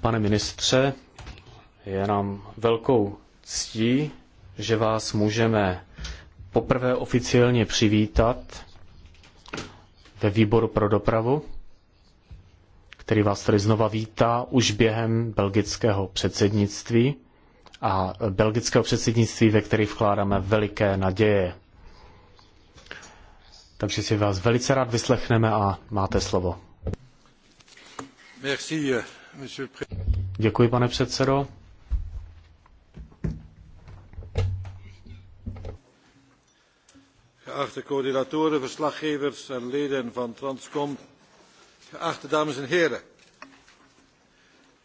Pane ministře, je nám velkou ctí, že vás můžeme poprvé oficiálně přivítat ve výboru pro dopravu, který vás tedy znova vítá už během belgického předsednictví a belgického předsednictví, ve který vkládáme veliké naděje. Takže si vás velice rád vyslechneme a máte slovo. Merci, Děkuji, pane předsedo. Geachte coördinatoren, verslaggevers en leden van Transcom, geachte dames en heren.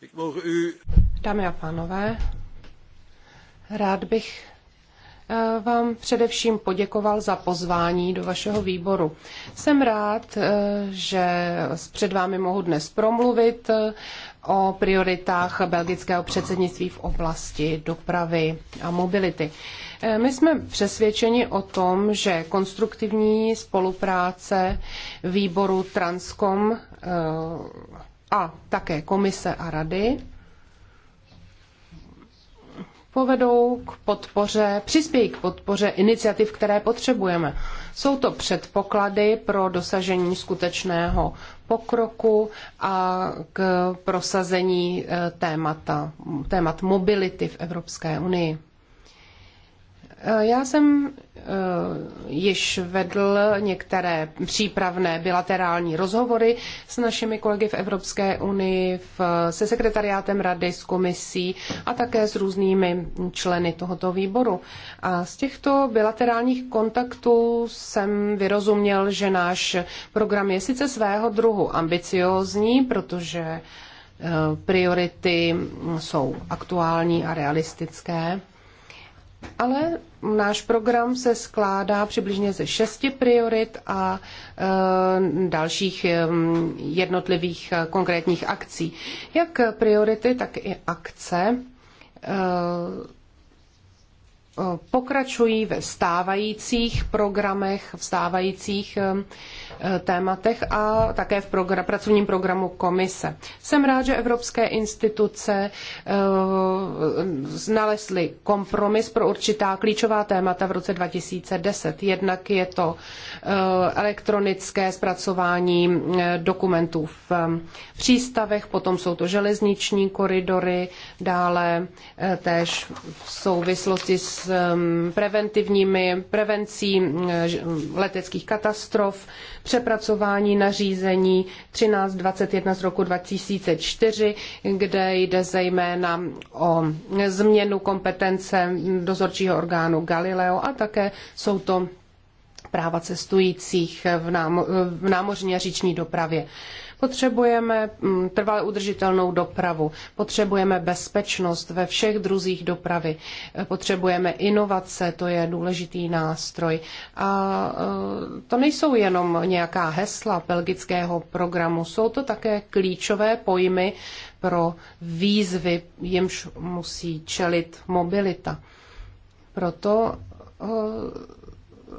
Ik mogen u... Dámy a pánové, rád bych vám především poděkoval za pozvání do vašeho výboru. Jsem rád, eh, že před vámi mohu dnes promluvit eh, o prioritách belgického předsednictví v oblasti dopravy a mobility. Eh, my jsme přesvědčeni o tom, že konstruktivní spolupráce výboru Transcom a také komise a rady povedou k podpoře, přispějí k podpoře iniciativ, které potřebujeme. Jsou to předpoklady pro dosažení skutečného pokroku a k prosazení eh, témata, témat mobility v Evropské unii. Eh, já jsem eh, již vedl některé přípravné bilaterální rozhovory s našimi kolegy v Evropské unii, se sekretariátem rady, s komisí a také s různými členy tohoto výboru. A z těchto bilaterálních kontaktů jsem vyrozuměl, že náš program je sice svého druhu ambiciózní, protože eh, priority jsou aktuální a realistické, ale náš program se skládá přibližně ze šesti priorit a eh, dalších eh, jednotlivých eh, konkrétních akcí. Jak priority, tak i akce pokračují ve stávajících programech, v stávajících Eh, tématech a také v program, pracovním programu komise. Jsem rád, že evropské instituce eh, nalezly kompromis pro určitá klíčová témata v roce 2010. Jednak je to eh, elektronické zpracování dokumentů v přístavech, potom jsou to železniční koridory, dále též v souvislosti s preventivními prevencí leteckých katastrof, přepracování nařízení 1321 z roku 2004, kde jde zejména o změnu kompetence dozorčího orgánu Galileo a také jsou to práva cestujících v, námo- v námořní a říční dopravě. Potřebujeme mm, trvale udržitelnou dopravu, potřebujeme bezpečnost ve všech druzích dopravy, eh, potřebujeme inovace, to je důležitý nástroj. A eh, to nejsou jenom nějaká hesla belgického programu, jsou to také klíčové pojmy pro výzvy, jimž musí čelit mobilita. Proto eh,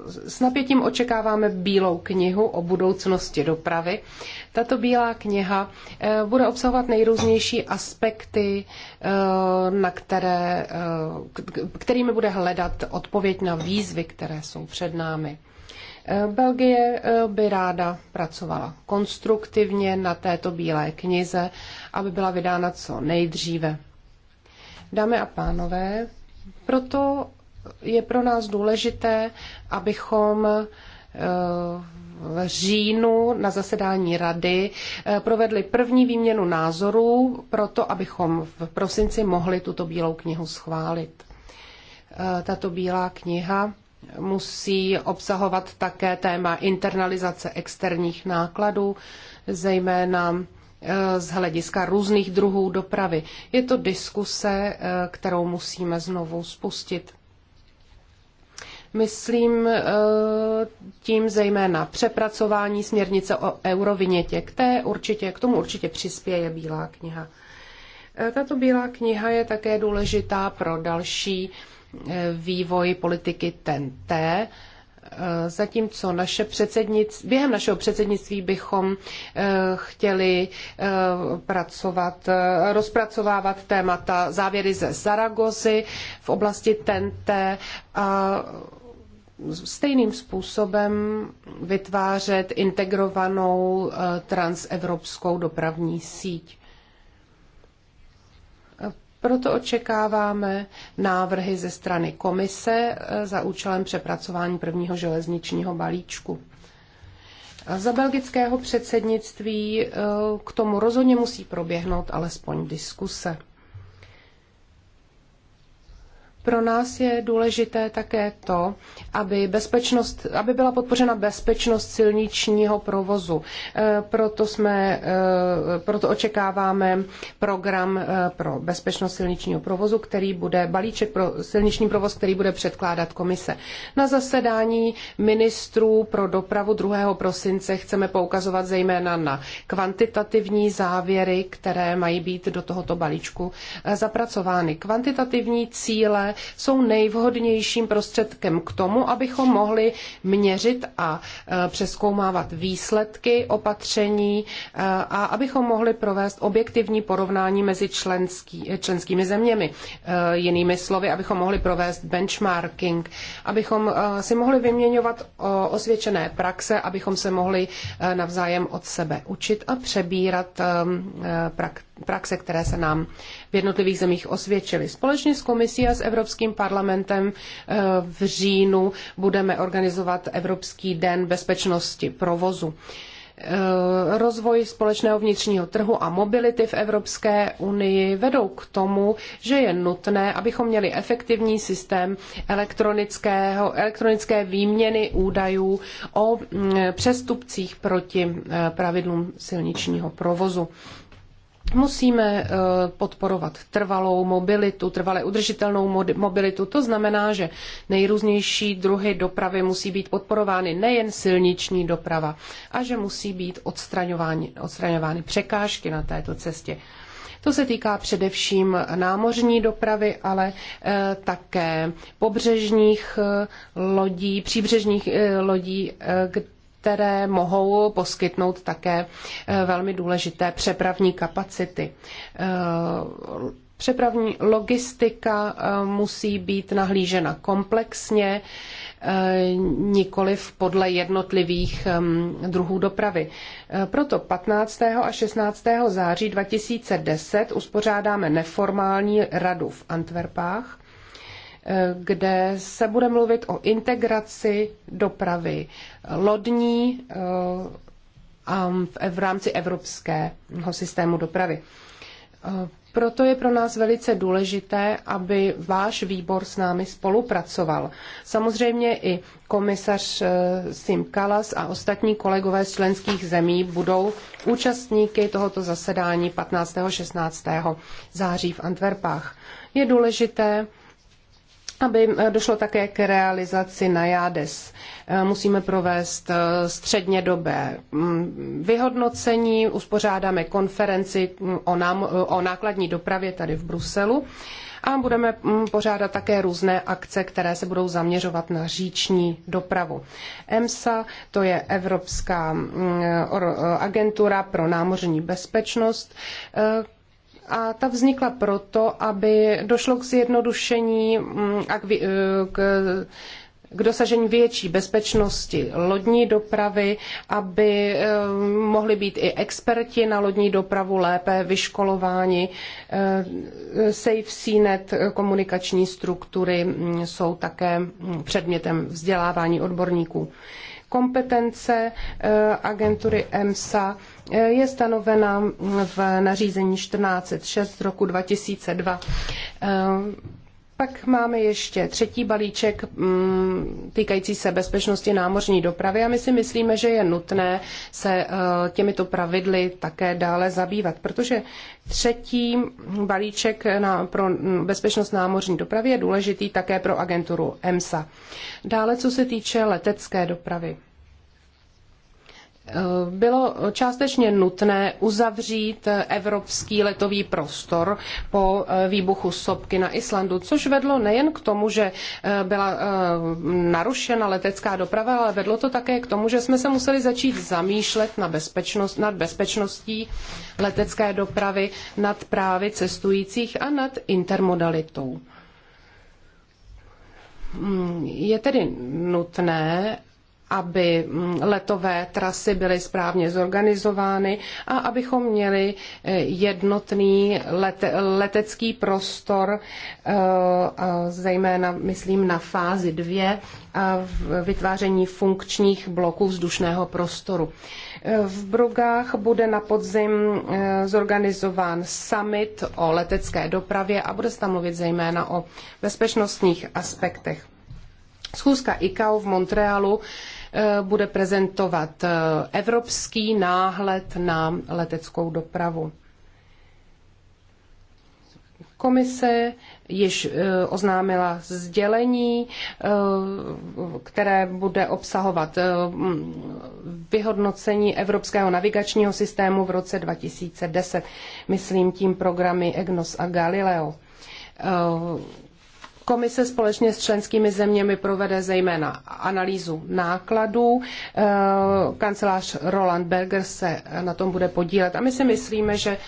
s napětím očekáváme bílou knihu o budoucnosti dopravy. Tato bílá kniha eh, bude obsahovat nejrůznější aspekty, eh, na které, eh, kterými bude hledat odpověď na výzvy, které jsou před námi. Belgie by ráda pracovala konstruktivně na této bílé knize, aby byla vydána co nejdříve. Dámy a pánové, proto je pro nás důležité, abychom eh, v říjnu na zasedání rady eh, provedli první výměnu názorů proto, abychom v prosinci mohli tuto bílou knihu schválit. Eh, tato bílá kniha musí obsahovat také téma internalizace externích nákladů, zejména z hlediska různých druhů dopravy. Je to diskuse, kterou musíme znovu spustit. Myslím eh, tím zejména přepracování směrnice o eurovinětě, k, té určitě, k tomu určitě přispěje Bílá kniha. Eh, tato Bílá kniha je také důležitá pro další eh, vývoj politiky TNT, zatímco naše předsednictví, během našeho předsednictví bychom chtěli pracovat, rozpracovávat témata závěry ze Zaragozy v oblasti TNT a stejným způsobem vytvářet integrovanou eh, transevropskou dopravní síť. Eh, proto očekáváme návrhy ze strany komise eh, za účelem přepracování prvního železničního balíčku. Za belgického předsednictví k tomu rozhodně musí proběhnout alespoň diskuse. Pro nás je důležité také to, aby, bezpečnost, aby byla podpořena bezpečnost silničního provozu. E, proto, jsme, e, proto očekáváme program e, pro bezpečnost silničního provozu, který bude balíček pro silniční provoz, který bude předkládat komise. Na zasedání ministrů pro dopravu 2. prosince chceme poukazovat zejména na kvantitativní závěry, které mají být do tohoto balíčku zapracovány. Kvantitativní cíle jsou nejvhodnějším prostředkem k tomu, abychom mohli měřit a e, přeskoumávat výsledky opatření e, a abychom mohli provést objektivní porovnání mezi členský, e, členskými zeměmi. Jinými slovy, abychom mohli provést benchmarking, abychom si mohli vyměňovat osvědčené praxe, abychom se mohli navzájem od sebe učit a přebírat praxe, které se nám v jednotlivých zemích osvědčily. Společně s komisí a s Evropskou Evropským parlamentem eh, v říjnu budeme organizovat Evropský den bezpečnosti provozu eh, rozvoj společného vnitřního trhu a mobility v Evropské unii vedou k tomu, že je nutné, abychom měli efektivní systém elektronického, elektronické výměny údajů o mm, přestupcích proti eh, pravidlům silničního provozu. Musíme eh, podporovat trvalou mobilitu, trvale udržitelnou mobilitu. To znamená, že nejrůznější druhy dopravy musí být podporovány nejen silniční doprava a že musí být odstraňovány, odstraňovány překážky na této cestě. To se týká především námořní dopravy, ale eh, také pobřežních eh, lodí, příbřežních lodí, které mohou poskytnout také eh, velmi důležité přepravní kapacity. Eh, přepravní logistika eh, musí být nahlížena komplexně, nikoliv podle jednotlivých druhů dopravy. Proto 15. a 16. září 2010 uspořádáme neformální radu v Antwerpách kde se bude mluvit o integraci dopravy lodní eh, a v rámci evropského systému dopravy. Eh, proto je pro nás velice důležité, aby váš výbor s námi spolupracoval. Samozřejmě i komisař eh, Sim Kalas a ostatní kolegové z členských zemí budou účastníky tohoto zasedání 15. a 16. září v Antwerpách. Je důležité, aby eh, došlo také k realizaci na JADES. Eh, musíme provést eh, střednědobé mm, vyhodnocení, uspořádáme konferenci mm, o, nám, o nákladní dopravě tady v Bruselu a budeme mm, pořádat také různé akce, které se budou zaměřovat na říční dopravu. EMSA, to je Evropská agentura pro námořní bezpečnost, a ta vznikla proto, aby došlo k zjednodušení mm, a k, e, k k dosažení větší bezpečnosti lodní dopravy, aby e, mohli být i experti na lodní dopravu lépe vyškolováni. E, safe SeaNet komunikační struktury mm, jsou také předmětem vzdělávání odborníků kompetence eh, agentury EMSA eh, je stanovena v nařízení 1406 z roku 2002. Eh, pak máme ještě třetí balíček mm, týkající se bezpečnosti námořní dopravy a my si myslíme, že je nutné se těmito pravidly také dále zabývat, protože třetí balíček pro mm, bezpečnost námořní dopravy je důležitý také pro agenturu EMSA. Dále, co se týče letecké dopravy. Eh, bylo částečně nutné uzavřít evropský letový prostor po eh, výbuchu sopky na Islandu, což vedlo nejen k tomu, že eh, byla narušena letecká doprava, ale vedlo to také k tomu, že jsme se museli začít zamýšlet na bezpečnost, nad bezpečností letecké dopravy, nad právy cestujících a nad intermodalitou. Hmm, je tedy nutné, aby mm, letové trasy byly správně zorganizovány a abychom měli eh, jednotný lete, letecký prostor, eh, zejména myslím na fázi 2 a vytváření funkčních bloků vzdušného prostoru. Eh, v Brugách bude na podzim zorganizován summit o letecké dopravě a bude se tam mluvit zejména o bezpečnostních aspektech. Schůzka ICAO v Montrealu Eh, bude prezentovat eh, evropský náhled na leteckou dopravu. Komise již eh, oznámila sdělení, které bude obsahovat vyhodnocení Evropského navigačního systému v roce 2010, myslím tím programy EGNOS a Galileo Komise společně s členskými zeměmi provede zejména analýzu nákladů. Eh, kancelář Roland Berger se na tom bude podílet. A my si myslíme, že eh,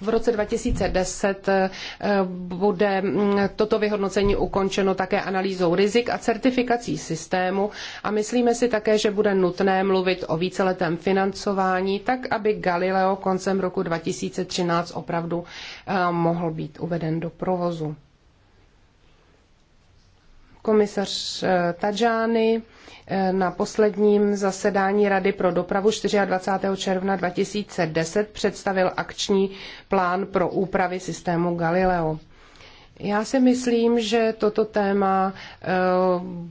v roce 2010 eh, bude mm, toto vyhodnocení ukončeno také analýzou rizik a certifikací systému. A myslíme si také, že bude nutné mluvit o víceletém financování, tak aby Galileo koncem roku 2013 opravdu mohl být uveden do provozu komisař eh, Tajani eh, na posledním zasedání Rady pro dopravu 24. června 2010 představil akční plán pro úpravy systému Galileo. Já si myslím, že toto téma eh,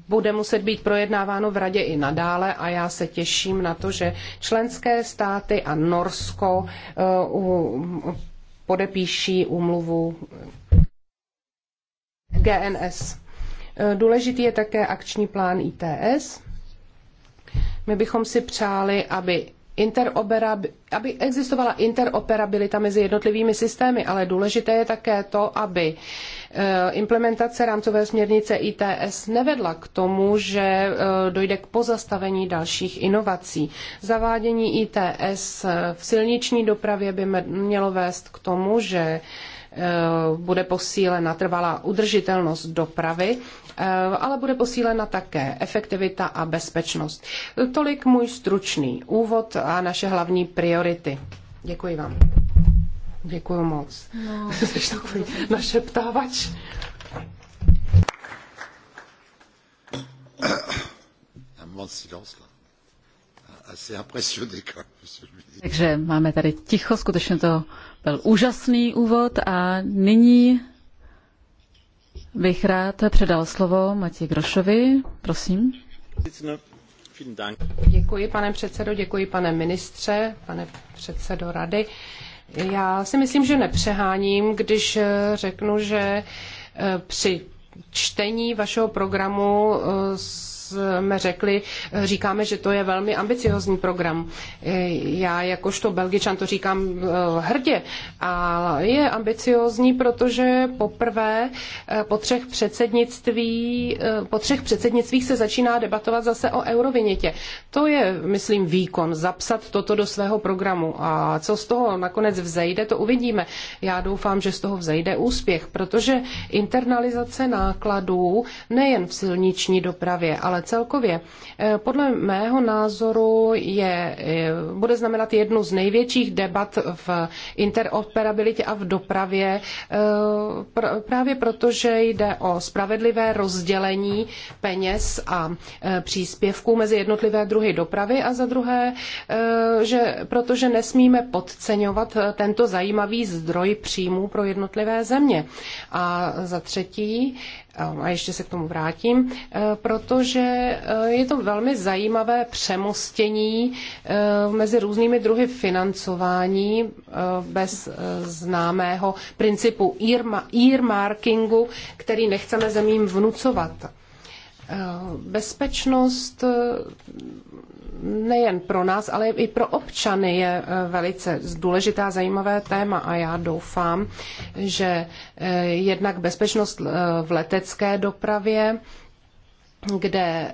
bude muset být projednáváno v Radě i nadále a já se těším na to, že členské státy a Norsko podepíší úmluvu GNS. Eh, důležitý je také akční plán ITS. My bychom si přáli, aby aby existovala interoperabilita mezi jednotlivými systémy, ale důležité je také to, aby eh, implementace rámcové směrnice ITS nevedla k tomu, že eh, dojde k pozastavení dalších inovací. Zavádění ITS v silniční dopravě by mělo vést k tomu, že Eh, bude posílena trvalá udržitelnost dopravy, eh, ale bude posílena také efektivita a bezpečnost. Tolik můj stručný úvod a naše hlavní priority. Děkuji vám. Děkuji moc. No. Jsi takový našeptávač. Takže máme tady ticho, skutečně to byl úžasný úvod a nyní bych rád předal slovo Matěji Grošovi. Prosím. Děkuji, pane předsedo, děkuji, pane ministře, pane předsedo rady. Já si myslím, že nepřeháním, když řeknu, že eh, při čtení vašeho programu eh, jsme řekli, říkáme, že to je velmi ambiciozní program. Já jakožto Belgičan to říkám eh, hrdě, a je ambiciozní, protože poprvé eh, po třech předsednictví, eh, po třech předsednictvích se začíná debatovat zase o eurovinětě. To je, myslím, výkon, zapsat toto do svého programu. A co z toho nakonec vzejde, to uvidíme. Já doufám, že z toho vzejde úspěch, protože internalizace nákladů nejen v silniční dopravě, ale celkově. Eh, podle mého názoru je, eh, bude znamenat jednu z největších debat v interoperabilitě a v dopravě, eh, právě protože jde o spravedlivé rozdělení peněz a příspěvků mezi jednotlivé druhy dopravy a za druhé, že protože nesmíme podceňovat tento zajímavý zdroj příjmů pro jednotlivé země. A za třetí, Ehm, a ještě se k tomu vrátím, ehm, protože ehm, je to velmi zajímavé přemostění mezi různými druhy financování bez známého principu earmarkingu, který nechceme zemím vnucovat. Bezpečnost nejen pro nás, ale i pro občany je eh, velice důležitá zajímavé téma a já doufám, že eh, jednak bezpečnost eh, v letecké dopravě, kde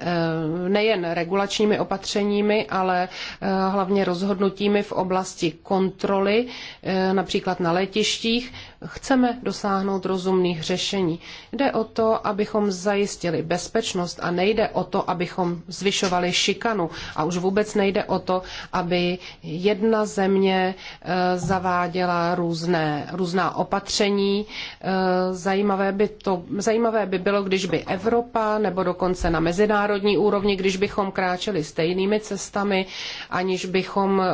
nejen regulačními opatřeními, ale hlavně rozhodnutími v oblasti kontroly, například na letištích, chceme dosáhnout rozumných řešení. Jde o to, abychom zajistili bezpečnost a nejde o to, abychom zvyšovali šikanu. A už vůbec nejde o to, aby jedna země e, zaváděla různé, různá opatření. E, zajímavé by, to, zajímavé by bylo, když by Evropa nebo dokonce na mezinárodní úrovni, když bychom kráčeli stejnými cestami, aniž bychom e,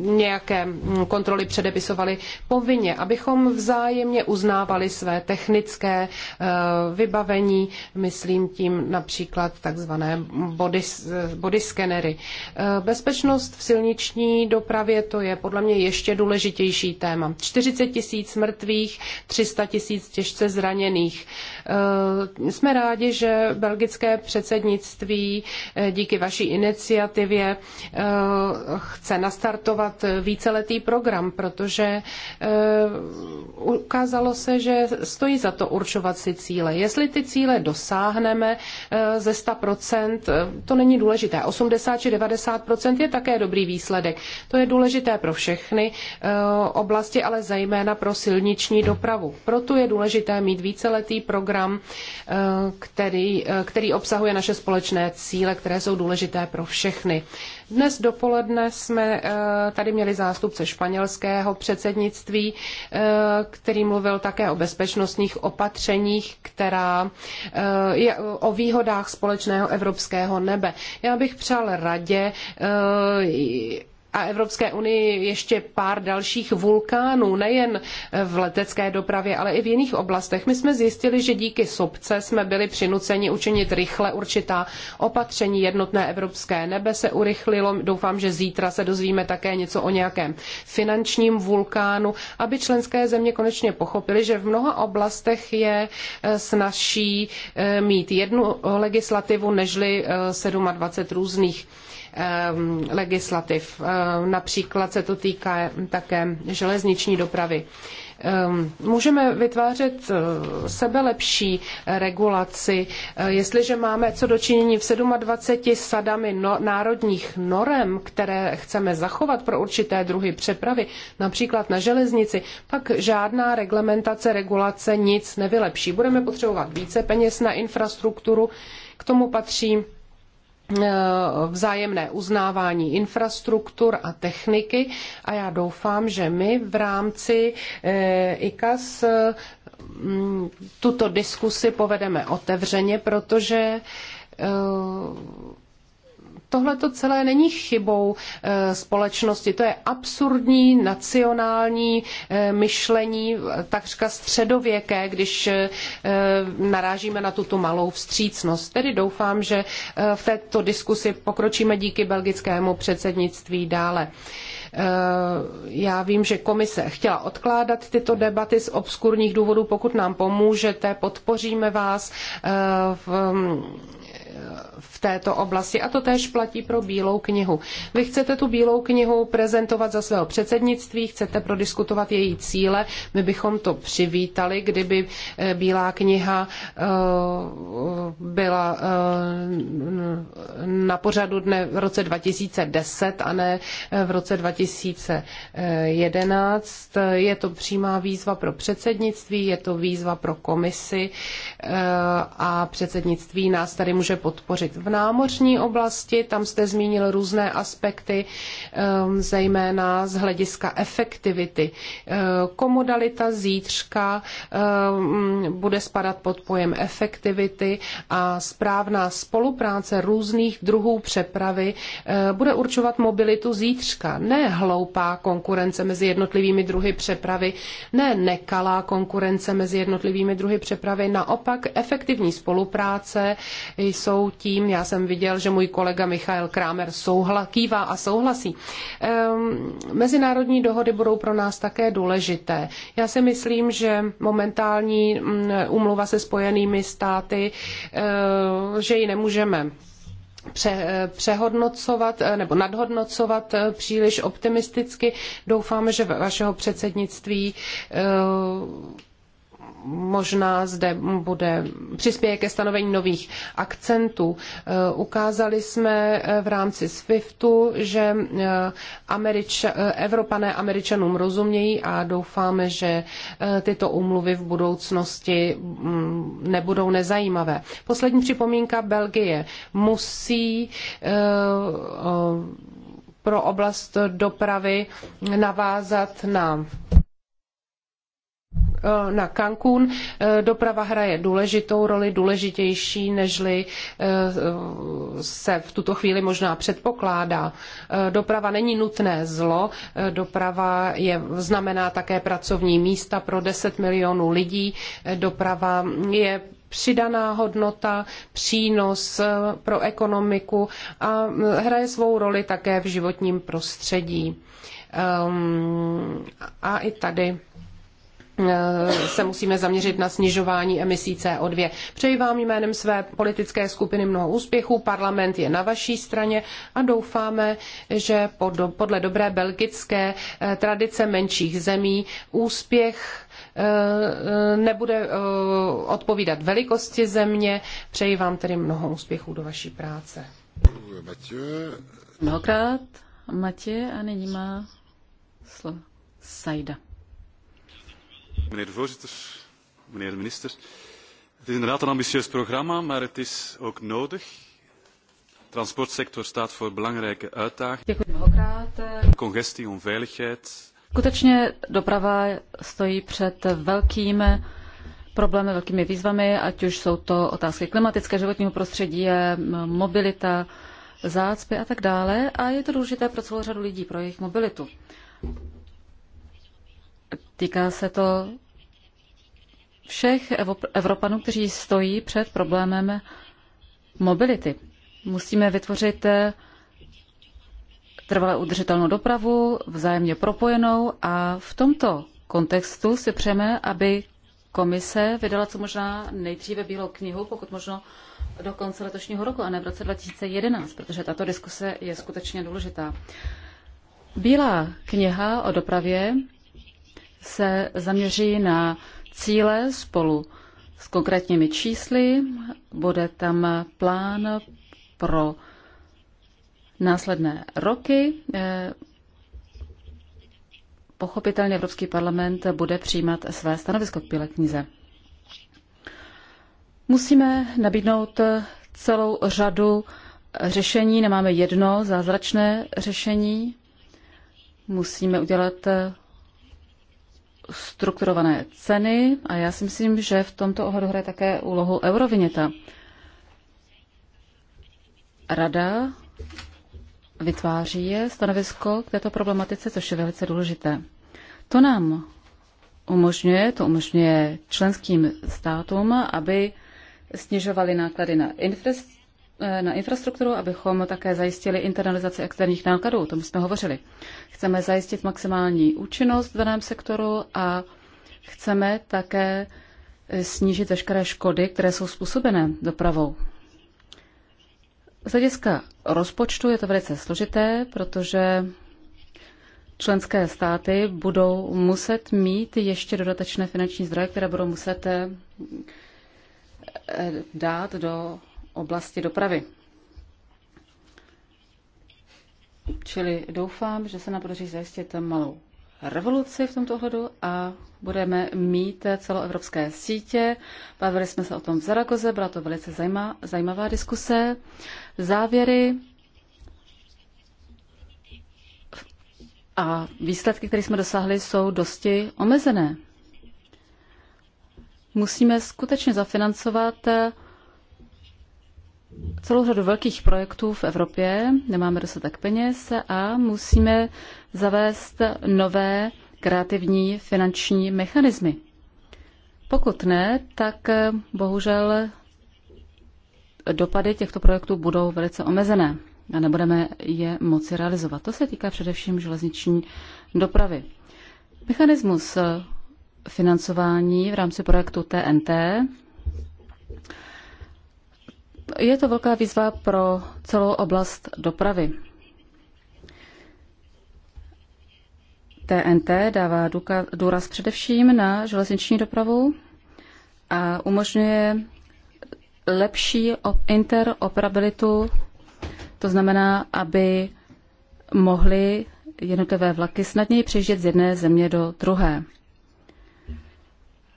nějaké kontroly předepisovali povinně, aby abychom vzájemně uznávali své technické eh, vybavení, myslím tím například takzvané body, eh, body skenery. Eh, bezpečnost v silniční dopravě to je podle mě ještě důležitější téma. 40 tisíc mrtvých, 300 tisíc těžce zraněných. Jsme rádi, že belgické předsednictví díky vaší iniciativě chce nastartovat víceletý program, protože ukázalo se, že stojí za to určovat si cíle. Jestli ty cíle dosáhneme eh, ze 100%, eh, to není důležité. 80 či 90% je také dobrý výsledek. To je důležité pro všechny eh, oblasti, ale zejména pro silniční dopravu. Proto je důležité mít víceletý program, který, který obsahuje naše společné cíle, které jsou důležité pro všechny. Dnes dopoledne jsme eh, tady měli zástupce španělského předsednictví, eh, který mluvil také o bezpečnostních opatřeních, která eh, je o výhodách společného evropského nebe. Já bych přál radě a Evropské unii ještě pár dalších vulkánů, nejen v letecké dopravě, ale i v jiných oblastech. My jsme zjistili, že díky sobce jsme byli přinuceni učinit rychle určitá opatření jednotné evropské nebe se urychlilo. Doufám, že zítra se dozvíme také něco o nějakém finančním vulkánu, aby členské země konečně pochopily, že v mnoha oblastech je eh, snažší eh, mít jednu legislativu nežli 27 eh, různých Ehm, legislativ. Ehm, například se to týká také železniční dopravy. Ehm, můžeme vytvářet eh, sebe lepší regulaci, eh, jestliže máme co dočinění v 27 sadami no, národních norem, které chceme zachovat pro určité druhy přepravy, například na železnici, pak žádná reglementace, regulace nic nevylepší. Budeme potřebovat více peněz na infrastrukturu, k tomu patří Eh, vzájemné uznávání infrastruktur a techniky a já doufám, že my v rámci eh, ICAS eh, mm, tuto diskusi povedeme otevřeně, protože tohle to celé není chybou eh, společnosti, to je absurdní nacionální eh, myšlení, eh, takřka středověké, když narážíme na tuto malou vstřícnost. Tedy doufám, že v této diskusi pokročíme díky belgickému předsednictví dále. Já vím, že komise chtěla odkládat tyto debaty z obskurních důvodů. Pokud nám pomůžete, podpoříme vás v této oblasti a to též platí pro Bílou knihu. Vy chcete tu Bílou knihu prezentovat za svého předsednictví, chcete prodiskutovat její cíle. My bychom to přivítali, kdyby eh, Bílá kniha eh, byla eh, na pořadu dne v roce 2010 a ne v roce 2011. Je to přímá výzva pro předsednictví, je to výzva pro komisi a předsednictví nás tady může podpořit. V námořní oblasti. Tam jste zmínil různé aspekty, ehm, zejména z hlediska efektivity. Ehm, komodalita zítřka ehm, bude spadat pod pojem efektivity a správná spolupráce různých druhů přepravy bude určovat mobilitu zítřka. Ne hloupá konkurence mezi jednotlivými druhy přepravy, ne nekalá konkurence mezi jednotlivými druhy přepravy, naopak efektivní spolupráce jsou tím, já jsem viděl, že můj kolega Michael Krámer souhla, kývá a souhlasí. Um, mezinárodní dohody budou pro nás také důležité. Já si myslím, že momentální mm, umluva se spojenými státy, uh, že ji nemůžeme eh, přehodnocovat eh, nebo nadhodnocovat příliš optimisticky. Doufáme, že vašeho předsednictví uh, možná zde bude, přispěje ke stanovení nových akcentů. Eh, ukázali jsme eh, v rámci SWIFTu, že eh, Američ, Evropané Američanům rozumějí a doufáme, že tyto úmluvy v budoucnosti mm, nebudou nezajímavé. Poslední připomínka Belgie. Musí pro oblast dopravy navázat na Eh, na Cancún. Eh, doprava hraje důležitou roli, důležitější, nežli eh, se v tuto chvíli možná předpokládá. Doprava není nutné zlo, doprava je, znamená také pracovní místa pro 10 milionů lidí, doprava je přidaná hodnota, přínos pro ekonomiku a hraje svou roli také v životním prostředí. Um, a i tady Eh, se musíme zaměřit na snižování emisí CO2. Přeji vám jménem své politické skupiny mnoho úspěchů, parlament je na vaší straně a doufáme, že podle dobré belgické eh, tradice menších zemí úspěch eh, nebude odpovídat velikosti země. Přeji vám tedy mnoho úspěchů do vaší práce. Mnohokrát, Matě, a nyní má slovo Sajda. Meneer de voorzitter, meneer de minister. Het is inderdaad een ambitieus programma, maar het is ook nodig. De transportsector staat voor belangrijke uitdagingen. Congestie, onveiligheid. Skutečně doprava stojí před velkými problémy, velkými výzvami, ať už jsou to otázky klimatické, životního prostředí, mobilita, zácpy a tak dále. A je to důležité pro celou řadu lidí, pro jejich mobilitu. Týká se to všech Evropanů, kteří stojí před problémem mobility. Musíme vytvořit eh, trvale udržitelnou dopravu, vzájemně propojenou a v tomto kontextu si přejeme, aby komise vydala co možná nejdříve bílou knihu, pokud možno do konce letošního roku a ne v roce 2011, protože tato diskuse je skutečně důležitá. Bílá kniha o dopravě se zaměří na cíle spolu s konkrétními čísly. Bude tam plán pro následné roky. Eh, pochopitelně Evropský parlament bude přijímat své stanovisko k Bílé knize. Musíme nabídnout celou řadu řešení, nemáme jedno zázračné řešení. Musíme udělat strukturované ceny a já si myslím, že v tomto ohledu hraje také úlohu Eurovineta. Rada vytváří stanovisko k této problematice, což je velice důležité. To nám umožňuje, to umožňuje členským státům, aby snižovali náklady na infrastrukturu. Eh, na infrastrukturu, abychom také zajistili internalizaci externích nákladů, o tom jsme hovořili. Chceme zajistit maximální účinnost v daném sektoru a chceme také eh, snížit veškeré škody, které jsou způsobené dopravou. Z hlediska rozpočtu je to velice složité, protože členské státy budou muset mít ještě dodatečné finanční zdroje, které budou muset eh, dát do oblasti dopravy. Čili doufám, že se nám podaří zajistit malou revoluci v tomto ohledu a budeme mít celoevropské sítě. Bavili jsme se o tom v Zaragoze, byla to velice zajímavá, zajímavá diskuse. Závěry a výsledky, které jsme dosáhli, jsou dosti omezené. Musíme skutečně zafinancovat celou řadu velkých projektů v Evropě, nemáme dostatek peněz a musíme zavést nové kreativní finanční mechanismy. Pokud ne, tak eh, bohužel dopady těchto projektů budou velice omezené a nebudeme je moci realizovat. To se týká především železniční dopravy. Mechanismus eh, financování v rámci projektu TNT je to velká výzva pro celou oblast dopravy. TNT dává důraz především na železniční dopravu a umožňuje lepší interoperabilitu, to znamená, aby mohly jednotlivé vlaky snadněji přejít z jedné země do druhé.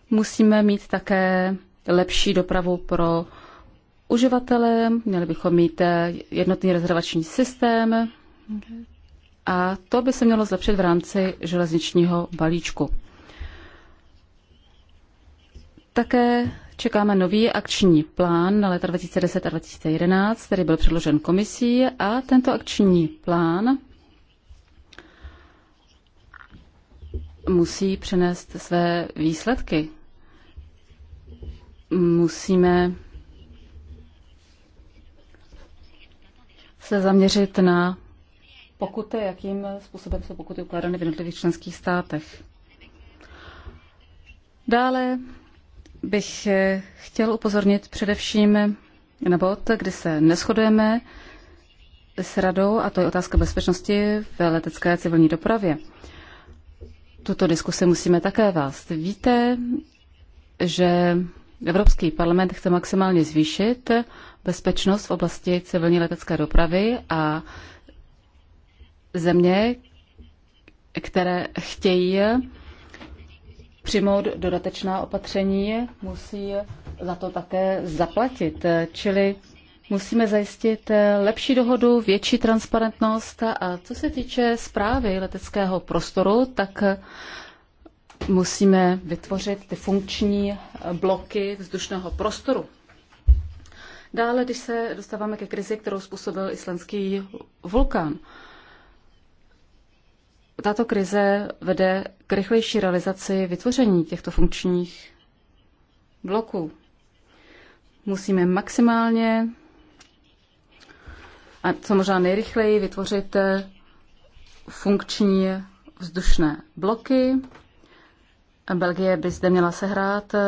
Musíme mít také lepší dopravu pro uživatele, měli bychom mít eh, jednotný rezervační systém a to by se mělo zlepšit v rámci železničního balíčku. Také čekáme nový akční plán na leta 2010 a 2011, který byl předložen komisí a tento akční plán musí přinést své výsledky. Musíme se zaměřit na pokuty, jakým způsobem jsou pokuty ukládány v jednotlivých členských státech. Dále bych chtěl upozornit především na bod, kdy se neschodujeme s radou, a to je otázka bezpečnosti ve letecké civilní dopravě. Tuto diskusi musíme také vést. Víte, že Evropský parlament chce maximálně zvýšit bezpečnost v oblasti civilní letecké dopravy a země, které chtějí přijmout dodatečná opatření, musí za to také zaplatit. Čili musíme zajistit lepší dohodu, větší transparentnost a co se týče zprávy leteckého prostoru, tak musíme vytvořit ty funkční eh, bloky vzdušného prostoru. Dále, když se dostáváme ke krizi, kterou způsobil islandský vulkán, tato krize vede k rychlejší realizaci vytvoření těchto funkčních bloků. Musíme maximálně a co možná nejrychleji vytvořit eh, funkční vzdušné bloky, Belgie by zde měla sehrát eh,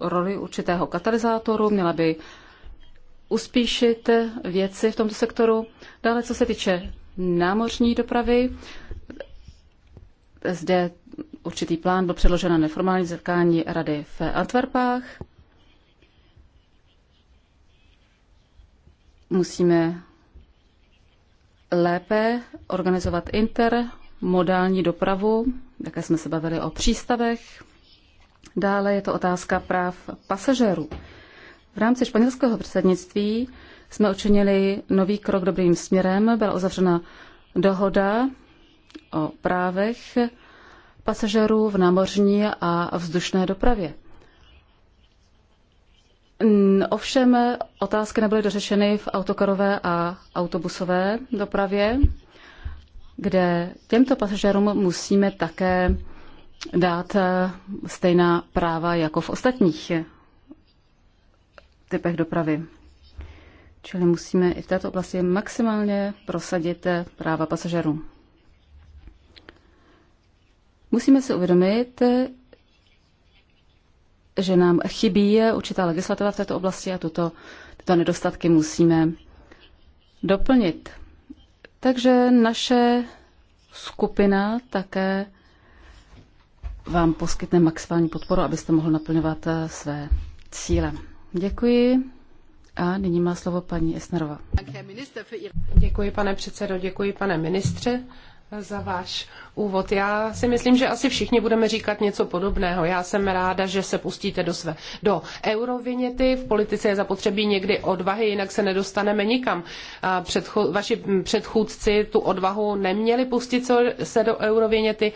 roli určitého katalyzátoru, měla by uspíšit věci v tomto sektoru. Dále, co se týče námořní dopravy, zde určitý plán byl předložen na neformální zetkání rady v Antwerpách. Musíme lépe organizovat intermodální dopravu také jsme se bavili o přístavech. Dále je to otázka práv pasažérů. V rámci španělského předsednictví jsme učinili nový krok dobrým směrem. Byla uzavřena dohoda o právech pasažérů v námořní a vzdušné dopravě. Ovšem otázky nebyly dořešeny v autokarové a autobusové dopravě kde těmto pasažérům musíme také dát eh, stejná práva jako v ostatních eh, typech dopravy. Čili musíme i v této oblasti maximálně prosadit eh, práva pasažerů. Musíme si uvědomit, že nám chybí určitá legislativa v této oblasti a tuto, tyto nedostatky musíme doplnit. Takže naše skupina také vám poskytne maximální podporu, abyste mohl naplňovat eh, své cíle. Děkuji. A nyní má slovo paní Esnerová. Děkuji, pane předsedo, děkuji, pane ministře, za váš úvod. Já si myslím, že asi všichni budeme říkat něco podobného. Já jsem ráda, že se pustíte do své do eurovinety. V politice je zapotřebí někdy odvahy, jinak se nedostaneme nikam. A předcho, vaši předchůdci tu odvahu neměli pustit se do eurovinety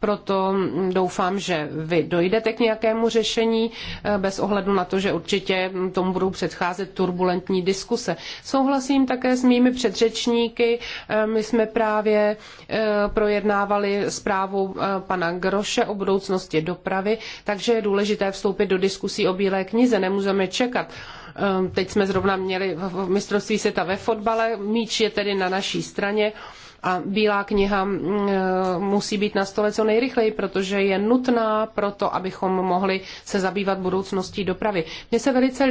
proto mm, doufám, že vy dojdete k nějakému řešení eh, bez ohledu na to, že určitě tomu budou předcházet turbulentní diskuse. Souhlasím také s mými předřečníky. Eh, my jsme právě eh, projednávali zprávu pana Groše o budoucnosti dopravy, takže je důležité vstoupit do diskusí o Bílé knize. Nemůžeme čekat. Teď jsme zrovna měli mistrovství světa ve fotbale, míč je tedy na naší straně. A Bílá kniha mm, eh, musí být na stole co nejrychleji, protože je nutná pro to, abychom mohli se zabývat budoucností dopravy. Mně se velice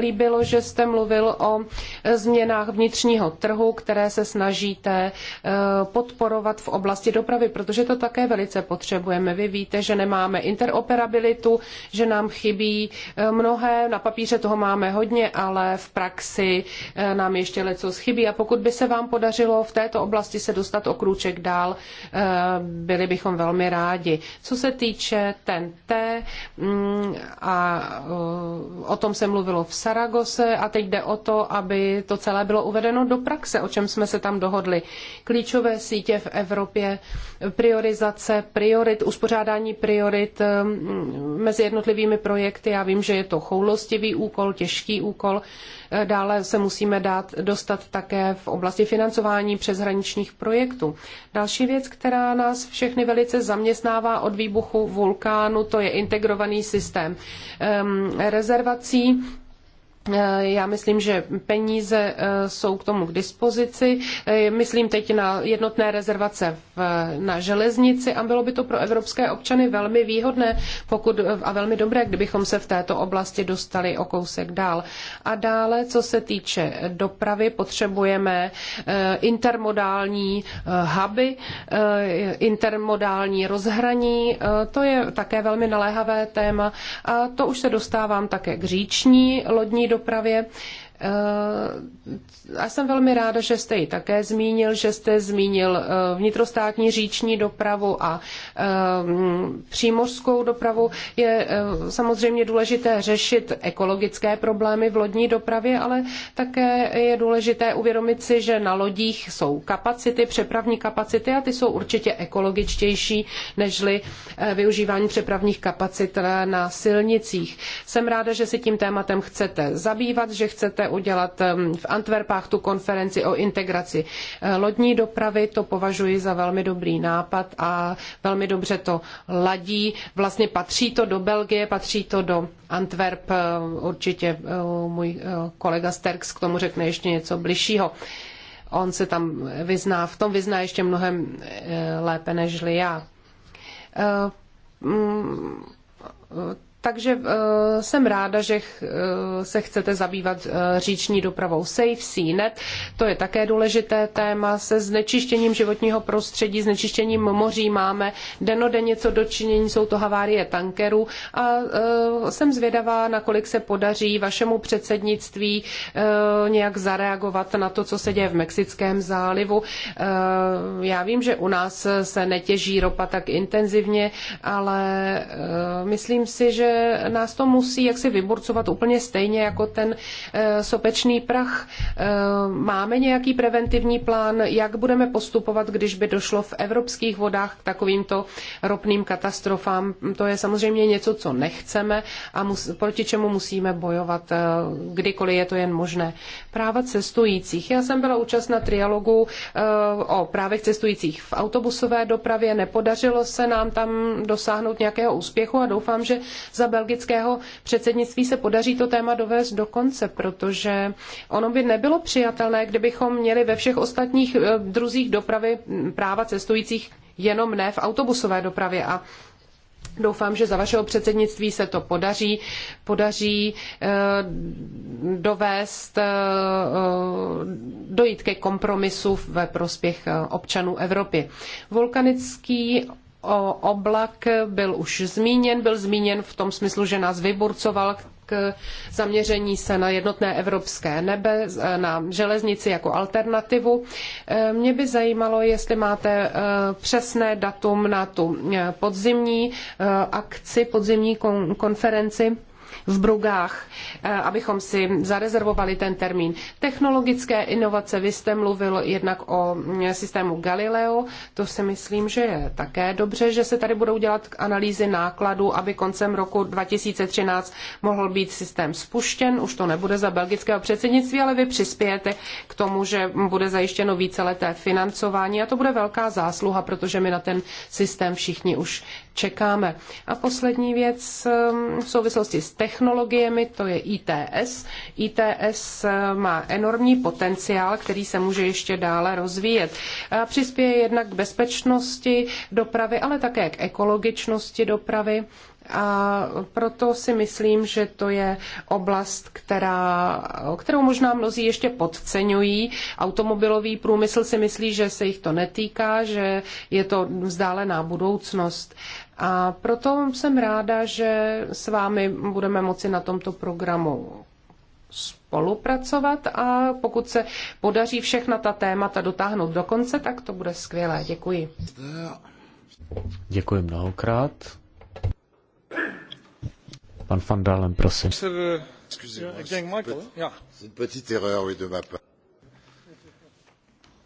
líbilo, že jste mluvil o eh, změnách vnitřního trhu, které se snažíte eh, podporovat v oblasti dopravy, protože to také velice potřebujeme. Vy víte, že nemáme interoperabilitu, že nám chybí mnohé, na papíře toho máme hodně, ale v praxi nám ještě leco chybí. A pokud by se vám podařilo v této oblasti se se dostat o krůček dál, eh, byli bychom velmi rádi. Co se týče TNT, mm, a eh, o tom se mluvilo v Saragose a teď jde o to, aby to celé bylo uvedeno do praxe, o čem jsme se tam dohodli. Klíčové sítě v Evropě priorizace priorit, uspořádání priorit um, mezi jednotlivými projekty. Já vím, že je to choulostivý úkol, těžký úkol. Eh, dále se musíme dát, dostat také v oblasti financování přeshraničních projektů. Další věc, která nás všechny velice zaměstnává od výbuchu vulkánu, to je integrovaný systém um, rezervací Eh, já myslím, že peníze eh, jsou k tomu k dispozici. Eh, myslím teď na jednotné rezervace na železnici a bylo by to pro evropské občany velmi výhodné pokud, a velmi dobré, kdybychom se v této oblasti dostali o kousek dál. A dále, co se týče dopravy, potřebujeme intermodální huby, intermodální rozhraní. To je také velmi naléhavé téma. A to už se dostávám také k říční lodní dopravě já eh, jsem velmi ráda, že jste ji také zmínil, že jste zmínil eh, vnitrostátní říční dopravu a eh, přímořskou dopravu. Je samozřejmě důležité řešit ekologické problémy v lodní dopravě, ale také je důležité uvědomit si, že na lodích jsou kapacity, přepravní kapacity a ty jsou určitě ekologičtější nežli využívání přepravních kapacit na silnicích. Jsem ráda, že se tím tématem chcete zabývat, že chcete udělat v Antwerpách tu konferenci o integraci eh, lodní dopravy. To považuji za velmi dobrý nápad a velmi dobře to ladí. Vlastně patří to do Belgie, patří to do Antwerp. Eh, určitě eh, můj kolega Sterks k tomu řekne ještě něco bližšího on se tam vyzná, v tom vyzná ještě mnohem lépe než já. Mm, takže eh, jsem ráda, že eh, se chcete zabývat eh, říční dopravou Safe, Net. To je také důležité téma. Se znečištěním životního prostředí, znečištěním moří máme denodenně co dočinění, jsou to havárie tankerů a jsem zvědavá, nakolik se podaří vašemu předsednictví nějak zareagovat na to, co se děje v Mexickém zálivu. Já vím, že u nás se netěží ropa tak intenzivně, ale myslím si, že nás to musí jaksi vyburcovat úplně stejně jako ten eh, sopečný prach. Eh, máme nějaký preventivní plán, jak budeme postupovat, když by došlo v evropských vodách k takovýmto ropným katastrofám. To je samozřejmě něco, co nechceme a proti čemu musíme bojovat, eh, kdykoliv je to jen možné. Práva cestujících. Já jsem byla účastna trialogu o právech cestujících v autobusové dopravě. Nepodařilo se nám tam dosáhnout nějakého úspěchu a doufám, že za za belgického předsednictví se podaří to téma dovést do konce, protože ono by nebylo přijatelné, kdybychom měli ve všech ostatních eh, druzích dopravy hm, práva cestujících jenom ne v autobusové dopravě a Doufám, že za vašeho předsednictví se to podaří, podaří eh, dovést, eh, dojít ke kompromisu ve prospěch eh, občanů Evropy. Vulkanický o oblak byl už zmíněn, byl zmíněn v tom smyslu, že nás vyburcoval k zaměření se na jednotné evropské nebe, na železnici jako alternativu. Eh, mě by zajímalo, jestli máte eh, přesné datum na tu eh, podzimní akci, podzimní konferenci v Brugách, eh, abychom si zarezervovali ten termín. Technologické inovace, vy jste mluvil jednak o mm, systému Galileo, to si myslím, že je také dobře, že se tady budou dělat analýzy nákladů, aby koncem roku 2013 mohl být systém spuštěn, už to nebude za belgického předsednictví, ale vy přispějete k tomu, že bude zajištěno víceleté financování a to bude velká zásluha, protože my na ten systém všichni už čekáme. A poslední věc um, v souvislosti s technologiemi, to je ITS. ITS uh, má enormní potenciál, který se může ještě dále rozvíjet. Přispěje jednak k bezpečnosti dopravy, ale také k ekologičnosti dopravy. A proto si myslím, že to je oblast, která, kterou možná mnozí ještě podceňují. Automobilový průmysl si myslí, že se jich to netýká, že je to vzdálená budoucnost. Uh, a proto jsem ráda, že s vámi budeme moci na tomto programu spolupracovat a pokud se podaří všechna ta témata dotáhnout do konce, tak to bude skvělé. Děkuji. Děkuji mnohokrát. Pan van Dalen, prosím.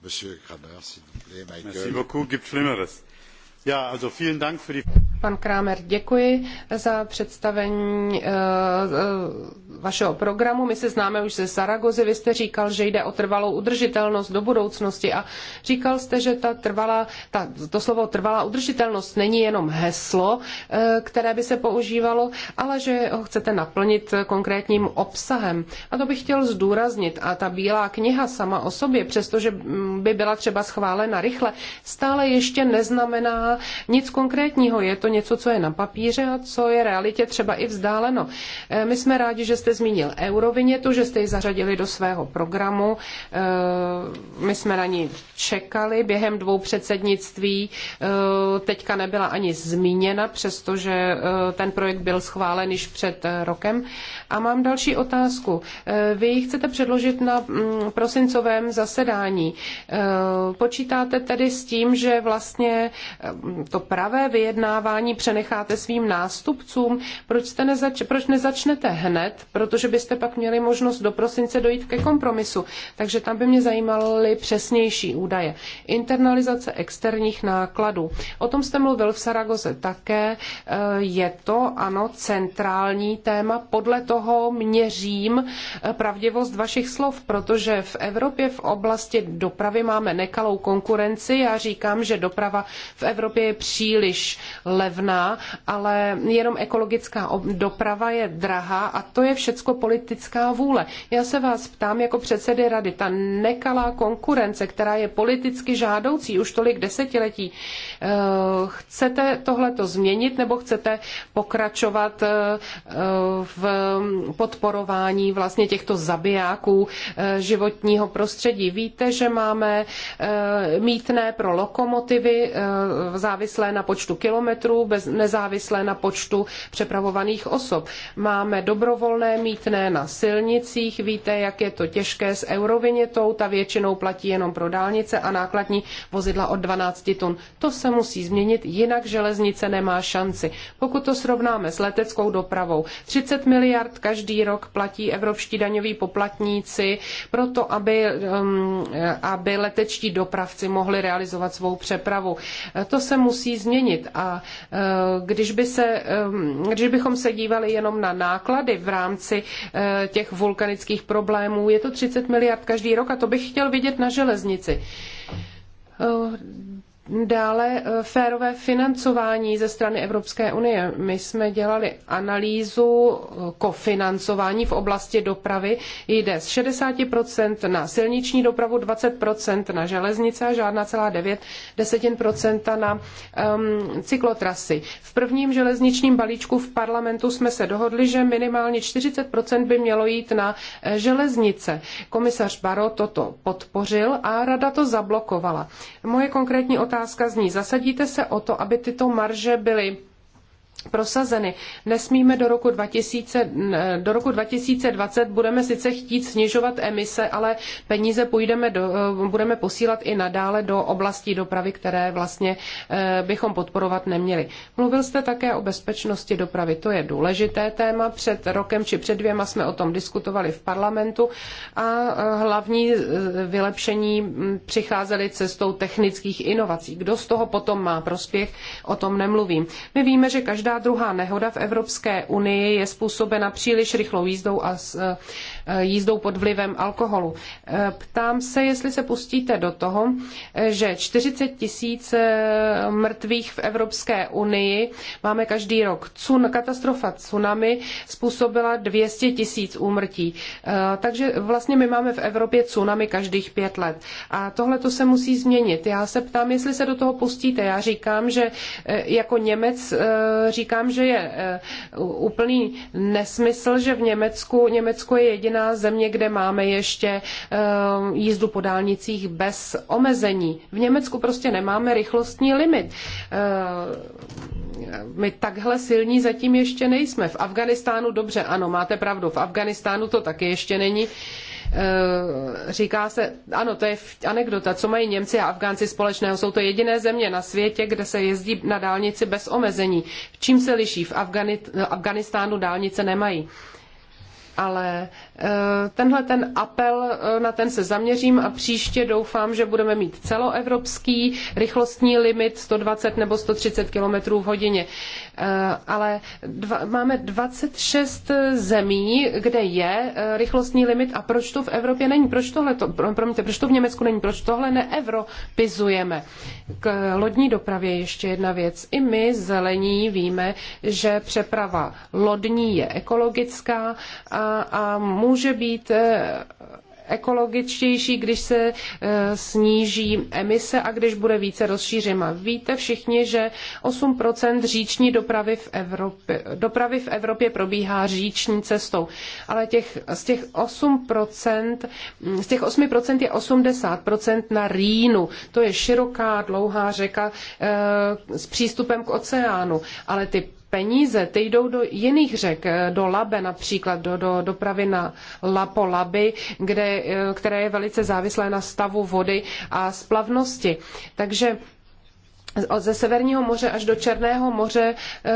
Monsieur Kramer, s'il vous plaît, Michael. Merci beaucoup, Gip vielen Dank für die... frage. Pan Krámer, děkuji za představení eh, eh, vašeho programu. My se známe už ze Saragozy. Vy jste říkal, že jde o trvalou udržitelnost do budoucnosti a říkal jste, že ta trvalá, ta, to slovo trvalá udržitelnost není jenom heslo, eh, které by se používalo, ale že ho chcete naplnit konkrétním obsahem. A to bych chtěl zdůraznit. A ta bílá kniha sama o sobě, přestože mm, by byla třeba schválena rychle, stále ještě neznamená nic konkrétního. Je to něco, co je na papíře a co je realitě třeba i vzdáleno. Eh, my jsme rádi, že jste zmínil eurovinětu, že jste ji zařadili do svého programu. Eh, my jsme na ní čekali během dvou předsednictví. Eh, teďka nebyla ani zmíněna, přestože ten projekt byl schválen již před rokem. A mám další otázku. Vy ji chcete předložit na mm, prosincovém zasedání. Počítáte tedy s tím, že vlastně to pravé vyjednávání rozhodování přenecháte svým nástupcům? Proč, jste nezač- proč nezačnete hned? Protože byste pak měli možnost do prosince dojít ke kompromisu. Takže tam by mě zajímaly přesnější údaje. Internalizace externích nákladů. O tom jste mluvil v Saragoze také. E, je to, ano, centrální téma. Podle toho měřím e, pravdivost vašich slov, protože v Evropě v oblasti dopravy máme nekalou konkurenci. Já říkám, že doprava v Evropě je příliš levná levná, ale jenom ekologická doprava je drahá a to je všecko politická vůle. Já se vás ptám jako předsedy rady, ta nekalá konkurence, která je politicky žádoucí už tolik desetiletí, eh, chcete tohleto změnit nebo chcete pokračovat eh, v podporování vlastně těchto zabijáků eh, životního prostředí? Víte, že máme mítné pro lokomotivy závislé na počtu kilometrů, státu, bez, nezávislé na počtu přepravovaných osob. Máme dobrovolné mítné na silnicích, víte, jak je to těžké s eurovinětou, ta většinou platí jenom pro dálnice a nákladní vozidla od 12 tun. To se musí změnit, jinak železnice nemá šanci. Pokud to srovnáme s leteckou dopravou, 30 miliard každý rok platí evropští daňoví poplatníci proto, aby, um, aby letečtí dopravci mohli realizovat svou přepravu. To se musí změnit a Eh, když, by se, když bychom se dívali jenom na náklady v rámci eh, těch vulkanických problémů, je to 30 miliard každý rok a to bych chtěl vidět na železnici. Eh, Dále eh, férové financování ze strany Evropské unie. My jsme dělali analýzu eh, kofinancování v oblasti dopravy. Jde z 60% na silniční dopravu, 20% na železnice a žádná celá 9 desetin procenta na um, cyklotrasy. V prvním železničním balíčku v parlamentu jsme se dohodli, že minimálně 40% by mělo jít na eh, železnice. Komisař Baro toto podpořil a rada to zablokovala. Moje konkrétní otázka otázka zní, zasadíte se o to, aby tyto marže byly prosazeny. Nesmíme do roku, 2000, do roku 2020 budeme sice chtít snižovat emise, ale peníze půjdeme do, budeme posílat i nadále do oblastí dopravy, které vlastně eh, bychom podporovat neměli. Mluvil jste také o bezpečnosti dopravy. To je důležité téma. Před rokem či před dvěma jsme o tom diskutovali v parlamentu a eh, hlavní eh, vylepšení hm, přicházely cestou technických inovací. Kdo z toho potom má prospěch, o tom nemluvím. My víme, že každá druhá nehoda v Evropské unii je způsobena příliš rychlou jízdou a Eh, jízdou pod vlivem alkoholu. Eh, ptám se, jestli se pustíte do toho, eh, že 40 tisíc mrtvých v Evropské unii máme každý rok. Cun, katastrofa tsunami způsobila 200 tisíc úmrtí. Takže vlastně my máme v Evropě tsunami každých pět let. A tohle to se musí změnit. Já se ptám, jestli se do toho pustíte. Já říkám, že jako Němec říkám, že je úplný nesmysl, že v Německu, Německo je jediná jediná země, kde máme ještě eh, jízdu po dálnicích bez omezení. V Německu prostě nemáme rychlostní limit. Eh, my takhle silní zatím ještě nejsme. V Afganistánu dobře, ano, máte pravdu, v Afganistánu to taky ještě není eh, říká se, ano, to je anekdota, co mají Němci a Afgánci společného. Jsou to jediné země na světě, kde se jezdí na dálnici bez omezení. Čím se liší? V Afghánistánu Afganistánu dálnice nemají. Ale Eh, tenhle ten apel, eh, na ten se zaměřím a příště doufám, že budeme mít celoevropský rychlostní limit 120 nebo 130 km v hodině. Eh, ale dva, máme 26 zemí, kde je rychlostní limit a proč to v Evropě není? Proč tohle to, promiňte, proč to v Německu není? Proč tohle neevropizujeme? K lodní dopravě ještě jedna věc. I my zelení víme, že přeprava lodní je ekologická a, a může být eh, ekologičtější, když se eh, sníží emise a když bude více rozšířena. Víte všichni, že 8% říční dopravy v, Evropě, dopravy v Evropě probíhá říční cestou, ale těch, z těch 8%, mm, z těch 8% je 80% na Rýnu. To je široká, dlouhá řeka eh, s přístupem k oceánu, ale ty peníze, ty jdou do jiných řek, do Labe například, do, do dopravy na Lapo Laby, kde, eh, které je velice závislé na stavu vody a splavnosti. Takže ze Severního moře až do Černého moře eh,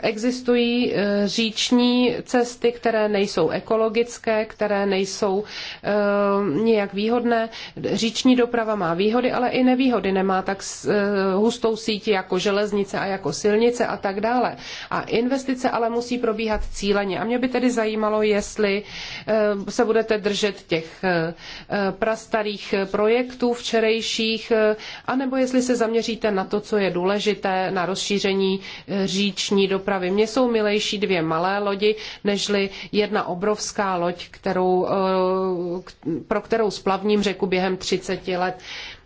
existují eh, říční cesty, které nejsou ekologické, které nejsou eh, nijak výhodné. Říční doprava má výhody, ale i nevýhody. Nemá tak hustou síť jako železnice a jako silnice a tak dále. A investice ale musí probíhat cíleně. A mě by tedy zajímalo, jestli se budete držet těch prastarých projektů včerejších, anebo jestli se zaměříte tlačíte na to, co je důležité, na rozšíření eh, říční dopravy. Mně jsou milejší dvě malé lodi, nežli jedna obrovská loď, kterou, eh, pro kterou splavním řeku během 30 let.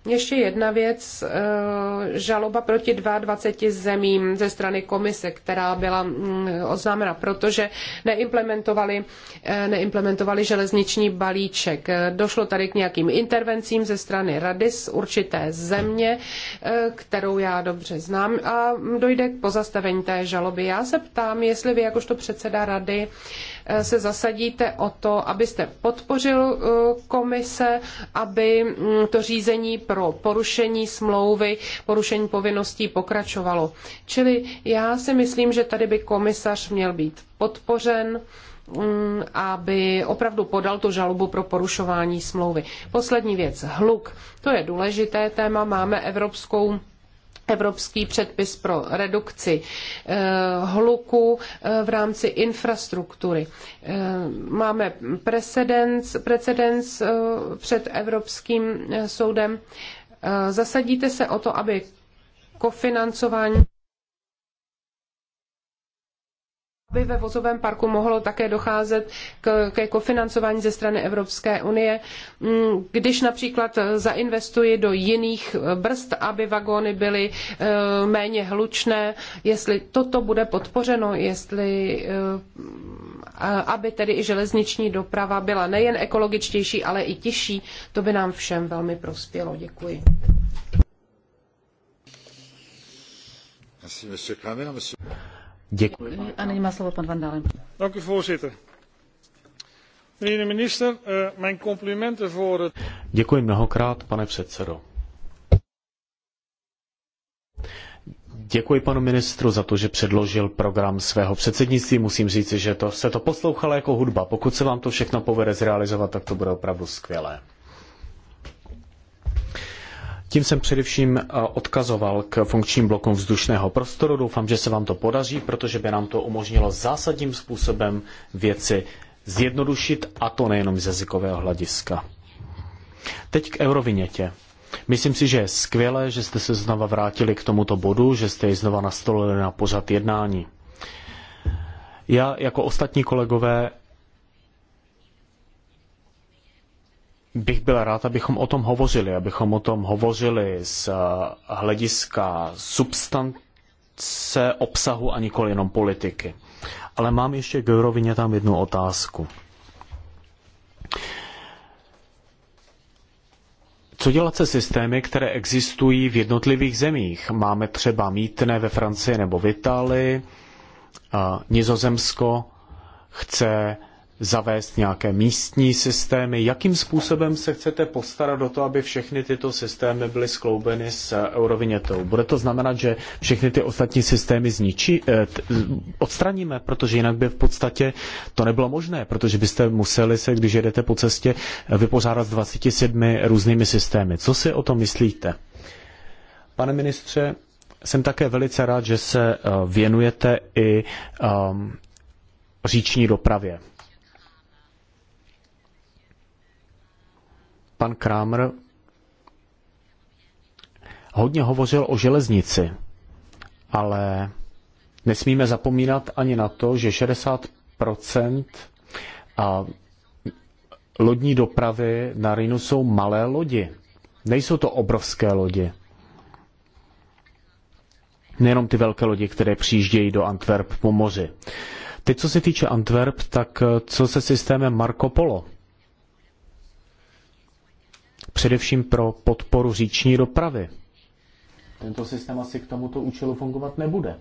Ještě jedna věc, eh, žaloba proti 22 zemím ze strany komise, která byla mm, oznámena, protože neimplementovali, eh, neimplementovali železniční balíček. Eh, došlo tady k nějakým intervencím ze strany rady z určité země, kterou já dobře znám a dojde k pozastavení té žaloby. Já se ptám, jestli vy jakožto předseda rady Eh, se zasadíte o to, abyste podpořil eh, komise, aby mm, to řízení pro porušení smlouvy, porušení povinností pokračovalo. Čili já si myslím, že tady by komisař měl být podpořen mm, aby opravdu podal tu žalobu pro porušování smlouvy. Poslední věc, hluk. To je důležité téma. Máme Evropskou evropský předpis pro redukci eh, hluku eh, v rámci infrastruktury. Eh, máme precedens, precedens před Evropským soudem. Zasadíte se o to, aby kofinancování aby ve vozovém parku mohlo také docházet k, k kofinancování ze strany Evropské unie, mm, když například zainvestuji do jiných brzd, aby vagóny byly e, méně hlučné, jestli toto bude podpořeno, jestli e, aby tedy i železniční doprava byla nejen ekologičtější, ale i těžší, to by nám všem velmi prospělo. Děkuji. Merci, monsieur Kramer, monsieur... Děkuji. A nyní pan Van Dalen. Dank u minister, eh, mijn complimenten voor Děkuji mnohokrát, pane předsedo. Děkuji panu ministru za to, že předložil program svého předsednictví. Musím říci, že to, se to poslouchalo jako hudba. Pokud se vám to všechno povede zrealizovat, tak to bude opravdu skvělé. Tím jsem především eh, odkazoval k funkčním blokům vzdušného prostoru. Doufám, že se vám to podaří, protože by nám to umožnilo zásadním způsobem věci zjednodušit, a to nejenom z jazykového hlediska. Teď k eurovinětě. Myslím si, že je skvělé, že jste se znova vrátili k tomuto bodu, že jste ji znova nastolili na pořad jednání. Já jako ostatní kolegové bych byl rád, abychom o tom hovořili, abychom o tom hovořili z eh, hlediska substance obsahu a nikoli jenom politiky. Ale mám ještě k Eurovině tam jednu otázku. Co dělat se systémy, které existují v jednotlivých zemích? Máme třeba mítné ve Francii nebo v Itálii, eh, Nizozemsko chce zavést nějaké místní systémy. Jakým způsobem se chcete postarat o to, aby všechny tyto systémy byly skloubeny s eh, eurovinětou? Bude to znamenat, že všechny ty ostatní systémy zničí, eh, odstraníme, protože jinak by v podstatě to nebylo možné, protože byste museli se, když jedete po cestě, eh, vypořádat s 27 různými systémy. Co si o to myslíte? Pane ministře, jsem také velice rád, že se věnujete i um, říční dopravě. pan Kramer hodně hovořil o železnici, ale nesmíme zapomínat ani na to, že 60 a lodní dopravy na Rýnu jsou malé lodi. Nejsou to obrovské lodi. Nejenom ty velké lodi, které přijíždějí do Antwerp po moři. Teď, co se týče Antwerp, tak eh, co se systémem Marco Polo? především pro podporu říční dopravy. Tento systém asi k tomuto účelu fungovat nebude.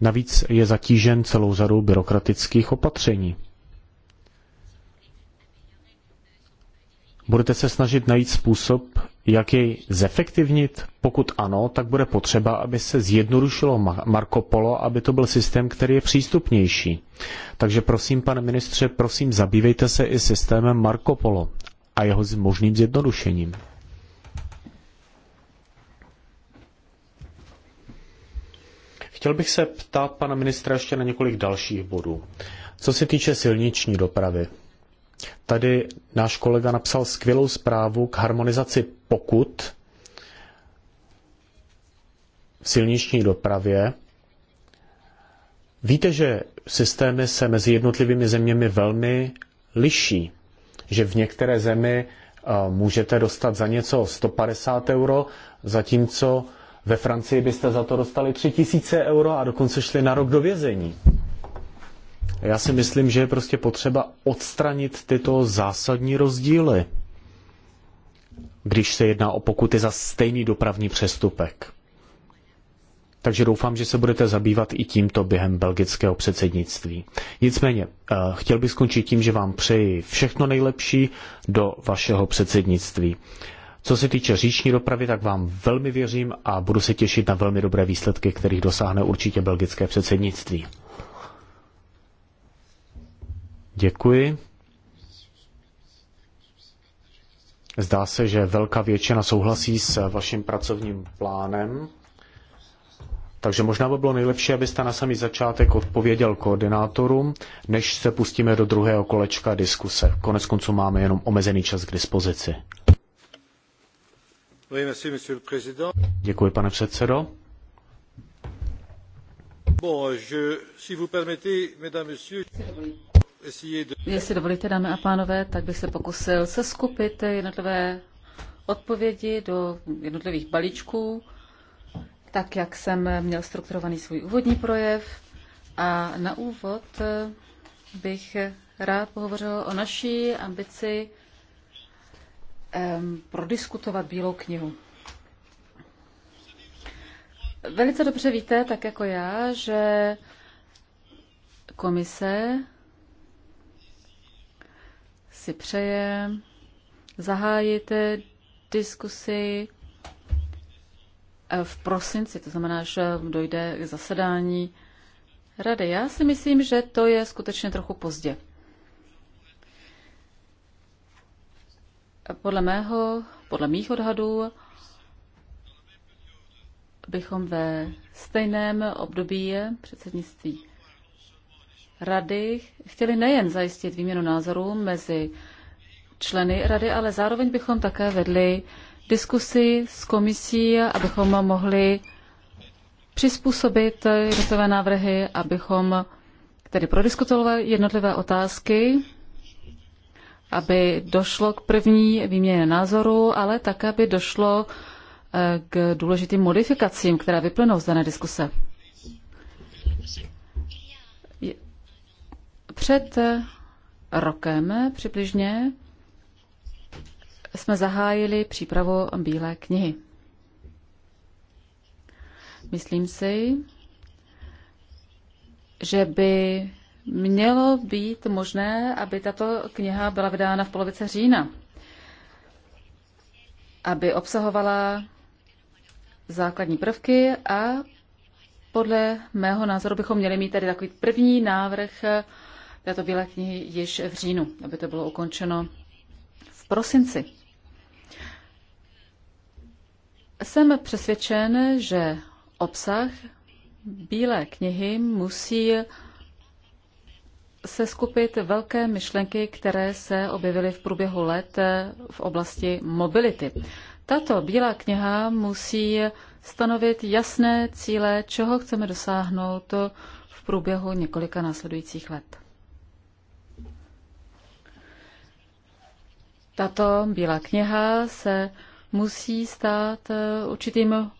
Navíc je zatížen celou řadou byrokratických opatření. Budete se snažit najít způsob, jak jej zefektivnit? Pokud ano, tak bude potřeba, aby se zjednodušilo Marco Polo, aby to byl systém, který je přístupnější. Takže prosím, pane ministře, prosím, zabývejte se i systémem Marco Polo a jeho možným zjednodušením. Chtěl bych se ptát pana ministra ještě na několik dalších bodů. Co se týče silniční dopravy, tady náš kolega napsal skvělou zprávu k harmonizaci pokut v silniční dopravě. Víte, že systémy se mezi jednotlivými zeměmi velmi liší že v některé zemi eh, můžete dostat za něco 150 euro, zatímco ve Francii byste za to dostali 3000 euro a dokonce šli na rok do vězení. Já si myslím, že je prostě potřeba odstranit tyto zásadní rozdíly, když se jedná o pokuty za stejný dopravní přestupek takže doufám, že se budete zabývat i tímto během belgického předsednictví. Nicméně, eh, chtěl bych skončit tím, že vám přeji všechno nejlepší do vašeho předsednictví. Co se týče říční dopravy, tak vám velmi věřím a budu se těšit na velmi dobré výsledky, kterých dosáhne určitě belgické předsednictví. Děkuji. Zdá se, že velká většina souhlasí s vaším pracovním plánem. Takže možná by bylo nejlepší, abyste na samý začátek odpověděl koordinátorům, než se pustíme do druhého kolečka diskuse. Konec konců máme jenom omezený čas k dispozici. Děkuji, pane předsedo. Jestli dovolíte, dámy a pánové, tak bych se pokusil seskupit jednotlivé odpovědi do jednotlivých balíčků tak jak jsem měl strukturovaný svůj úvodní projev. A na úvod eh, bych rád pohovořil o naší ambici prodiskutovat Bílou knihu. Velice dobře víte, tak jako já, že komise si přeje zahájit diskusy Eh, v prosinci, to znamená, že dojde k zasedání rady. Já si myslím, že to je skutečně trochu pozdě. Podle mého, podle mých odhadů, bychom ve stejném období předsednictví rady chtěli nejen zajistit výměnu názorů mezi členy rady, ale zároveň bychom také vedli diskusi s komisí, abychom mohli přizpůsobit jednotlivé návrhy, abychom tedy prodiskutovali jednotlivé otázky, aby došlo k první výměně názoru, ale také, aby došlo eh, k důležitým modifikacím, které vyplynou z dané diskuse. Před rokem přibližně jsme zahájili přípravu Bílé knihy. Myslím si, že by mělo být možné, aby tato kniha byla vydána v polovice října, aby obsahovala základní prvky a podle mého názoru bychom měli mít tady takový první návrh této bílé knihy již v říjnu, aby to bylo ukončeno v prosinci. Jsem přesvědčen, že obsah Bílé knihy musí se skupit velké myšlenky, které se objevily v průběhu let v oblasti mobility. Tato Bílá kniha musí stanovit jasné cíle, čeho chceme dosáhnout v průběhu několika následujících let. Tato Bílá kniha se musí stát eh, určitým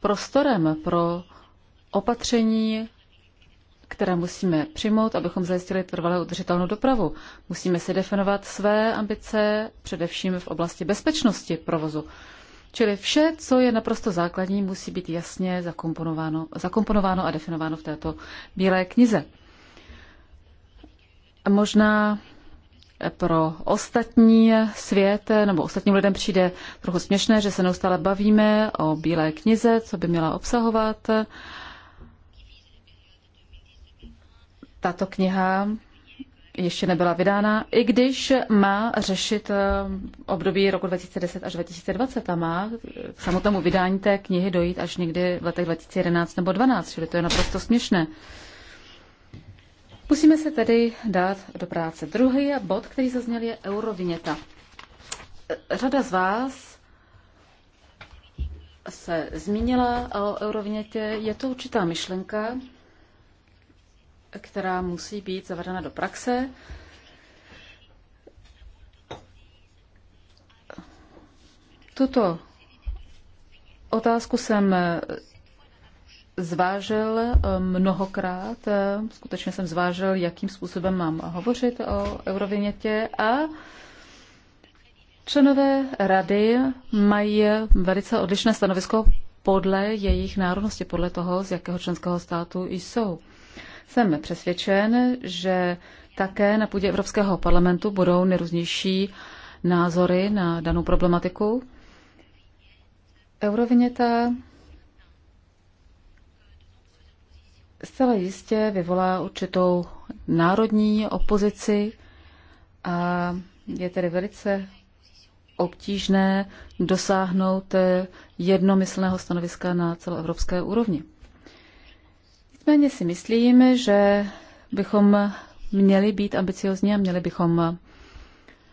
prostorem pro opatření, které musíme přijmout, abychom zajistili trvalé udržitelnou dopravu. Musíme si definovat své ambice, především v oblasti bezpečnosti provozu. Čili vše, co je naprosto základní, musí být jasně zakomponováno, zakomponováno a definováno v této bílé knize. Možná pro ostatní svět nebo ostatním lidem přijde trochu směšné, že se neustále bavíme o Bílé knize, co by měla obsahovat. Tato kniha ještě nebyla vydána, i když má řešit eh, období roku 2010 až 2020 a má k samotnému vydání té knihy dojít až někdy v letech 2011 nebo 2012, čili to je naprosto směšné. Musíme se tedy dát do práce. Druhý bod, který zazněl, je euroviněta. Řada z vás se zmínila o eurovinětě. Je to určitá myšlenka, která musí být zavedena do praxe. Tuto otázku jsem zvážil eh, mnohokrát, eh, skutečně jsem zvážil, jakým způsobem mám hovořit o eurovinětě a členové rady mají velice odlišné stanovisko podle jejich národnosti, podle toho, z jakého členského státu jsou. Jsem přesvědčen, že také na půdě Evropského parlamentu budou nejrůznější názory na danou problematiku. Euroviněta zcela jistě vyvolá určitou národní opozici a je tedy velice obtížné dosáhnout eh, jednomyslného stanoviska na celoevropské úrovni. Nicméně si myslím, že bychom měli být ambiciozní a měli bychom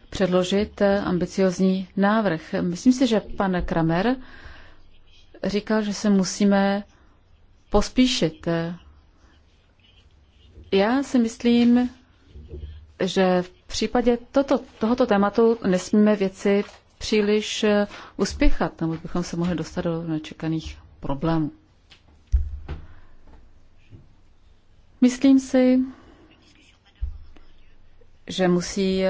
předložit eh, ambiciozní návrh. Myslím si, že pan Kramer říkal, že se musíme pospíšit eh, já si myslím, že v případě toto, tohoto tématu nesmíme věci příliš eh, uspěchat, nebo bychom se mohli dostat do nečekaných problémů. Myslím si, že musí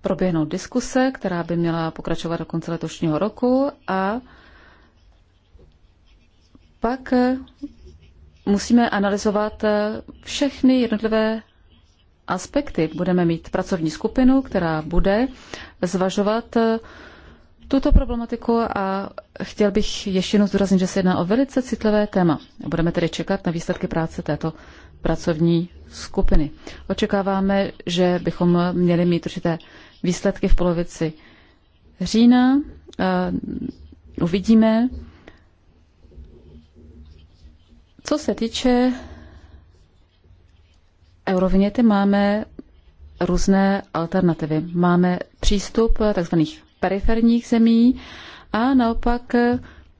proběhnout diskuse, která by měla pokračovat do konce letošního roku a pak musíme analyzovat eh, všechny jednotlivé aspekty. Budeme mít pracovní skupinu, která bude zvažovat eh, tuto problematiku a chtěl bych ještě jednou zdůraznit, že se jedná o velice citlivé téma. Budeme tedy čekat na výsledky práce této pracovní skupiny. Očekáváme, že bychom měli mít určité výsledky v polovici října. Eh, uvidíme, co se týče euroviněty, máme různé alternativy. Máme přístup tzv. periferních zemí a naopak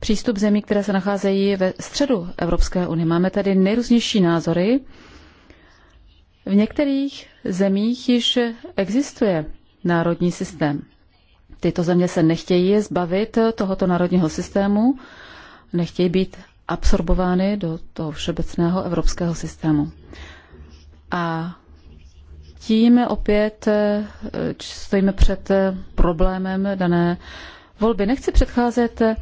přístup zemí, které se nacházejí ve středu Evropské unie. Máme tady nejrůznější názory. V některých zemích již existuje národní systém. Tyto země se nechtějí zbavit tohoto národního systému, nechtějí být absorbovány do toho všeobecného evropského systému. A tím opět eh, stojíme před eh, problémem dané volby. Nechci předcházet eh,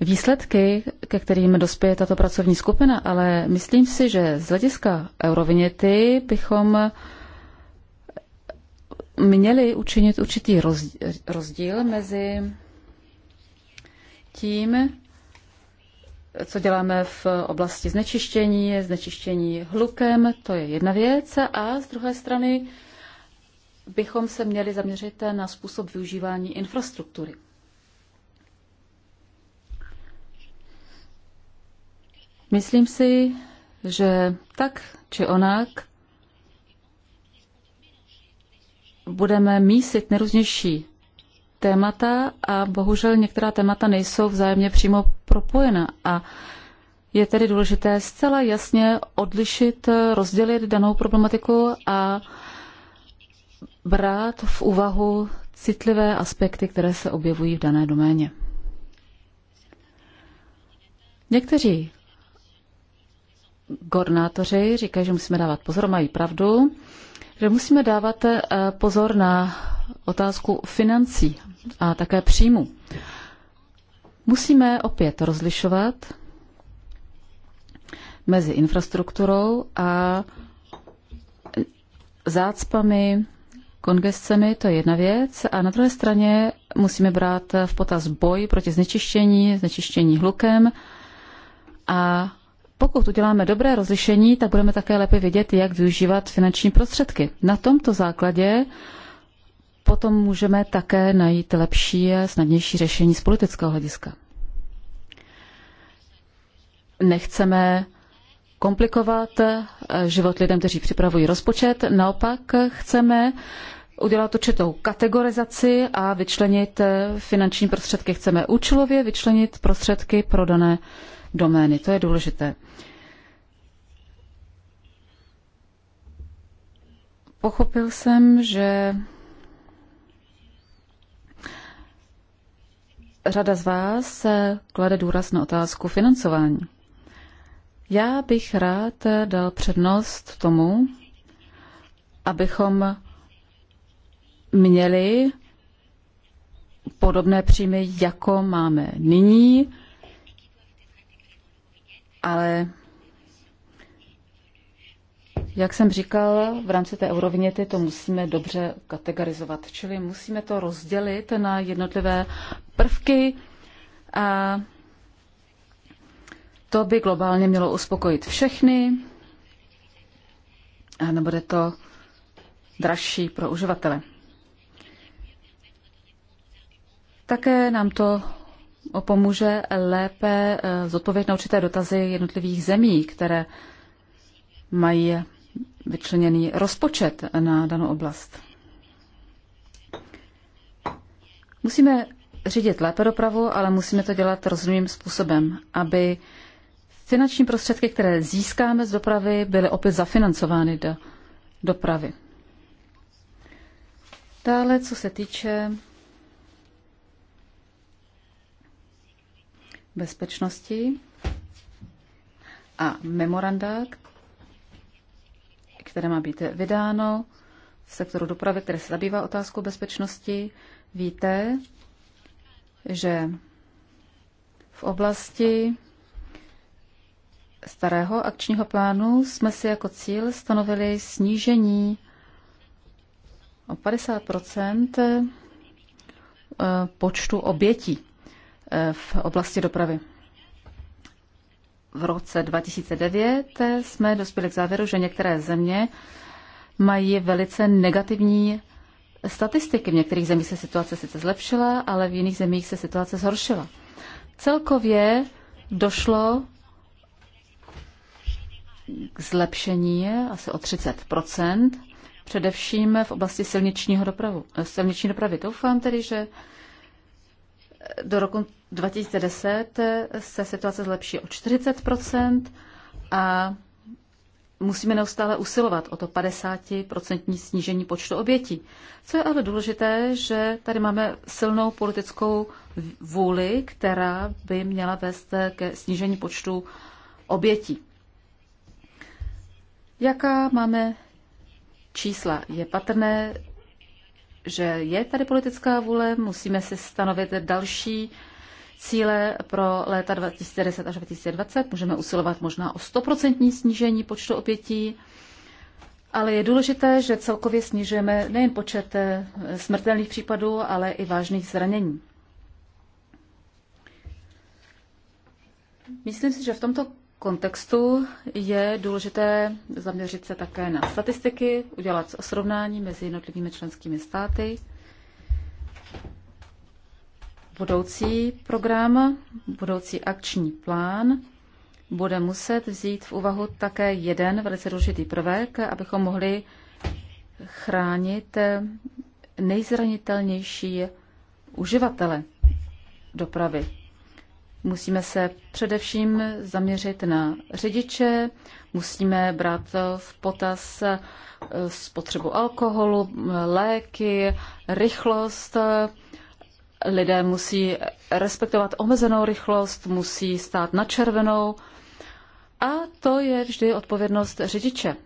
výsledky, ke kterým dospěje tato pracovní skupina, ale myslím si, že z hlediska eurovinity bychom měli učinit určitý rozdíl mezi tím, co děláme v oblasti znečištění, znečištění hlukem, to je jedna věc. A z druhé strany bychom se měli zaměřit na způsob využívání infrastruktury. Myslím si, že tak či onak budeme mísit nejrůznější témata a bohužel některá témata nejsou vzájemně přímo propojena. A je tedy důležité zcela jasně odlišit, rozdělit danou problematiku a brát v úvahu citlivé aspekty, které se objevují v dané doméně. Někteří koordinátoři říkají, že musíme dávat pozor, mají pravdu, že musíme dávat eh, pozor na otázku financí a také příjmu. Musíme opět rozlišovat mezi infrastrukturou a zácpami, kongescemi, to je jedna věc. A na druhé straně musíme brát v potaz boj proti znečištění, znečištění hlukem. A pokud uděláme dobré rozlišení, tak budeme také lépe vědět, jak využívat finanční prostředky. Na tomto základě potom můžeme také najít lepší a snadnější řešení z politického hlediska. Nechceme komplikovat eh, život lidem, kteří připravují rozpočet. Naopak eh, chceme udělat určitou kategorizaci a vyčlenit eh, finanční prostředky. Chceme účelově vyčlenit prostředky pro dané domény. To je důležité. Pochopil jsem, že řada z vás se klade důraz na otázku financování. Já bych rád dal přednost tomu, abychom měli podobné příjmy, jako máme nyní, ale jak jsem říkal, v rámci té eurovinety to musíme dobře kategorizovat, čili musíme to rozdělit na jednotlivé prvky a to by globálně mělo uspokojit všechny a nebude to dražší pro uživatele. Také nám to pomůže lépe eh, zodpovědět na určité dotazy jednotlivých zemí, které mají vyčleněný rozpočet na danou oblast. Musíme řídit lépe dopravu, ale musíme to dělat rozumným způsobem, aby finanční prostředky, které získáme z dopravy, byly opět zafinancovány do dopravy. Dále, co se týče bezpečnosti a memoranda, které má být vydáno v sektoru dopravy, které se zabývá otázkou bezpečnosti. Víte, že v oblasti starého akčního plánu jsme si jako cíl stanovili snížení o 50 eh, počtu obětí eh, v oblasti dopravy v roce 2009 jsme dospěli k závěru, že některé země mají velice negativní statistiky. V některých zemích se situace sice zlepšila, ale v jiných zemích se situace zhoršila. Celkově došlo k zlepšení asi o 30 především v oblasti silničního dopravu. silniční dopravy. Doufám tedy, že do roku 2010 se situace zlepší o 40 a musíme neustále usilovat o to 50% snížení počtu obětí. Co je ale důležité, že tady máme silnou politickou vůli, která by měla vést ke snížení počtu obětí. Jaká máme čísla? Je patrné, že je tady politická vůle, musíme si stanovit další cíle pro léta 2010 až 2020. Můžeme usilovat možná o 100% snížení počtu obětí, ale je důležité, že celkově snižujeme nejen počet eh, smrtelných případů, ale i vážných zranění. Myslím si, že v tomto kontextu je důležité zaměřit se také na statistiky, udělat srovnání mezi jednotlivými členskými státy budoucí program, budoucí akční plán bude muset vzít v úvahu také jeden velice důležitý prvek, abychom mohli chránit nejzranitelnější uživatele dopravy. Musíme se především zaměřit na řidiče, musíme brát v potaz eh, spotřebu alkoholu, léky, rychlost, lidé musí respektovat omezenou rychlost, musí stát na červenou a to je vždy odpovědnost řidiče.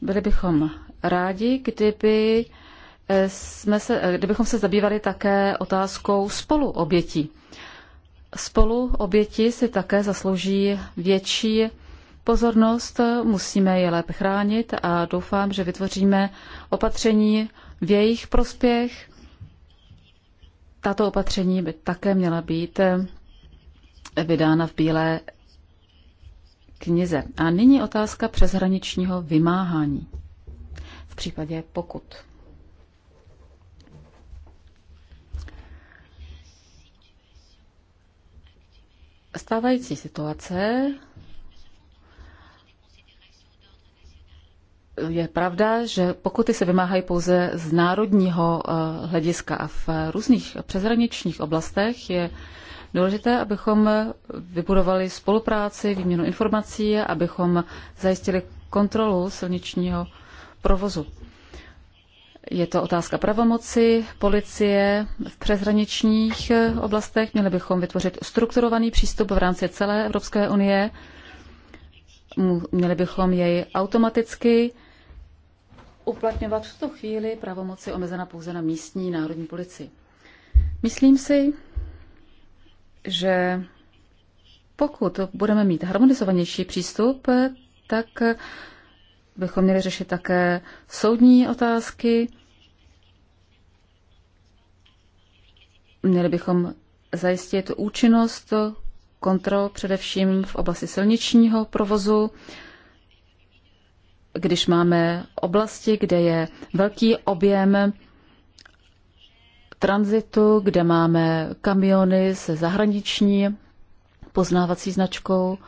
Byli bychom rádi, kdyby eh, jsme se, eh, kdybychom se zabývali také otázkou spoluobětí. Spoluoběti si také zaslouží větší pozornost, musíme je lépe chránit a doufám, že vytvoříme opatření v jejich prospěch. Tato opatření by také měla být vydána v Bílé knize. A nyní otázka přeshraničního vymáhání v případě pokut. Stávající situace je pravda, že pokuty se vymáhají pouze z národního eh, hlediska a v různých přezraničních oblastech je důležité, abychom vybudovali spolupráci, výměnu informací, abychom zajistili kontrolu silničního provozu. Je to otázka pravomoci, policie v přezraničních eh, oblastech. Měli bychom vytvořit strukturovaný přístup v rámci celé Evropské unie. Měli bychom jej automaticky uplatňovat v tuto chvíli pravomoci omezena pouze na místní národní policii. Myslím si, že pokud budeme mít harmonizovanější přístup, tak bychom měli řešit také soudní otázky. Měli bychom zajistit účinnost kontrol především v oblasti silničního provozu když máme oblasti, kde je velký objem tranzitu, kde máme kamiony se zahraniční poznávací značkou,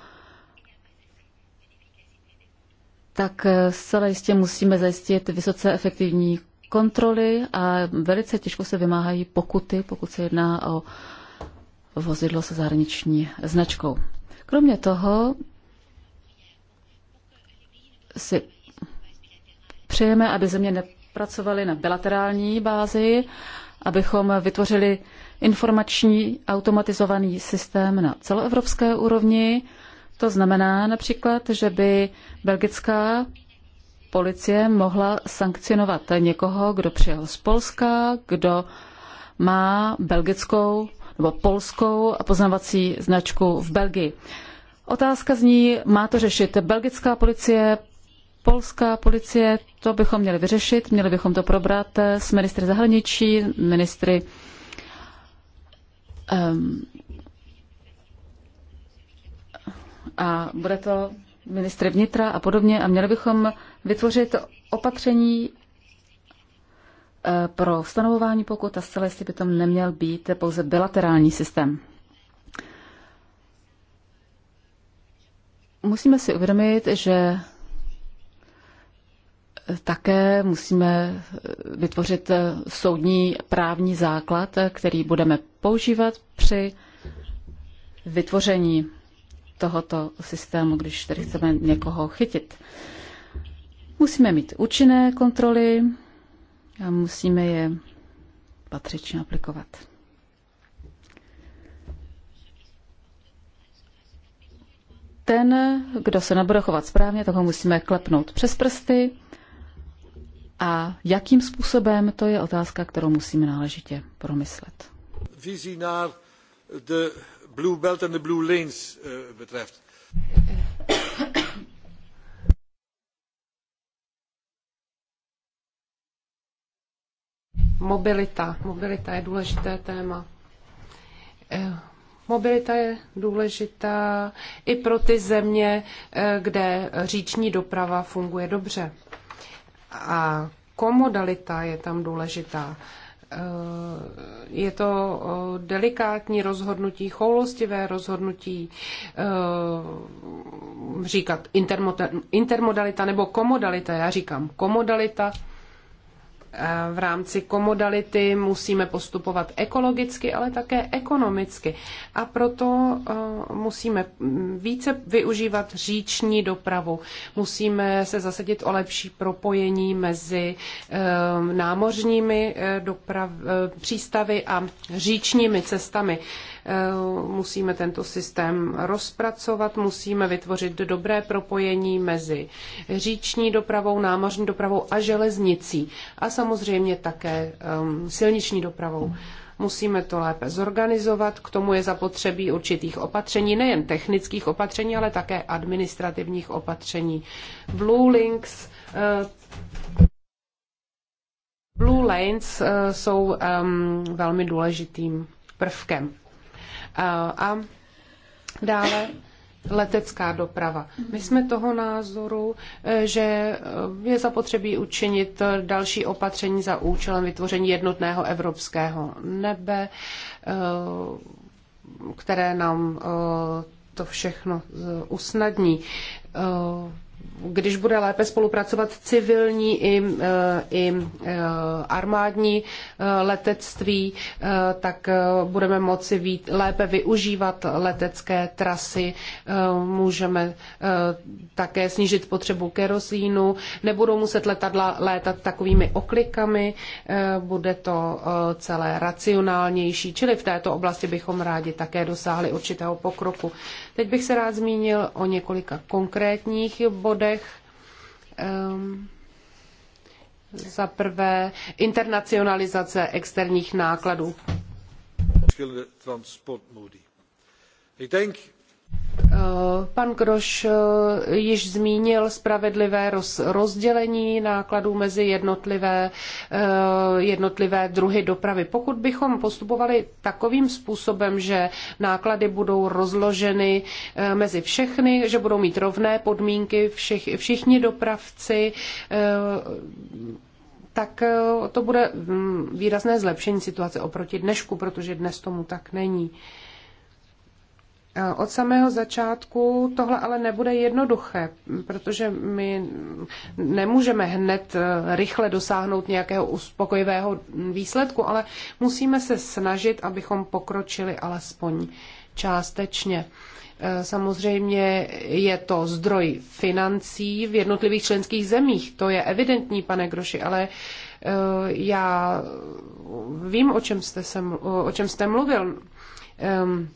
tak zcela jistě musíme zajistit vysoce efektivní kontroly a velice těžko se vymáhají pokuty, pokud se jedná o vozidlo se zahraniční značkou. Kromě toho si Přejeme, aby země nepracovaly na bilaterální bázi, abychom vytvořili informační automatizovaný systém na celoevropské úrovni. To znamená například, že by belgická policie mohla sankcionovat někoho, kdo přijel z Polska, kdo má belgickou nebo polskou poznávací značku v Belgii. Otázka zní, má to řešit belgická policie, polská policie, to bychom měli vyřešit, měli bychom to probrat eh, s ministry zahraničí, ministry um, a bude to ministry vnitra a podobně a měli bychom vytvořit opatření eh, pro stanovování pokut a zcela jestli by tom neměl být pouze bilaterální systém. Musíme si uvědomit, že také musíme vytvořit eh, soudní právní základ, eh, který budeme používat při vytvoření tohoto systému, když tedy chceme někoho chytit. Musíme mít účinné kontroly a musíme je patřičně aplikovat. Ten, kdo se nebude chovat správně, toho musíme klepnout přes prsty a jakým způsobem, to je otázka, kterou musíme náležitě promyslet. Vizí na the Blue Belt and the Blue Lanes eh, betreft. Mobilita. Mobilita je důležité téma. Eh, mobilita je důležitá i pro ty země, eh, kde říční doprava funguje dobře. A komodalita je tam důležitá. Eh, je to eh, delikátní rozhodnutí, choulostivé rozhodnutí, eh, říkat intermodalita nebo komodalita. Já říkám komodalita, v rámci komodality musíme postupovat ekologicky, ale také ekonomicky. A proto e, musíme více využívat říční dopravu. Musíme se zasadit o lepší propojení mezi e, námořními e, doprav, přístavy a říčními cestami. Eh, musíme tento systém rozpracovat, musíme vytvořit dobré propojení mezi říční dopravou, námořní dopravou a železnicí a samozřejmě také silniční dopravou musíme to lépe zorganizovat. K tomu je zapotřebí určitých opatření, nejen technických opatření, ale také administrativních opatření. Blue Links, eh, Blue Lanes eh, jsou velmi důležitým prvkem. A dále letecká doprava. My jsme toho názoru, e, že e, je zapotřebí učinit další opatření za účelem vytvoření jednotného evropského nebe, e, které nám to všechno usnadní když bude lépe spolupracovat civilní i, e, i e, armádní e, letectví, tak budeme moci vít, lépe využívat letecké trasy, můžeme také snížit potřebu kerosínu, nebudou muset letadla létat takovými oklikami, bude to celé racionálnější, čili v této oblasti bychom rádi také dosáhli určitého pokroku. Teď bych se rád zmínil o několika konkrétních bodech, bodech. Um, Za prvé, internacionalizace externích nákladů. Ik denk Pan Groš eh, již zmínil spravedlivé rozdělení nákladů mezi jednotlivé, eh, jednotlivé druhy dopravy. Pokud bychom postupovali takovým způsobem, že náklady budou rozloženy eh, mezi všechny, že budou mít rovné podmínky všich, všichni dopravci, tak to bude mm, výrazné zlepšení situace oproti dnešku, protože dnes tomu tak není. Eh, od samého začátku tohle ale nebude jednoduché, protože my nemůžeme hned eh, rychle dosáhnout nějakého uspokojivého výsledku, ale musíme se snažit, abychom pokročili alespoň částečně. Eh, samozřejmě je to zdroj financí v jednotlivých členských zemích, to je evidentní, pane Groši, ale já vím, o čem jste, se, o čem jste mluvil ehm,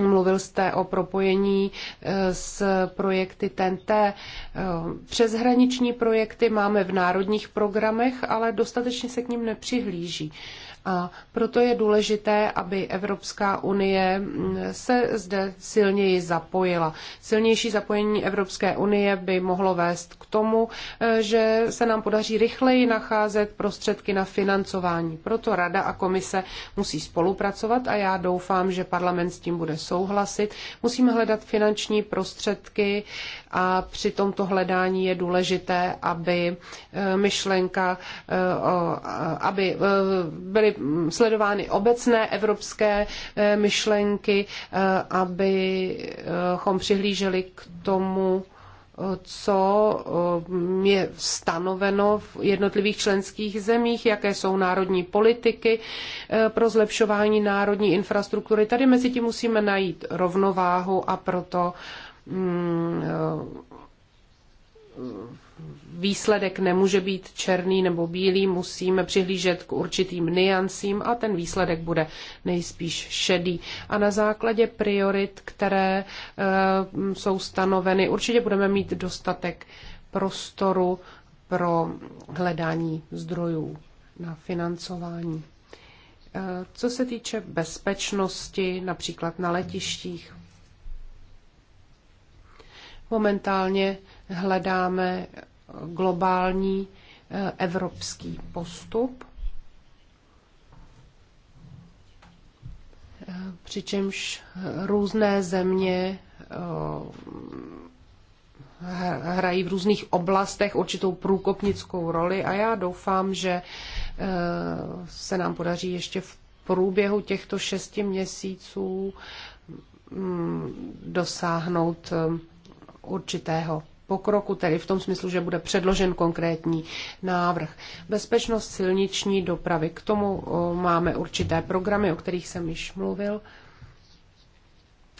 Mluvil jste o propojení e, s projekty TNT. E, přeshraniční projekty máme v národních programech, ale dostatečně se k ním nepřihlíží. A proto je důležité, aby Evropská unie mm, se zde silněji zapojila. Silnější zapojení Evropské unie by mohlo vést k tomu, eh, že se nám podaří rychleji nacházet prostředky na financování. Proto Rada a Komise musí spolupracovat a já doufám, že parlament s tím bude souhlasit. Musíme hledat finanční prostředky a při tomto hledání je důležité, aby eh, myšlenka, eh, aby byly byly sledovány obecné evropské eh, myšlenky, eh, abychom přihlíželi k tomu, eh, co je stanoveno v jednotlivých členských zemích, jaké jsou národní politiky pro zlepšování národní infrastruktury. Tady mezi tím musíme najít rovnováhu a proto mm, výsledek nemůže být černý nebo bílý, musíme přihlížet k určitým niancím a ten výsledek bude nejspíš šedý. A na základě priorit, které eh, jsou stanoveny, určitě budeme mít dostatek prostoru pro hledání zdrojů na financování. Eh, co se týče bezpečnosti, například na letištích, momentálně hledáme globální eh, evropský postup, eh, přičemž různé země eh, hrají v různých oblastech určitou průkopnickou roli a já doufám, že se nám podaří ještě v průběhu těchto šesti měsíců mm, dosáhnout určitého pokroku, tedy v tom smyslu, že bude předložen konkrétní návrh. Bezpečnost silniční dopravy. K tomu máme určité programy, o kterých jsem již mluvil.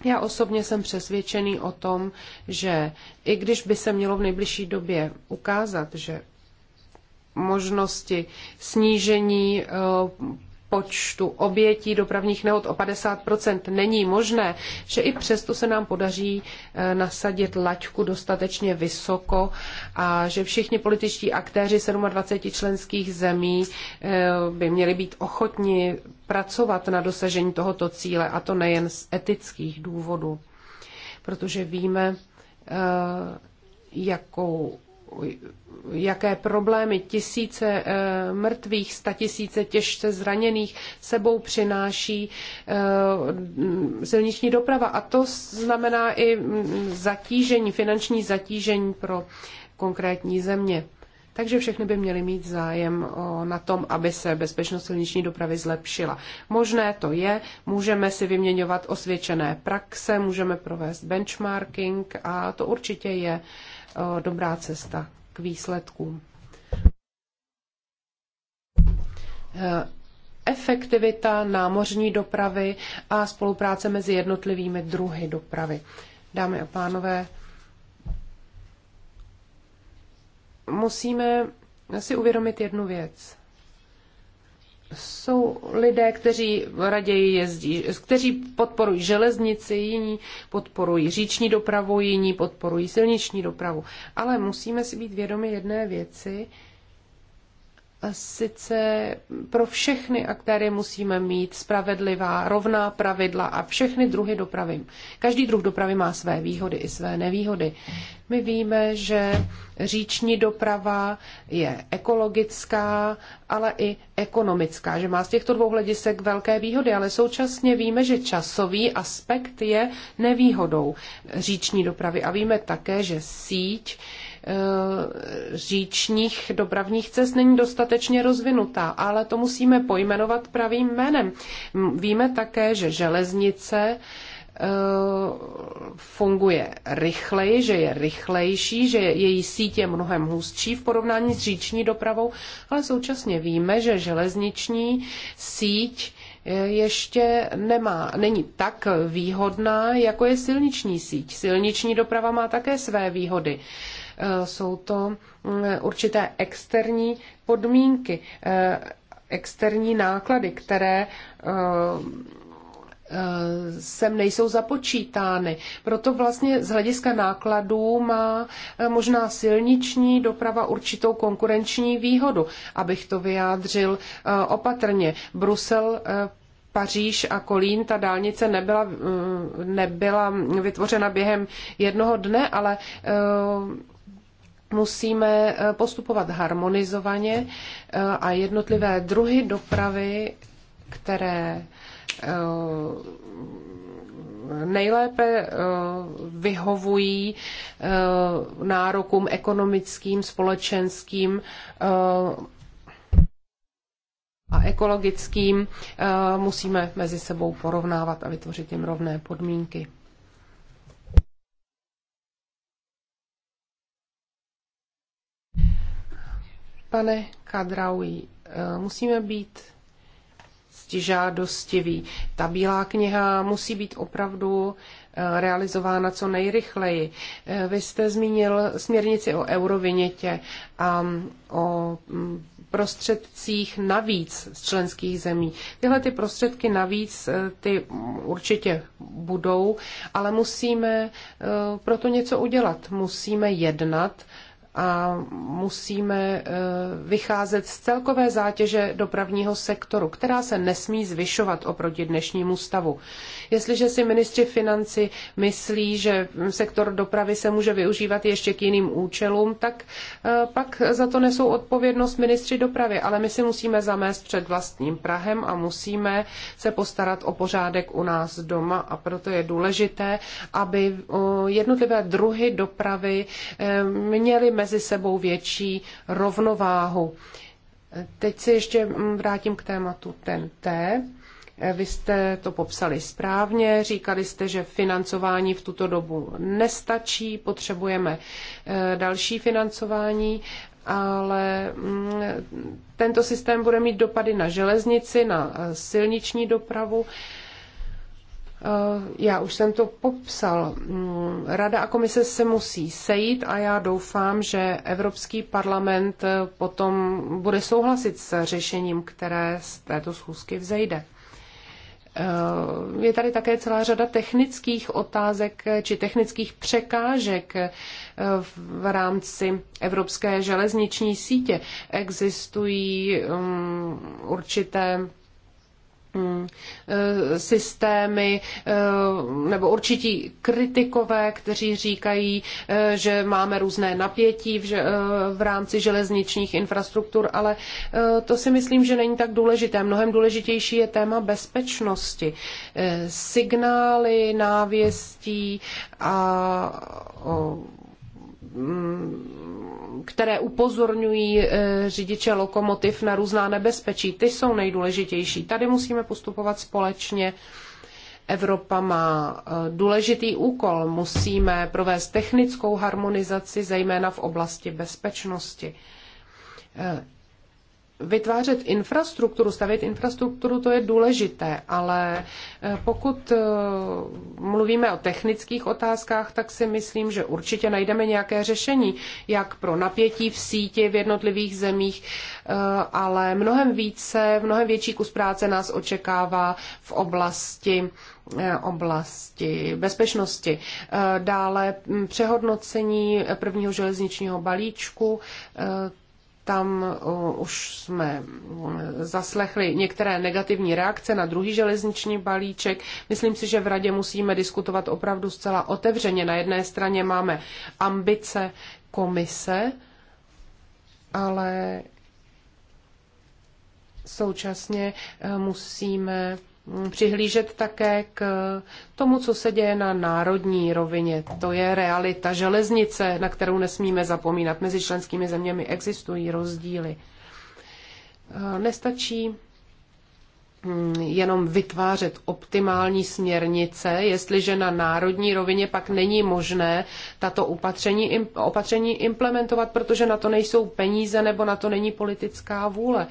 Já osobně jsem přesvědčený o tom, že i když by se mělo v nejbližší době ukázat, že možnosti snížení počtu obětí dopravních nehod o 50 není možné, že i přesto se nám podaří eh, nasadit laťku dostatečně vysoko a že všichni političtí aktéři 27 členských zemí eh, by měli být ochotni pracovat na dosažení tohoto cíle, a to nejen z etických důvodů, protože víme, eh, jakou jaké problémy tisíce eh, mrtvých, statisíce těžce zraněných sebou přináší eh, silniční doprava. A to znamená i mm, zatížení, finanční zatížení pro konkrétní země. Takže všechny by měly mít zájem na tom, aby se bezpečnost silniční dopravy zlepšila. Možné to je, můžeme si vyměňovat osvědčené praxe, můžeme provést benchmarking a to určitě je uh, dobrá cesta k výsledkům. E, efektivita námořní dopravy a spolupráce mezi jednotlivými druhy dopravy. Dámy a pánové, musíme si uvědomit jednu věc jsou lidé, kteří raději jezdí, kteří podporují železnici, jiní podporují říční dopravu, jiní podporují silniční dopravu. Ale musíme si být vědomi jedné věci, sice pro všechny aktéry musíme mít spravedlivá, rovná pravidla a všechny druhy dopravy. Každý druh dopravy má své výhody i své nevýhody. My víme, že říční doprava je ekologická, ale i ekonomická, že má z těchto dvou hledisek velké výhody, ale současně víme, že časový aspekt je nevýhodou říční dopravy. A víme také, že síť Eh, říčních dopravních cest není dostatečně rozvinutá, ale to musíme pojmenovat pravým jménem. Víme také, že železnice eh, funguje rychleji, že je rychlejší, že její síť je mnohem hustší v porovnání s říční dopravou, ale současně víme, že železniční síť eh, ještě nemá, není tak výhodná, jako je silniční síť. Silniční doprava má také své výhody. Eh, jsou to eh, určité externí podmínky, eh, externí náklady, které sem nejsou započítány. Proto vlastně z hlediska nákladů má možná silniční doprava určitou konkurenční výhodu, abych to vyjádřil opatrně. Brusel Paříž a Kolín, ta dálnice nebyla, nebyla vytvořena během jednoho dne, ale musíme eh, postupovat harmonizovaně eh, a jednotlivé druhy dopravy, které eh, nejlépe vyhovují nárokům ekonomickým, společenským a ekologickým, musíme mezi sebou porovnávat a vytvořit jim rovné podmínky. Pane Kadraují, eh, musíme být stižádostiví. Ta bílá kniha musí být opravdu eh, realizována co nejrychleji. Eh, vy jste zmínil směrnici o eurovinětě a mm, o mm, prostředcích navíc z členských zemí. Tyhle ty prostředky navíc ty mm, určitě budou, ale musíme proto něco udělat. Musíme jednat a musíme eh, vycházet z celkové zátěže dopravního sektoru, která se nesmí zvyšovat oproti dnešnímu stavu. Jestliže si ministři financí myslí, že sektor dopravy se může využívat ještě k jiným účelům, tak eh, pak za to nesou odpovědnost ministři dopravy, ale my si musíme zamést před vlastním Prahem a musíme se postarat o pořádek u nás doma a proto je důležité, aby eh, jednotlivé druhy dopravy měly mezi sebou větší rovnováhu. Teď se ještě mm, vrátím k tématu TNT. Vy jste to popsali správně, říkali jste, že financování v tuto dobu nestačí, potřebujeme eh, další financování, ale mm, tento systém bude mít dopady na železnici, na eh, silniční dopravu Eh, já už jsem to popsal. Mm, Rada a komise se musí sejít a já doufám, že Evropský parlament eh, potom bude souhlasit s řešením, které z této schůzky vzejde. Eh, je tady také celá řada technických otázek či technických překážek v rámci evropské železniční sítě. Existují mm, určité Mm, eh, systémy eh, nebo určití kritikové, kteří říkají, eh, že máme různé napětí v, rámci železničních infrastruktur, ale to si myslím, že není tak důležité. Mnohem důležitější je téma bezpečnosti. Signály, návěstí a Mm, které upozorňují eh, řidiče lokomotiv na různá nebezpečí. Ty jsou nejdůležitější. Tady musíme postupovat společně. Evropa má eh, důležitý úkol. Musíme provést technickou harmonizaci, zejména v oblasti bezpečnosti. Eh, vytvářet infrastrukturu, stavět infrastrukturu, to je důležité, ale eh, pokud eh, mluvíme o technických otázkách, tak si myslím, že určitě najdeme nějaké řešení, jak pro napětí v síti v jednotlivých zemích, eh, ale mnohem více, mnohem větší kus práce nás očekává v oblasti oblasti bezpečnosti. Dále hm, přehodnocení prvního železničního balíčku, tam už jsme zaslechli některé negativní reakce na druhý železniční balíček. Myslím si, že v radě musíme diskutovat opravdu zcela otevřeně. Na jedné straně máme ambice komise, ale současně e, musíme Mm, přihlížet také k tomu, co se děje na národní rovině. To je realita železnice, na kterou nesmíme zapomínat. Mezi členskými zeměmi existují rozdíly. Nestačí mm, jenom vytvářet optimální směrnice, jestliže na národní rovině pak není možné tato opatření, opatření implementovat, protože na to nejsou peníze nebo na to není politická vůle.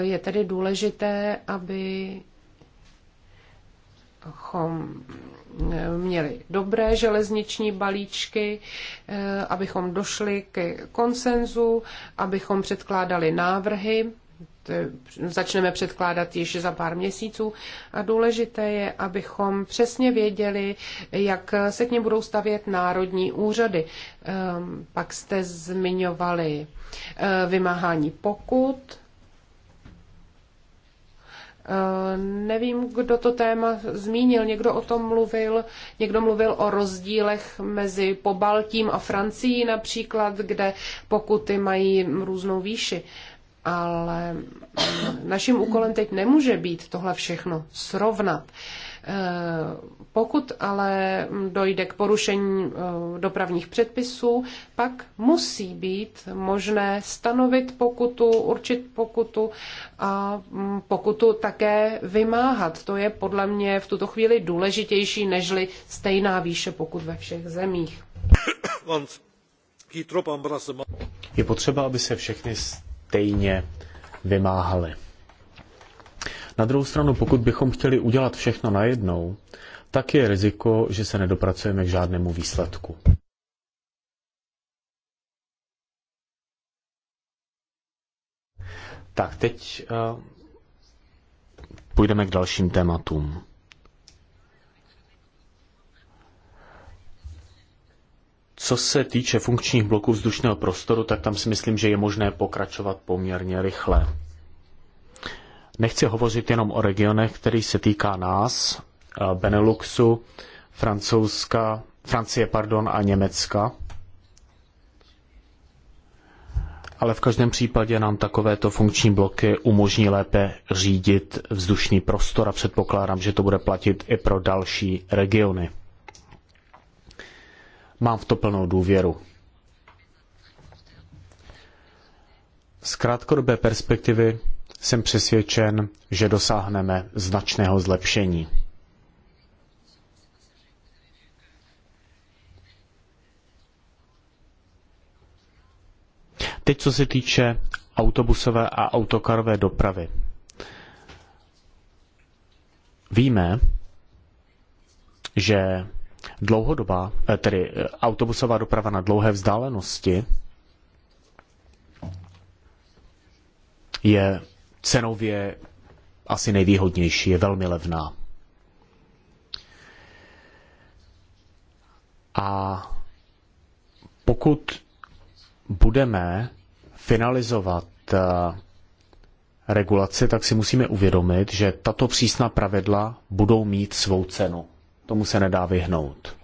Je tedy důležité, aby abychom měli dobré železniční balíčky, eh, abychom došli k konsenzu, abychom předkládali návrhy. Začneme předkládat již za pár měsíců. A důležité je, abychom přesně věděli, jak se k ně budou stavět národní úřady. Ehm, pak jste zmiňovali eh, vymáhání pokut, Eh, nevím, kdo to téma zmínil, někdo o tom mluvil, někdo mluvil o rozdílech mezi Pobaltím a Francií například, kde pokuty mají různou výši. Ale mm, naším úkolem teď nemůže být tohle všechno srovnat. Uh, Eh, pokud ale dojde k porušení eh, dopravních předpisů, pak musí být možné stanovit pokutu, určit pokutu a mm, pokutu také vymáhat. To je podle mě v tuto chvíli důležitější nežli stejná výše pokut ve všech zemích. Je potřeba, aby se všechny stejně vymáhaly. Na druhou stranu, pokud bychom chtěli udělat všechno najednou, tak je riziko, že se nedopracujeme k žádnému výsledku. Tak, teď uh, půjdeme k dalším tématům. Co se týče funkčních bloků vzdušného prostoru, tak tam si myslím, že je možné pokračovat poměrně rychle. Nechci hovořit jenom o regionech, který se týká nás, eh, Beneluxu, Francouzska, Francie pardon, a Německa. Ale v každém případě nám takovéto funkční bloky umožní lépe řídit vzdušný prostor a předpokládám, že to bude platit i pro další regiony. Mám v to plnou důvěru. Z krátkodobé perspektivy jsem přesvědčen, že dosáhneme značného zlepšení. Teď, co se týče autobusové a autokarové dopravy. Víme, že dlouhodobá, eh, tedy eh, autobusová doprava na dlouhé vzdálenosti je cenově asi nejvýhodnější, je velmi levná. A pokud budeme finalizovat eh, regulaci, tak si musíme uvědomit, že tato přísná pravidla budou mít svou cenu. Tomu se nedá vyhnout.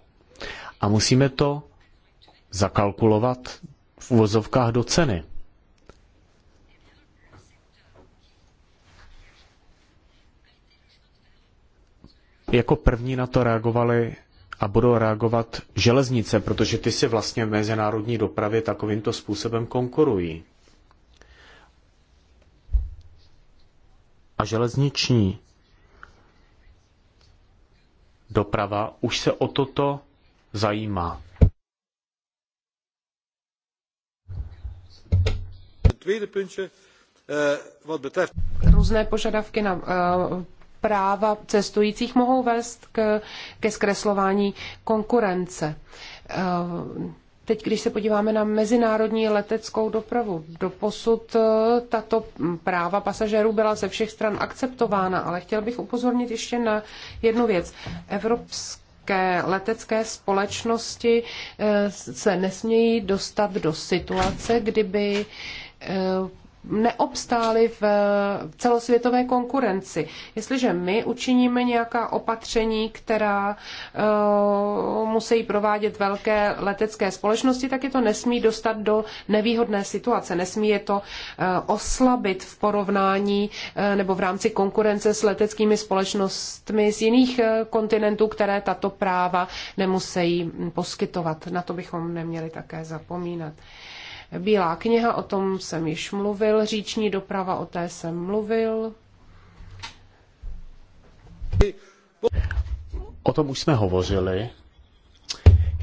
A musíme to zakalkulovat v uvozovkách do ceny. Jako první na to reagovali a budou reagovat železnice, protože ty si vlastně v mezinárodní dopravě takovýmto způsobem konkurují. A železniční doprava už se o toto zajímá. Eh, Různé požadavky na eh, práva cestujících mohou vést k, ke zkreslování konkurence. Eh, teď, když se podíváme na mezinárodní leteckou dopravu, doposud eh, tato práva pasažérů byla ze všech stran akceptována, ale chtěl bych upozornit ještě na jednu věc. Evropské letecké společnosti eh, se nesmějí dostat do situace, kdyby neobstáli v celosvětové konkurenci. Jestliže my učiníme nějaká opatření, která uh, musí provádět velké letecké společnosti, tak je to nesmí dostat do nevýhodné situace. Nesmí je to uh, oslabit v porovnání uh, nebo v rámci konkurence s leteckými společnostmi z jiných uh, kontinentů, které tato práva nemusí poskytovat. Na to bychom neměli také zapomínat. Uh, Bílá kniha, o tom jsem již mluvil, říční doprava, o té jsem mluvil. O tom už jsme hovořili.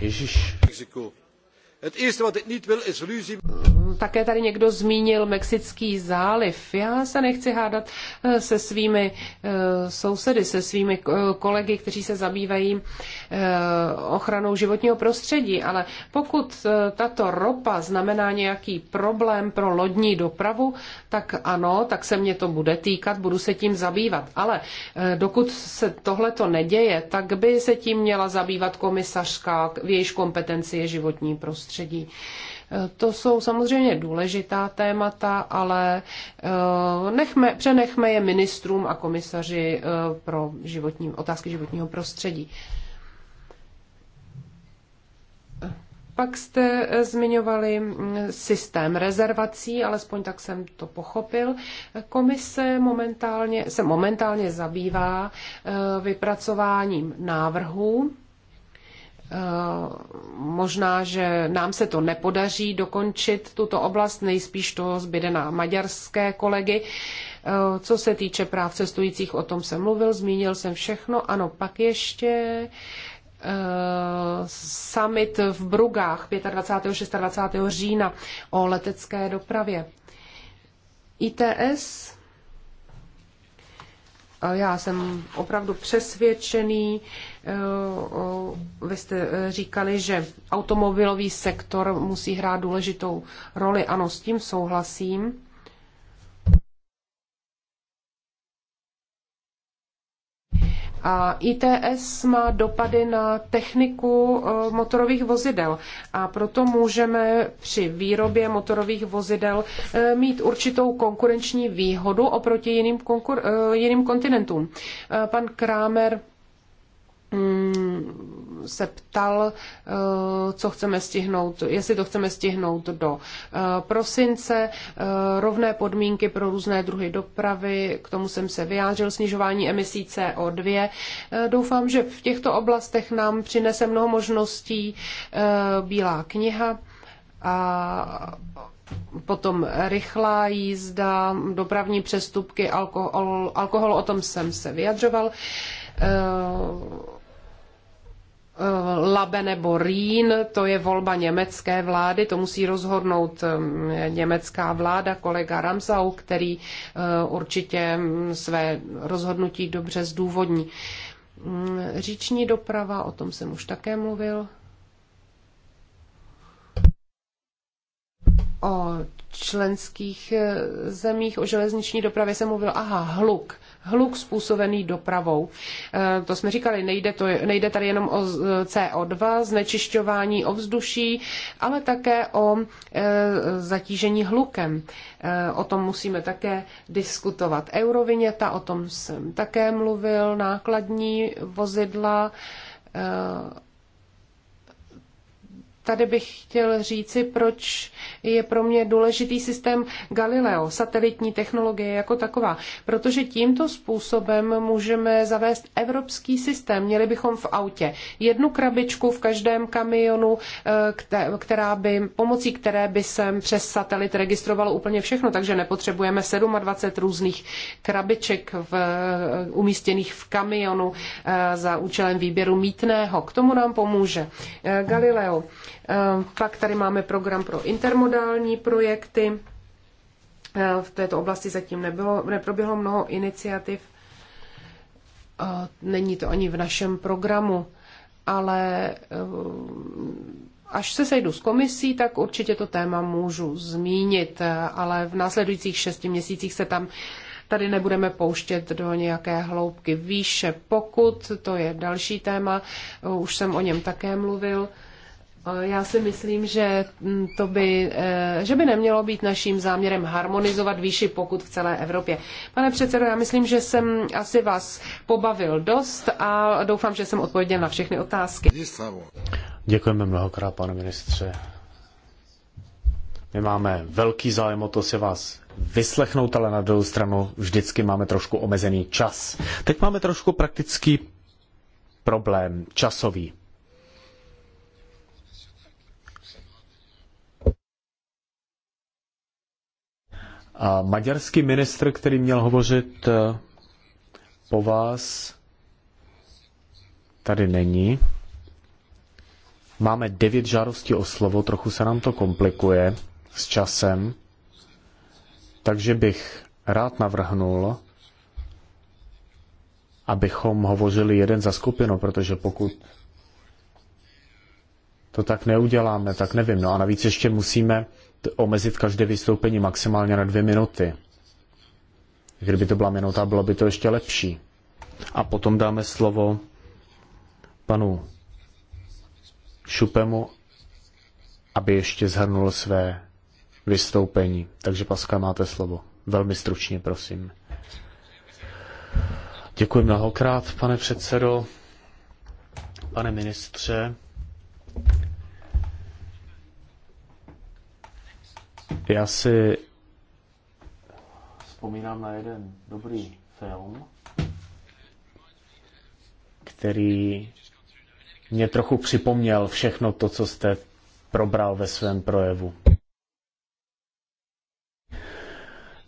Ježíš. Het eerste wat ik niet wil is ruzie. Také tady někdo zmínil Mexický záliv. Já se nechci hádat eh, se svými eh, sousedy, se svými eh, kolegy, kteří se zabývají ochranou životního prostředí, ale pokud tato ropa znamená nějaký problém pro lodní dopravu, tak ano, tak se mě to bude týkat, budu se tím zabývat. Ale dokud se tohle to neděje, tak by se tím měla zabývat komisařka, v jejíž kompetenci je životní prostředí. To jsou samozřejmě důležitá témata, ale eh, nechme, přenechme je ministrům a komisaři eh, pro životní, otázky životního prostředí. Pak jste eh, zmiňovali hm, systém rezervací, alespoň tak jsem to pochopil. Komise momentálně, se momentálně zabývá vypracováním návrhů Eh, možná, že nám se to nepodaří dokončit tuto oblast, nejspíš to zbyde na maďarské kolegy. Eh, co se týče práv cestujících, o tom jsem mluvil, zmínil jsem všechno. Ano, pak ještě eh, summit v Brugách 25. 26. října o letecké dopravě. ITS já jsem opravdu přesvědčený. Eh, vy jste eh, říkali, že automobilový sektor musí hrát důležitou roli. Ano, s tím souhlasím. A ITS má dopady na techniku e, motorových vozidel a proto můžeme při výrobě motorových vozidel e, mít určitou konkurenční výhodu oproti jiným, konkur- e, jiným kontinentům. Pan Kramer mm, se ptal, eh, co chceme stihnout, jestli to chceme stihnout do eh, prosince, eh, rovné podmínky pro různé druhy dopravy, k tomu jsem se vyjádřil, snižování emisí CO2. Doufám, že v těchto oblastech nám přinese mnoho možností Bílá kniha a potom rychlá jízda, dopravní přestupky, alkohol, alkohol o tom jsem se vyjadřoval. Eh, Labe nebo Rýn, to je volba německé vlády, to musí rozhodnout německá vláda, kolega Ramsau, který eh, určitě své rozhodnutí dobře zdůvodní. Mm, říční doprava, o tom jsem už také mluvil. O členských eh, zemích, o železniční dopravě jsem mluvil. Aha, hluk hluk způsobený dopravou. Eh, to jsme říkali, nejde, to, nejde tady jenom o CO2, znečišťování ovzduší, ale také o eh, zatížení hlukem. Eh, o tom musíme také diskutovat. Euroviněta, o tom jsem také mluvil, nákladní vozidla, tady bych chtěl říci, proč je pro mě důležitý systém Galileo, satelitní technologie jako taková. Protože tímto způsobem můžeme zavést evropský systém. Měli bychom v autě jednu krabičku v každém kamionu, eh, která by, pomocí které by se přes satelit registrovalo úplně všechno, takže nepotřebujeme 27 různých krabiček v, eh, umístěných v kamionu eh, za účelem výběru mítného. K tomu nám pomůže Galileo. Eh, pak tady máme program pro intermodální projekty. Eh, v této oblasti zatím nebylo, neproběhlo mnoho iniciativ. Eh, není to ani v našem programu, ale až se sejdu s komisí, tak určitě to téma můžu zmínit, ale v následujících šesti měsících se tam tady nebudeme pouštět do nějaké hloubky výše. Pokud, to je další téma, už jsem o něm také mluvil. Já si myslím, že, mm, to by, eh, že by nemělo být naším záměrem harmonizovat výši pokut v celé Evropě. Pane předsedo, já myslím, že jsem asi vás pobavil dost a doufám, že jsem odpověděl na všechny otázky. Děkujeme mnohokrát, pane ministře. My máme velký zájem o to si vás vyslechnout, ale na druhou stranu vždycky máme trošku omezený čas. Teď máme trošku praktický problém časový. A maďarský ministr, který měl hovořit eh, po vás, tady není. Máme devět žádostí o slovo, trochu se nám to komplikuje s časem, takže bych rád navrhnul, abychom hovořili jeden za skupinu, protože pokud to tak neuděláme, tak nevím. No a navíc ještě musíme omezit každé vystoupení maximálně na dvě minuty. Kdyby to byla minuta, bylo by to ještě lepší. A potom dáme slovo panu Šupemu, aby ještě zhrnul své vystoupení. Takže Paska, máte slovo. Velmi stručně, prosím. Děkuji mnohokrát, pane předsedo, pane ministře. Já si vzpomínám na jeden dobrý film, který mě trochu připomněl všechno to, co jste probral ve svém projevu.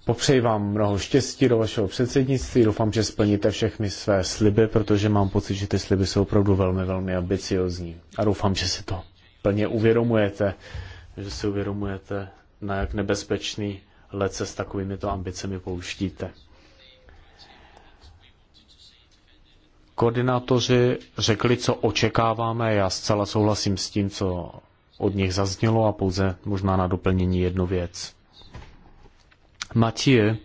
Popřeji vám mnoho štěstí do vašeho předsednictví, doufám, že splníte všechny své sliby, protože mám pocit, že ty sliby jsou opravdu velmi, velmi ambiciozní. A doufám, že si to plně uvědomujete, že si uvědomujete, na jak nebezpečný let se s takovými to ambicemi pouštíte. Koordinátoři řekli, co očekáváme. Já zcela souhlasím s tím, co od nich zaznělo a pouze možná na doplnění jednu věc. Matěj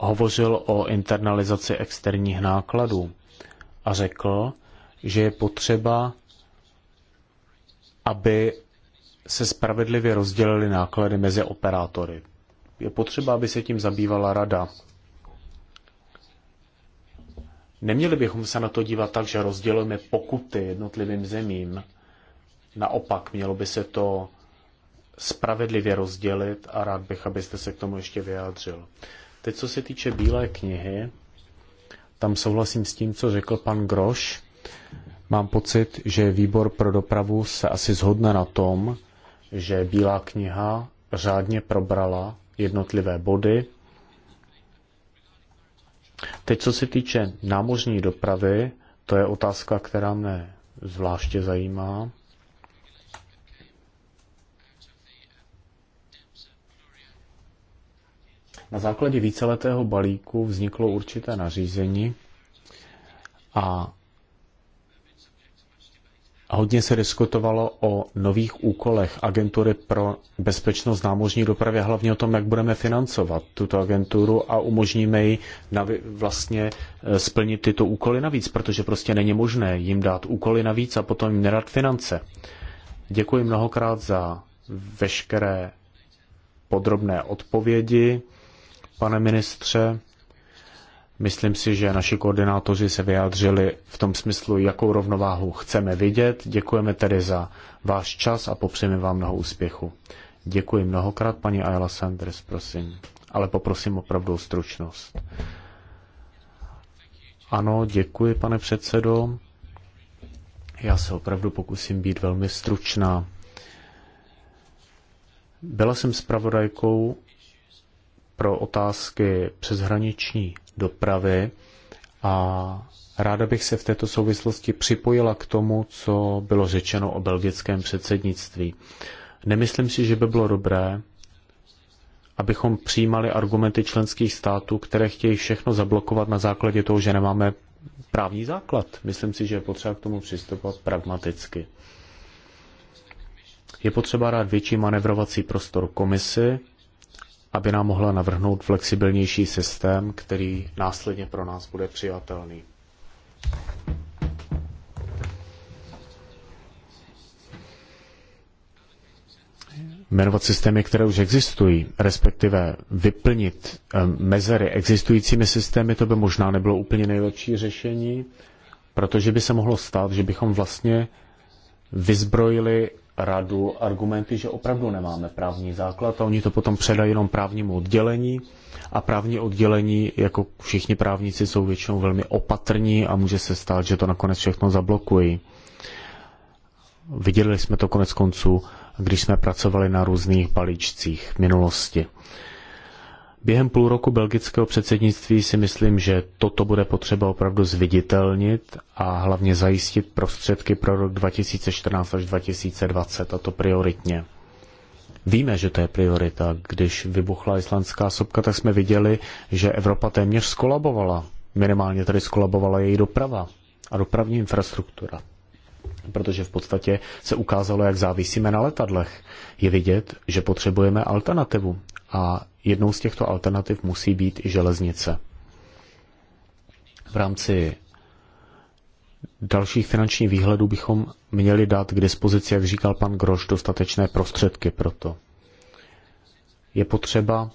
hovořil o internalizaci externích nákladů a řekl, že je potřeba, aby se spravedlivě rozdělily náklady mezi operátory. Je potřeba, aby se tím zabývala rada. Neměli bychom se na to dívat tak, že rozdělujeme pokuty jednotlivým zemím. Naopak, mělo by se to spravedlivě rozdělit a rád bych, abyste se k tomu ještě vyjádřil. Teď, co se týče Bílé knihy, tam souhlasím s tím, co řekl pan Groš. Mám pocit, že výbor pro dopravu se asi zhodne na tom, že Bílá kniha řádně probrala jednotlivé body. Teď, co se týče námořní dopravy, to je otázka, která mě zvláště zajímá. Na základě víceletého balíku vzniklo určité nařízení a Hodně se diskutovalo o nových úkolech agentury pro bezpečnost námořní dopravy, hlavně o tom, jak budeme financovat tuto agenturu a umožníme ji navi- vlastně eh, splnit tyto úkoly navíc, protože prostě není možné jim dát úkoly navíc a potom jim nedat finance. Děkuji mnohokrát za veškeré podrobné odpovědi, pane ministře. Myslím si, že naši koordinátoři se vyjádřili v tom smyslu, jakou rovnováhu chceme vidět. Děkujeme tedy za váš čas a popřejeme vám mnoho úspěchu. Děkuji mnohokrát, paní Ayala Sanders, prosím. Ale poprosím opravdu o stručnost. Ano, děkuji, pane předsedo. Já se opravdu pokusím být velmi stručná. Byla jsem zpravodajkou pro otázky přeshraniční dopravy a ráda bych se v této souvislosti připojila k tomu, co bylo řečeno o belgickém předsednictví. Nemyslím si, že by bylo dobré, abychom přijímali argumenty členských států, které chtějí všechno zablokovat na základě toho, že nemáme právní základ. Myslím si, že je potřeba k tomu přistupovat pragmaticky. Je potřeba rád větší manevrovací prostor komisi, aby nám mohla navrhnout flexibilnější systém, který následně pro nás bude přijatelný. jmenovat systémy, které už existují, respektive vyplnit eh, mezery existujícími systémy, to by možná nebylo úplně nejlepší řešení, protože by se mohlo stát, že bychom vlastně vyzbrojili radu argumenty, že opravdu nemáme právní základ a oni to potom předají jenom právnímu oddělení a právní oddělení, jako všichni právníci, jsou většinou velmi opatrní a může se stát, že to nakonec všechno zablokují. Viděli jsme to konec konců, když jsme pracovali na různých balíčcích v minulosti. Během půl roku belgického předsednictví si myslím, že toto bude potřeba opravdu zviditelnit a hlavně zajistit prostředky pro rok 2014 až 2020, a to prioritně. Víme, že to je priorita. Když vybuchla islandská sopka, tak jsme viděli, že Evropa téměř skolabovala. Minimálně tady skolabovala její doprava a dopravní infrastruktura. Protože v podstatě se ukázalo, jak závisíme na letadlech. Je vidět, že potřebujeme alternativu a jednou z těchto alternativ musí být i železnice. V rámci dalších finančních výhledů bychom měli dát k dispozici, jak říkal pan Groš, dostatečné prostředky pro to. Je potřeba,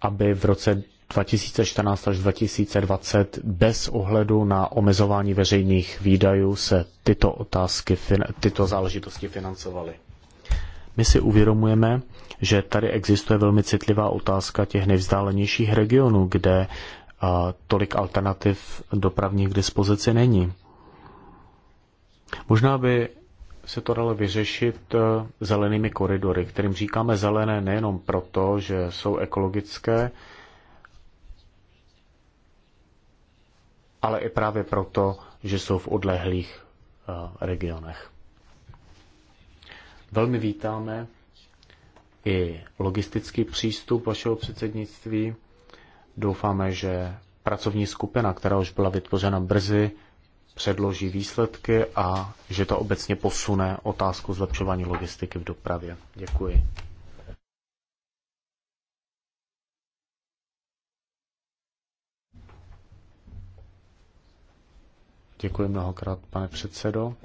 aby v roce 2014 až 2020 bez ohledu na omezování veřejných výdajů se tyto otázky, tyto záležitosti financovaly. My si uvědomujeme, že tady existuje velmi citlivá otázka těch nejvzdálenějších regionů, kde tolik alternativ dopravních k dispozici není. Možná by se to dalo vyřešit e, zelenými koridory, kterým říkáme zelené nejenom proto, že jsou ekologické, ale i právě proto, že jsou v odlehlých e, regionech. Velmi vítáme i logistický přístup vašeho předsednictví. Doufáme, že pracovní skupina, která už byla vytvořena brzy, předloží výsledky a že to obecně posune otázku zlepšování logistiky v dopravě. Děkuji. Děkuji mnohokrát, pane předsedo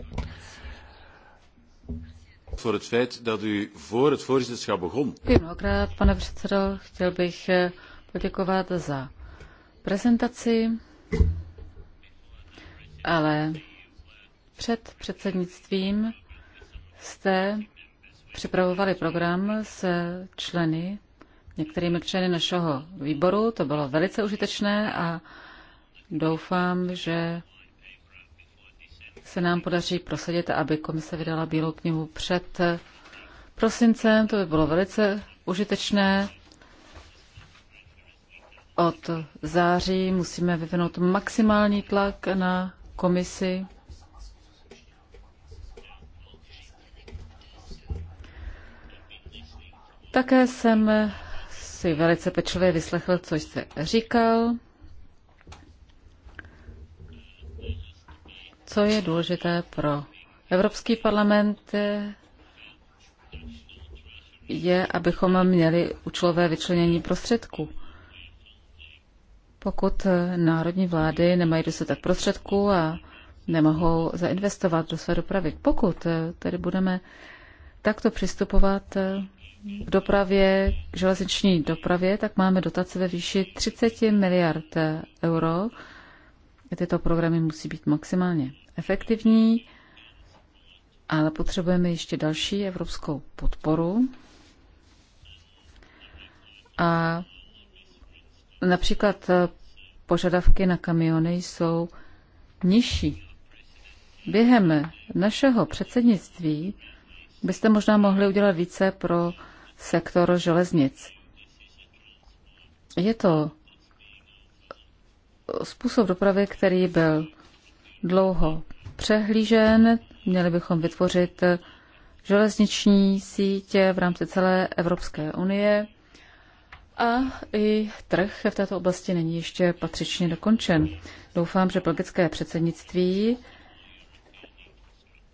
voor het feit dat u voor het voorzitterschap begon. Mnohokrát, pane předsedo, chtěl bych eh, poděkovat za prezentaci, ale před předsednictvím jste připravovali program s členy, některými členy našeho výboru. To bylo velice užitečné a doufám, že se nám podaří prosadit, aby komise vydala Bílou knihu před prosincem. To by bylo velice užitečné. Od září musíme vyvinout maximální tlak na komisi. Také jsem si velice pečlivě vyslechl, co jste říkal. co je důležité pro Evropský parlament, je, abychom měli účelové vyčlenění prostředků. Pokud národní vlády nemají dostatek prostředků a nemohou zainvestovat do své dopravy, pokud tedy budeme takto přistupovat k dopravě, k železniční dopravě, tak máme dotace ve výši 30 miliard euro tyto programy musí být maximálně efektivní, ale potřebujeme ještě další evropskou podporu. A například eh, požadavky na kamiony jsou nižší. Během našeho předsednictví byste možná mohli udělat více pro sektor železnic. Je to způsob dopravy, který byl dlouho přehlížen. Měli bychom vytvořit železniční sítě v rámci celé Evropské unie a i trh v této oblasti není ještě patřičně dokončen. Doufám, že belgické předsednictví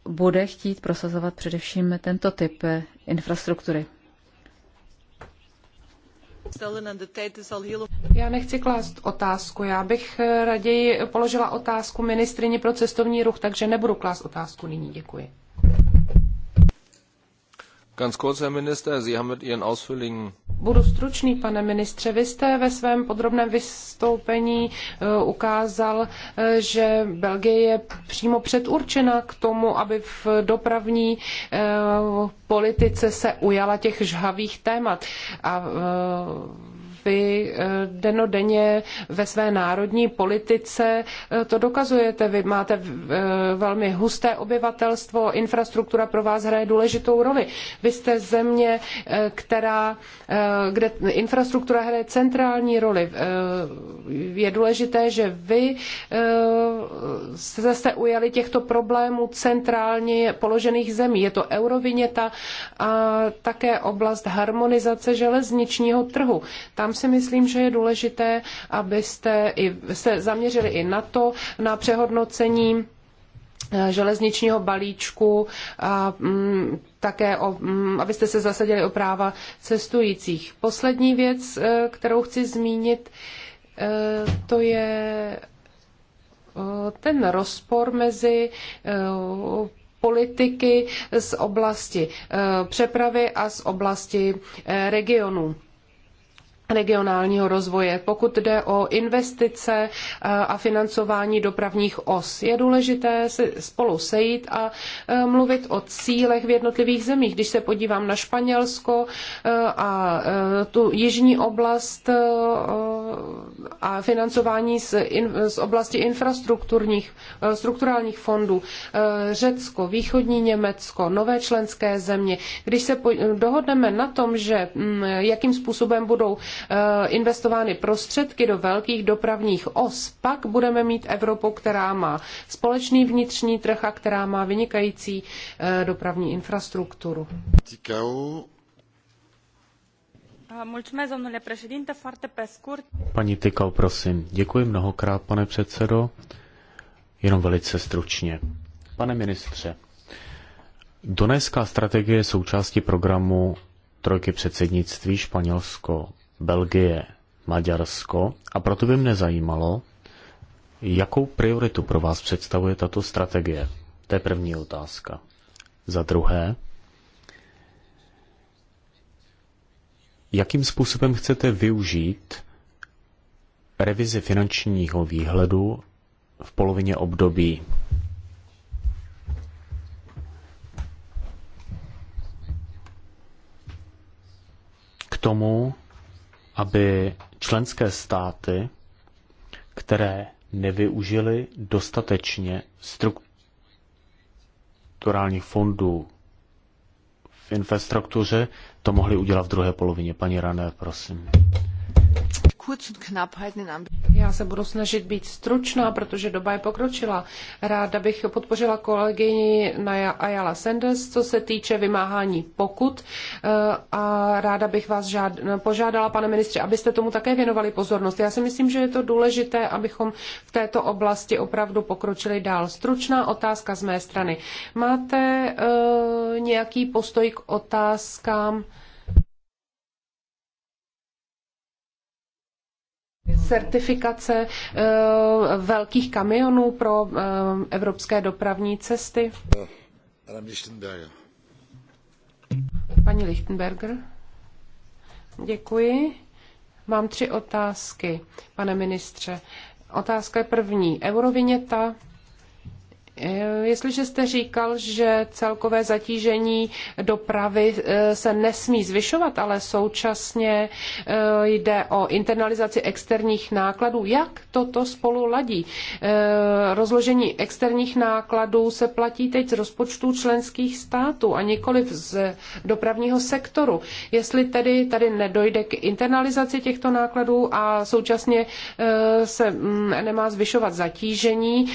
bude chtít prosazovat především tento typ infrastruktury. Já nechci klást otázku, já bych raději položila otázku ministrině pro cestovní ruch, takže nebudu klást otázku nyní. Děkuji. Ganz kurz, Herr Minister, Sie haben mit Ihren ausführlichen Budu stručný, pane ministře. Vy jste ve svém podrobném vystoupení eh, ukázal, eh, že Belgie je přímo předurčena k tomu, aby v dopravní eh, politice se ujala těch žhavých témat. A vy eh, denodenně ve své národní politice eh, to dokazujete. Vy máte eh, velmi husté obyvatelstvo, infrastruktura pro vás hraje důležitou roli. Vy jste země, která, kde infrastruktura hraje centrální roli. Je důležité, že vy jste se ujali těchto problémů centrálně položených zemí. Je to euroviněta a také oblast harmonizace železničního trhu. Tam tam si myslím, že je důležité, abyste i, se zaměřili i na to, na přehodnocení eh, železničního balíčku a mm, také, o, mm, abyste se zasadili o práva cestujících. Poslední věc, eh, kterou chci zmínit, eh, to je ten rozpor mezi politiky z oblasti přepravy a z oblasti regionů regionálního rozvoje. Pokud jde o investice eh, a financování dopravních os, je důležité se spolu sejít a eh, mluvit o cílech v jednotlivých zemích. Když se podívám na Španělsko eh, a tu jižní oblast a financování z, oblasti infrastrukturních, strukturálních fondů, Řecko, východní Německo, nové členské země, když se dohodneme na tom, že mm, jakým způsobem budou Eh, investovány prostředky do velkých dopravních os, pak budeme mít Evropu, která má společný vnitřní trh a která má vynikající eh, dopravní infrastrukturu. Ah, Paní Tykal, prosím. Děkuji mnohokrát, pane předsedo. Jenom velice stručně. Pane ministře, Donetská strategie je součástí programu Trojky předsednictví Španělsko Belgie, Maďarsko a proto by mě zajímalo, jakou prioritu pro vás představuje tato strategie. To je první otázka. Za druhé, jakým způsobem chcete využít revizi finančního výhledu v polovině období. K tomu, aby členské státy, které nevyužily dostatečně strukturálních fondů v infrastruktuře, to mohli udělat v druhé polovině. Paní Rané, prosím. Já se budu snažit být stručná, protože doba je pokročila. Ráda bych podpořila kolegyni Naja Ayala Sanders, co se týče vymáhání pokut eh, a ráda bych vás žád, požádala, pane ministře, abyste tomu také věnovali pozornost. Já si myslím, že je to důležité, abychom v této oblasti opravdu pokročili dál. Stručná otázka z mé strany. Máte uh, nějaký postoj k otázkám, certifikace eh, velkých kamionů pro eh, evropské dopravní cesty? Paní Lichtenberger, děkuji. Mám tři otázky, pane ministře. Otázka je první. Euroviněta Eh, jestliže jste říkal, že celkové zatížení dopravy eh, se nesmí zvyšovat, ale současně eh, jde o internalizaci externích nákladů, jak toto spolu ladí? Rozložení externích nákladů se platí teď z rozpočtů členských států a nikoliv z dopravního sektoru. Jestli tedy tady nedojde k internalizaci těchto nákladů a současně se mm, nemá zvyšovat zatížení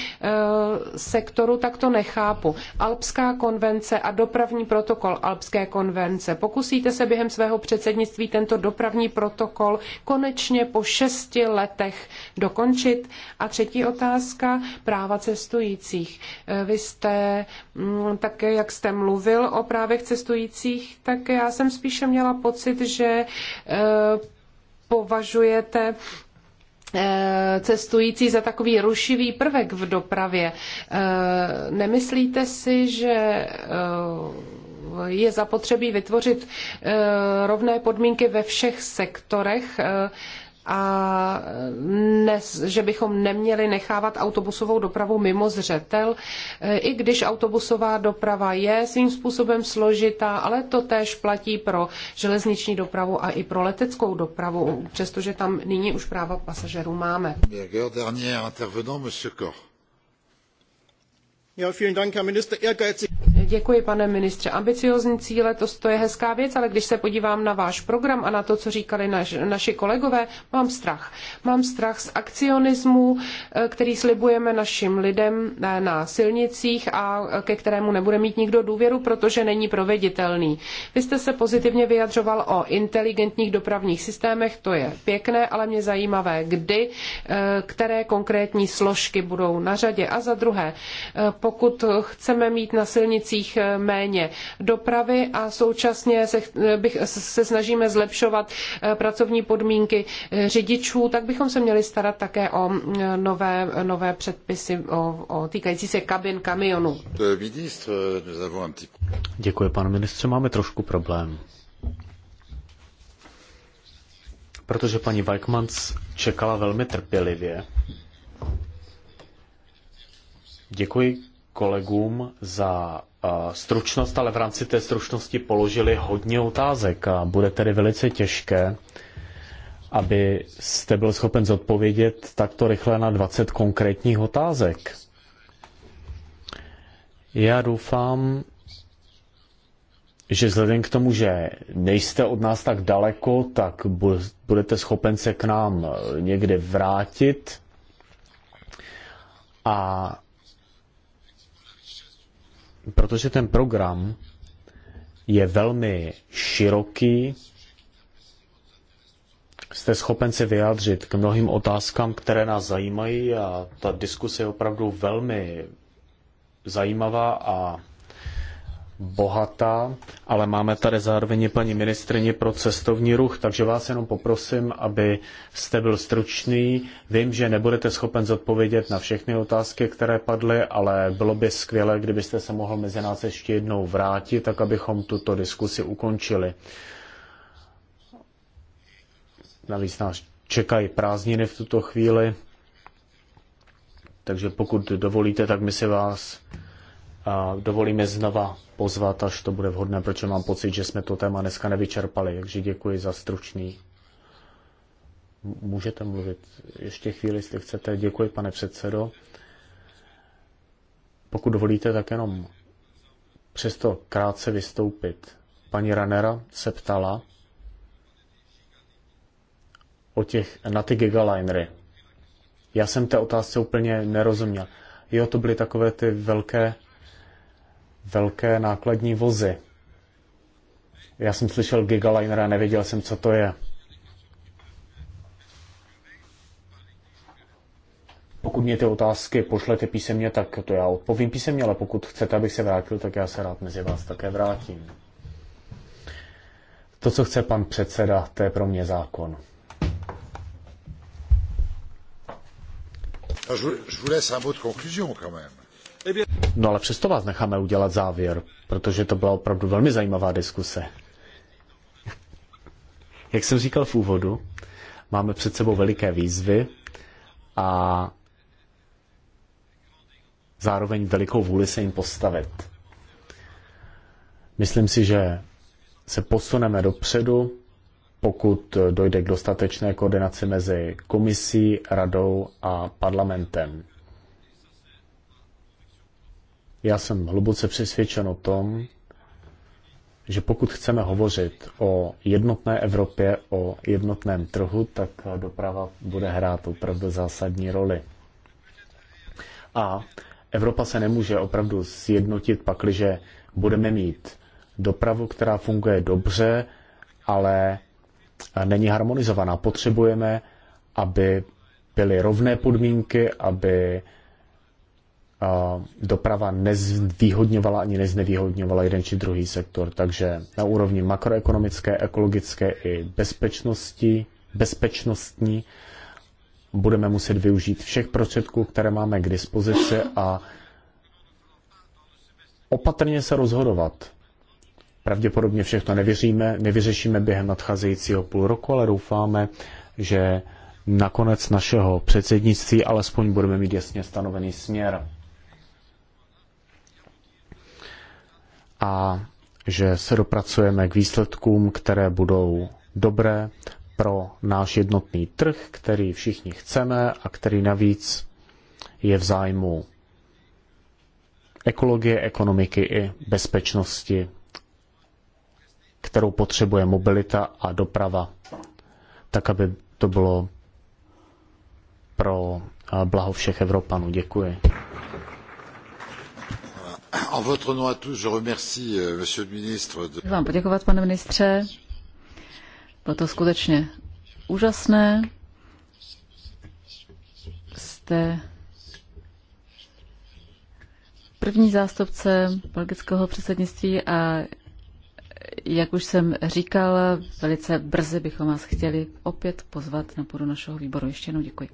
sektoru, sektoru, tak to nechápu. Alpská konvence a dopravní protokol Alpské konvence. Pokusíte se během svého předsednictví tento dopravní protokol konečně po šesti letech dokončit? A třetí otázka, práva cestujících. E, vy jste, mm, také jak jste mluvil o právech cestujících, tak já jsem spíše měla pocit, že e, považujete Eh, cestující za takový rušivý prvek v dopravě. Eh, nemyslíte si, že eh, je zapotřebí vytvořit rovné podmínky ve všech sektorech? a ne, že bychom neměli nechávat autobusovou dopravu mimo zřetel, i když autobusová doprava je svým způsobem složitá, ale to též platí pro železniční dopravu a i pro leteckou dopravu, přestože tam nyní už práva pasažerů máme. Ja, vielen Dank, Herr Minister. Ehrgeizig. Děkuji, pane ministře. Ambiciozní cíle, to, to je hezká věc, ale když se podívám na váš program a na to, co říkali naš, naši kolegové, mám strach. Mám strach z akcionismu, eh, který slibujeme našim lidem eh, na silnicích a eh, ke kterému nebude mít nikdo důvěru, protože není proveditelný. Vy jste se pozitivně vyjadřoval o inteligentních dopravních systémech, to je pěkné, ale mě zajímavé, kdy, které konkrétní složky budou na řadě. A za druhé, pokud chceme mít na silnicích silnicích eh, méně dopravy a současně se, eh, bych, se snažíme zlepšovat eh, pracovní podmínky řidičů, tak bychom se měli starat také o mm, nové, nové předpisy o, o týkající se kabin kamionů. Děkuji, pane ministře, máme trošku problém. Protože paní Weikmans čekala velmi trpělivě. Děkuji kolegům za stručnost, ale v rámci té stručnosti položili hodně otázek a bude tedy velice těžké, aby jste byl schopen zodpovědět takto rychle na 20 konkrétních otázek. Já doufám, že vzhledem k tomu, že nejste od nás tak daleko, tak budete schopen se k nám někde vrátit a protože ten program je velmi široký, jste schopen se vyjádřit k mnohým otázkám, které nás zajímají a ta diskuse je opravdu velmi zajímavá a bohatá, ale máme tady zároveň paní ministrině pro cestovní ruch, takže vás jenom poprosím, aby jste byl stručný. Vím, že nebudete schopen zodpovědět na všechny otázky, které padly, ale bylo by skvělé, kdybyste se mohl mezi nás ještě jednou vrátit, tak abychom tuto diskusi ukončili. Navíc nás čekají prázdniny v tuto chvíli, takže pokud dovolíte, tak my si vás dovolím je znova pozvat, až to bude vhodné, protože mám pocit, že jsme to téma dneska nevyčerpali, takže děkuji za stručný. Můžete mluvit ještě chvíli, jestli chcete. Děkuji, pane předsedo. Pokud dovolíte, tak jenom přesto krátce vystoupit. Paní Ranera se ptala o těch, na ty gigalinery. Já jsem té otázce úplně nerozuměl. Jo, to byly takové ty velké velké nákladní vozy. Já jsem slyšel Gigaliner a nevěděl jsem, co to je. Pokud mě ty otázky pošlete písemně, tak to já odpovím písemně, ale pokud chcete, abych se vrátil, tak já se rád mezi vás také vrátím. To, co chce pan předseda, to je pro mě zákon. Je vous laisse un mot de conclusion quand même. No ale přesto vás necháme udělat závěr, protože to byla opravdu velmi zajímavá diskuse. Jak jsem říkal v úvodu, máme před sebou veliké výzvy a zároveň velikou vůli se jim postavit. Myslím si, že se posuneme dopředu, pokud dojde k dostatečné koordinaci mezi komisí, radou a parlamentem. Já jsem hluboce přesvědčen o tom, že pokud chceme hovořit o jednotné Evropě, o jednotném trhu, tak doprava bude hrát opravdu zásadní roli. A Evropa se nemůže opravdu sjednotit, pakliže budeme mít dopravu, která funguje dobře, ale není harmonizovaná. Potřebujeme, aby byly rovné podmínky, aby doprava nezvýhodňovala ani neznevýhodňovala jeden či druhý sektor. Takže na úrovni makroekonomické, ekologické i bezpečnosti, bezpečnostní budeme muset využít všech prostředků, které máme k dispozici a opatrně se rozhodovat. Pravděpodobně všechno nevěříme, nevyřešíme během nadcházejícího půl roku, ale doufáme, že nakonec našeho předsednictví alespoň budeme mít jasně stanovený směr. a že se dopracujeme k výsledkům, které budou dobré pro náš jednotný trh, který všichni chceme a který navíc je v zájmu ekologie, ekonomiky i bezpečnosti, kterou potřebuje mobilita a doprava, tak aby to bylo pro blaho všech Evropanů. Děkuji. Chci votre nom à tous, je remercie, euh, monsieur le ministre. De... Vám poděkovat, pane ministře. Bylo to skutečně úžasné. Jste první zástupce belgického předsednictví a jak už jsem říkal, velice brzy bychom vás chtěli opět pozvat na půdu našeho výboru. Ještě jednou děkuji.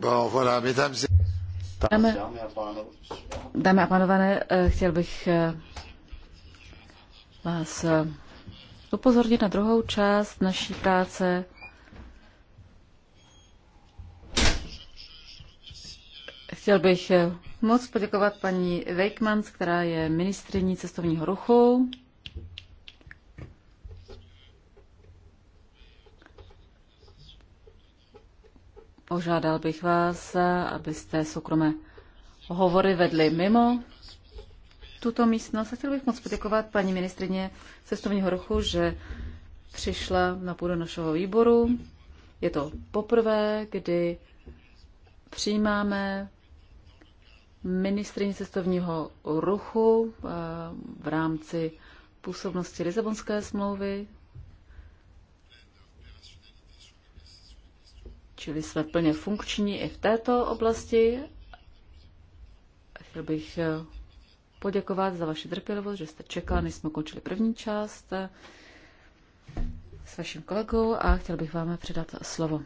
Bon, Dámy, dámy a pánové, eh, chtěl bych eh, vás eh, upozornit na druhou část naší práce. Chtěl bych moc poděkovat paní Wejkmans, která je ministriní cestovního ruchu. Požádal bych vás, abyste soukromé hovory vedli mimo tuto místnost. A chtěl bych moc poděkovat paní ministrině cestovního ruchu, že přišla na půdu našeho výboru. Je to poprvé, kdy přijímáme ministrině cestovního ruchu eh, v rámci působnosti Lisabonské smlouvy. čili jsme plně funkční i v této oblasti. Chtěl bych eh, poděkovat za vaši trpělivost, že jste čekali, než jsme končili první část eh, s vaším kolegou a chtěl bych vám předat slovo.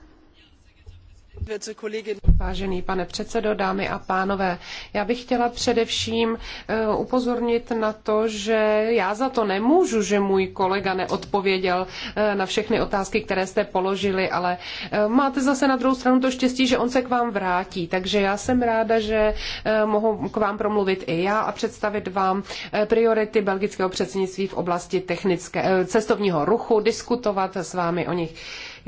Vážený pane předsedo, dámy a pánové, já bych chtěla především eh, upozornit na to, že já za to nemůžu, že můj kolega neodpověděl eh, na všechny otázky, které jste položili, ale eh, máte zase na druhou stranu to štěstí, že on se k vám vrátí. Takže já jsem ráda, že mohu k vám promluvit i já a představit vám priority belgického předsednictví v oblasti technické, cestovního ruchu, diskutovat s vámi o nich.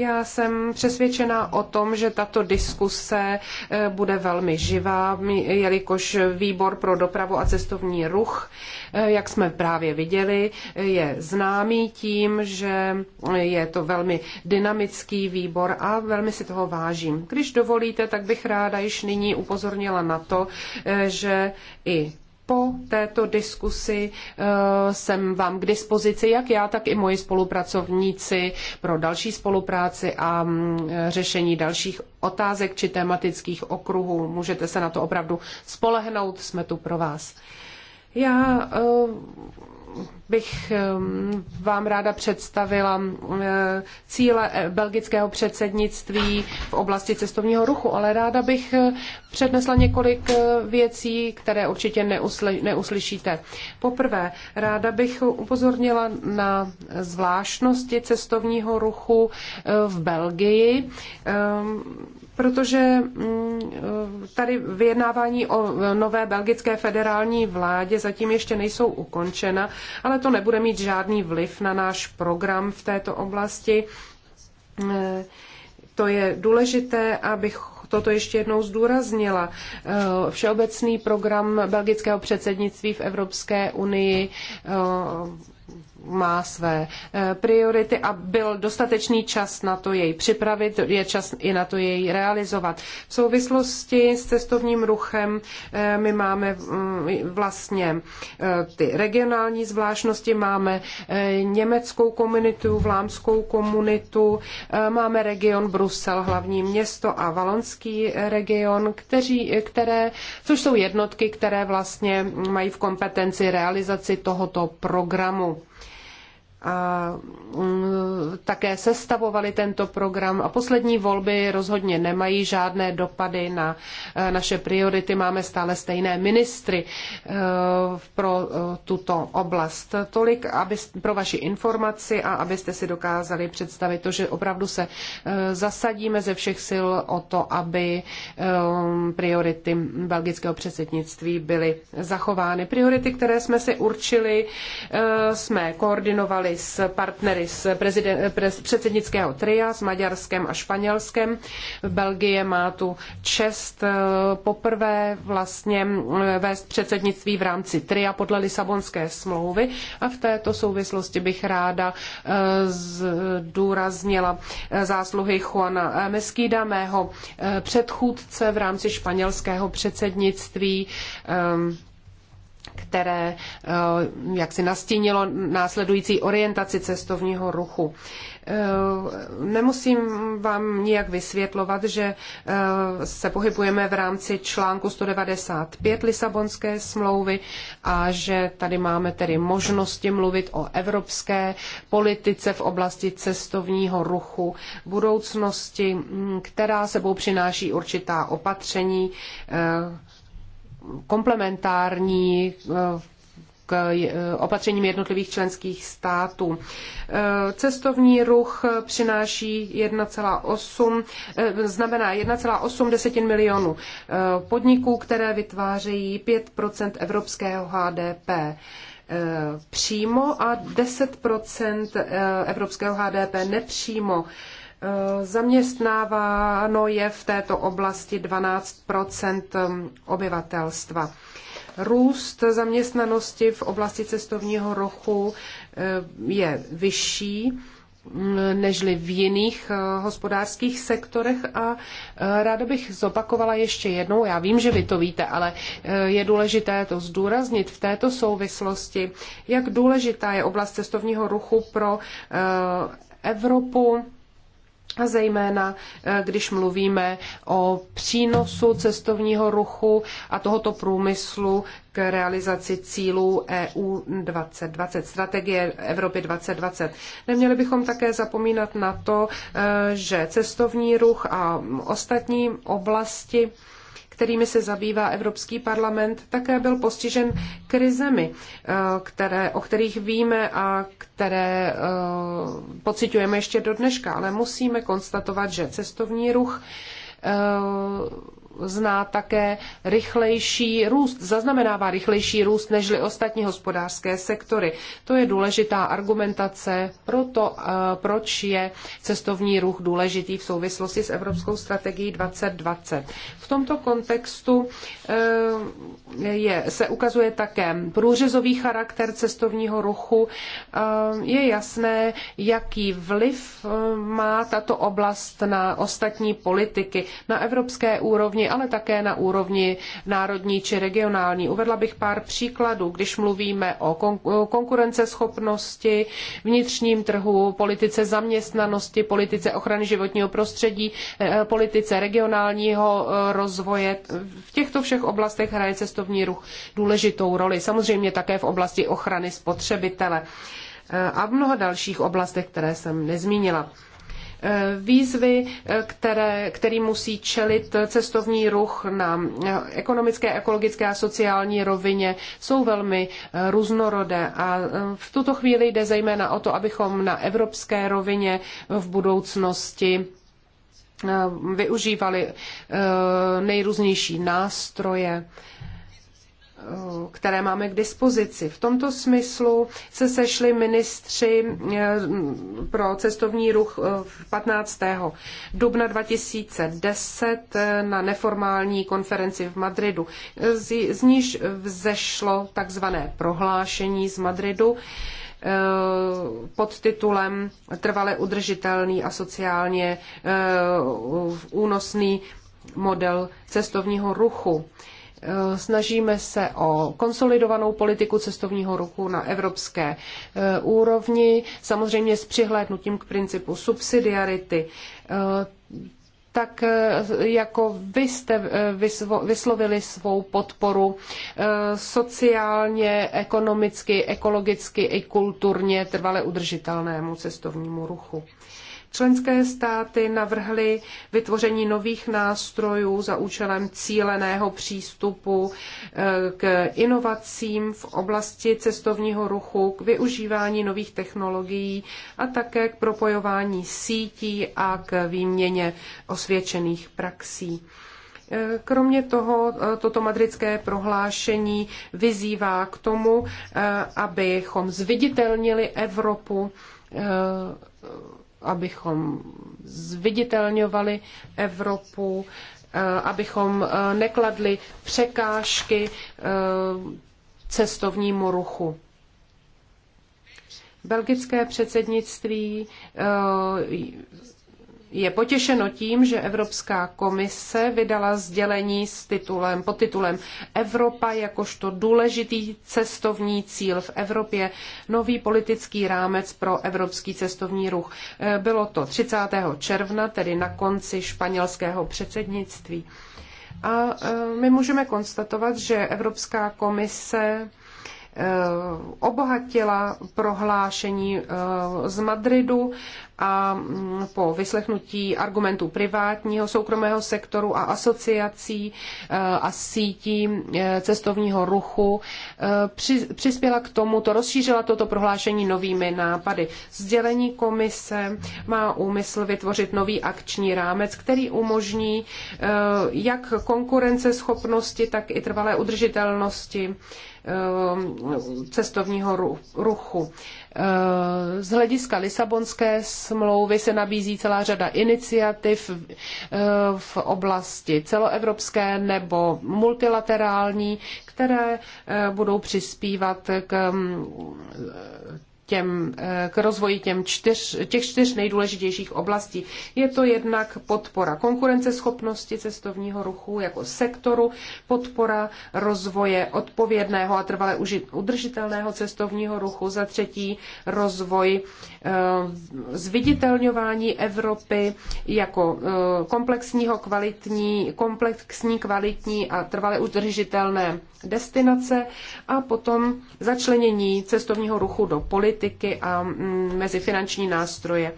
Já jsem přesvědčena o tom, že tato diskuse eh, bude velmi živá, jelikož výbor pro dopravu a cestovní ruch, eh, jak jsme právě viděli, eh, je známý tím, že je to velmi dynamický výbor a velmi si toho vážím. Když dovolíte, tak bych ráda již nyní upozornila na to, že i po této diskusi eh, jsem vám k dispozici, jak já, tak i moji spolupracovníci pro další spolupráci a mm, řešení dalších otázek či tematických okruhů. Můžete se na to opravdu spolehnout, jsme tu pro vás. Já eh, bych um, vám ráda představila um, cíle eh, belgického předsednictví v oblasti cestovního ruchu, ale ráda bych eh, přednesla několik eh, věcí, které určitě neuslyšíte. neuslyšíte. Poprvé, ráda bych upozornila na zvláštnosti cestovního ruchu v Belgii um, protože mm, e, tady vyjednávání o e, nové belgické federální vládě zatím ještě nejsou ukončena, ale to nebude mít žádný vliv na náš program v této oblasti. E, to je důležité, abych toto ještě jednou zdůraznila. Všeobecný program belgického předsednictví v Evropské unii má své eh, priority a byl dostatečný čas na to jej připravit, je čas i na to jej realizovat. V souvislosti s cestovním ruchem eh, my máme mm, vlastně eh, ty regionální zvláštnosti, máme německou komunitu, vlámskou komunitu, máme region Brusel, hlavní město a valonský region, kteří, které, což jsou jednotky, které vlastně mají v kompetenci realizaci tohoto programu a mm, také sestavovali tento program a poslední volby rozhodně nemají žádné dopady na e, naše priority. Máme stále stejné ministry e, pro e, tuto oblast. Tolik aby, pro vaši informaci a abyste si dokázali představit to, že opravdu se zasadíme ze všech sil o to, aby priority belgického předsednictví byly zachovány. Priority, které jsme si určili, jsme koordinovali jednali s partnery z předsednického tria, s Maďarskem a Španělskem. Belgie má tu čest eh, poprvé vlastně eh, vést předsednictví v rámci tria podle Lisabonské smlouvy a v této souvislosti bych ráda eh, zdůraznila zásluhy Juana Meskýda, mého předchůdce v rámci španělského předsednictví. Ehm, které eh, jak si nastínilo následující orientaci cestovního ruchu. Eh, nemusím vám nijak vysvětlovat, že eh, se pohybujeme v rámci článku 195 Lisabonské smlouvy a že tady máme tedy možnosti mluvit o evropské politice v oblasti cestovního ruchu budoucnosti, mm, která sebou přináší určitá opatření, komplementární eh, k eh, opatřením jednotlivých členských států. Eh, cestovní ruch přináší 1,8, znamená 1,8 desetin podniků, které vytvářejí 5 evropského HDP přímo a 10 evropského HDP nepřímo. Zaměstnáváno je v této oblasti 12 um, obyvatelstva. Růst zaměstnanosti v oblasti cestovního ruchu uh, je vyšší um, nežli v jiných uh, hospodářských sektorech a uh, ráda bych zopakovala ještě jednou, já vím, že vy to víte, ale je důležité to zdůraznit v této souvislosti, jak důležitá je oblast cestovního ruchu pro Evropu, a zejména eh, když mluvíme o přínosu cestovního ruchu a tohoto průmyslu k realizaci cílů EU 2020, strategie Evropy 2020. Neměli bychom také zapomínat na to, eh, že cestovní ruch a ostatní oblasti kterými se zabývá Evropský parlament, také byl postižen krizemi, eh, které, o kterých víme a které eh, pocitujeme ještě do dneška, ale musíme konstatovat, že cestovní ruch eh, zná také rychlejší růst, zaznamenává rychlejší růst než ostatní hospodářské sektory. To je důležitá argumentace pro to, eh, proč je cestovní ruch důležitý v souvislosti s Evropskou strategií 2020. V tomto kontextu eh, je, se ukazuje také průřezový charakter cestovního ruchu. Eh, je jasné, jaký vliv má tato oblast na ostatní politiky. Na evropské úrovni úrovni, ale také na úrovni národní či regionální. Uvedla bych pár příkladů, když mluvíme o konkurenceschopnosti, vnitřním trhu, politice zaměstnanosti, politice ochrany životního prostředí, eh, politice regionálního eh, rozvoje. V těchto všech oblastech hraje cestovní ruch důležitou roli. Samozřejmě také v oblasti ochrany spotřebitele eh, a v mnoha dalších oblastech, které jsem nezmínila. Eh, výzvy, eh, které, který musí čelit cestovní ruch na ekonomické, ekologické a sociální rovině, jsou velmi eh, různorodé a v tuto chvíli jde zejména o to, abychom na evropské rovině v budoucnosti využívali nejrůznější nástroje Eh, které máme k dispozici. V tomto smyslu se sešli ministři eh, pro cestovní ruch 15. Eh, dubna 2010 na neformální konferenci v Madridu. Z, z níž vzešlo takzvané prohlášení z Madridu pod titulem Trvale udržitelný a sociálně únosný model cestovního ruchu. Eh, snažíme se o konsolidovanou politiku cestovního ruchu na evropské eh, úrovni, samozřejmě s přihlédnutím k principu subsidiarity eh, tak jako vy jste vyslovili svou podporu sociálně, ekonomicky, ekologicky i kulturně trvale udržitelnému cestovnímu ruchu. Členské státy navrhly vytvoření nových nástrojů za účelem cíleného přístupu eh, k inovacím v oblasti cestovního ruchu, k využívání nových technologií a také k propojování sítí a k výměně osvědčených praxí. Eh, kromě toho eh, toto madridské prohlášení vyzývá k tomu, abychom zviditelnili Evropu abychom zviditelňovali Evropu, eh, abychom eh, nekladli překážky eh, cestovnímu ruchu. Belgické předsednictví je potěšeno tím, že Evropská komise vydala sdělení s titulem, pod titulem Evropa jakožto důležitý cestovní cíl v Evropě, nový politický rámec pro evropský cestovní ruch. E, bylo to 30. června, tedy na konci španělského předsednictví. A e, my můžeme konstatovat, že Evropská komise Eh, obohatila prohlášení eh, z Madridu a mm, po vyslechnutí argumentů privátního, soukromého sektoru a asociací eh, a sítí cestovního ruchu přispěla k tomu, to rozšířila toto prohlášení novými nápady. Sdělení komise má úmysl vytvořit nový akční rámec, který umožní jak konkurenceschopnosti, tak i trvalé udržitelnosti Eh, cestovního ruchu. Eh, z hlediska Lisabonské smlouvy se nabízí celá řada iniciativ eh, v oblasti celoevropské nebo multilaterální, které budou přispívat k mm, těm, eh, k rozvoji těm čtyř, těch čtyř nejdůležitějších oblastí. Je to jednak podpora konkurenceschopnosti cestovního ruchu jako sektoru, podpora rozvoje odpovědného a trvale udržitelného cestovního ruchu, za třetí rozvoj eh, zviditelňování Evropy jako eh, komplexního kvalitní, komplexní kvalitní a trvale udržitelné destinace a potom začlenění cestovního ruchu do politik politiky a mm, mezi finanční nástroje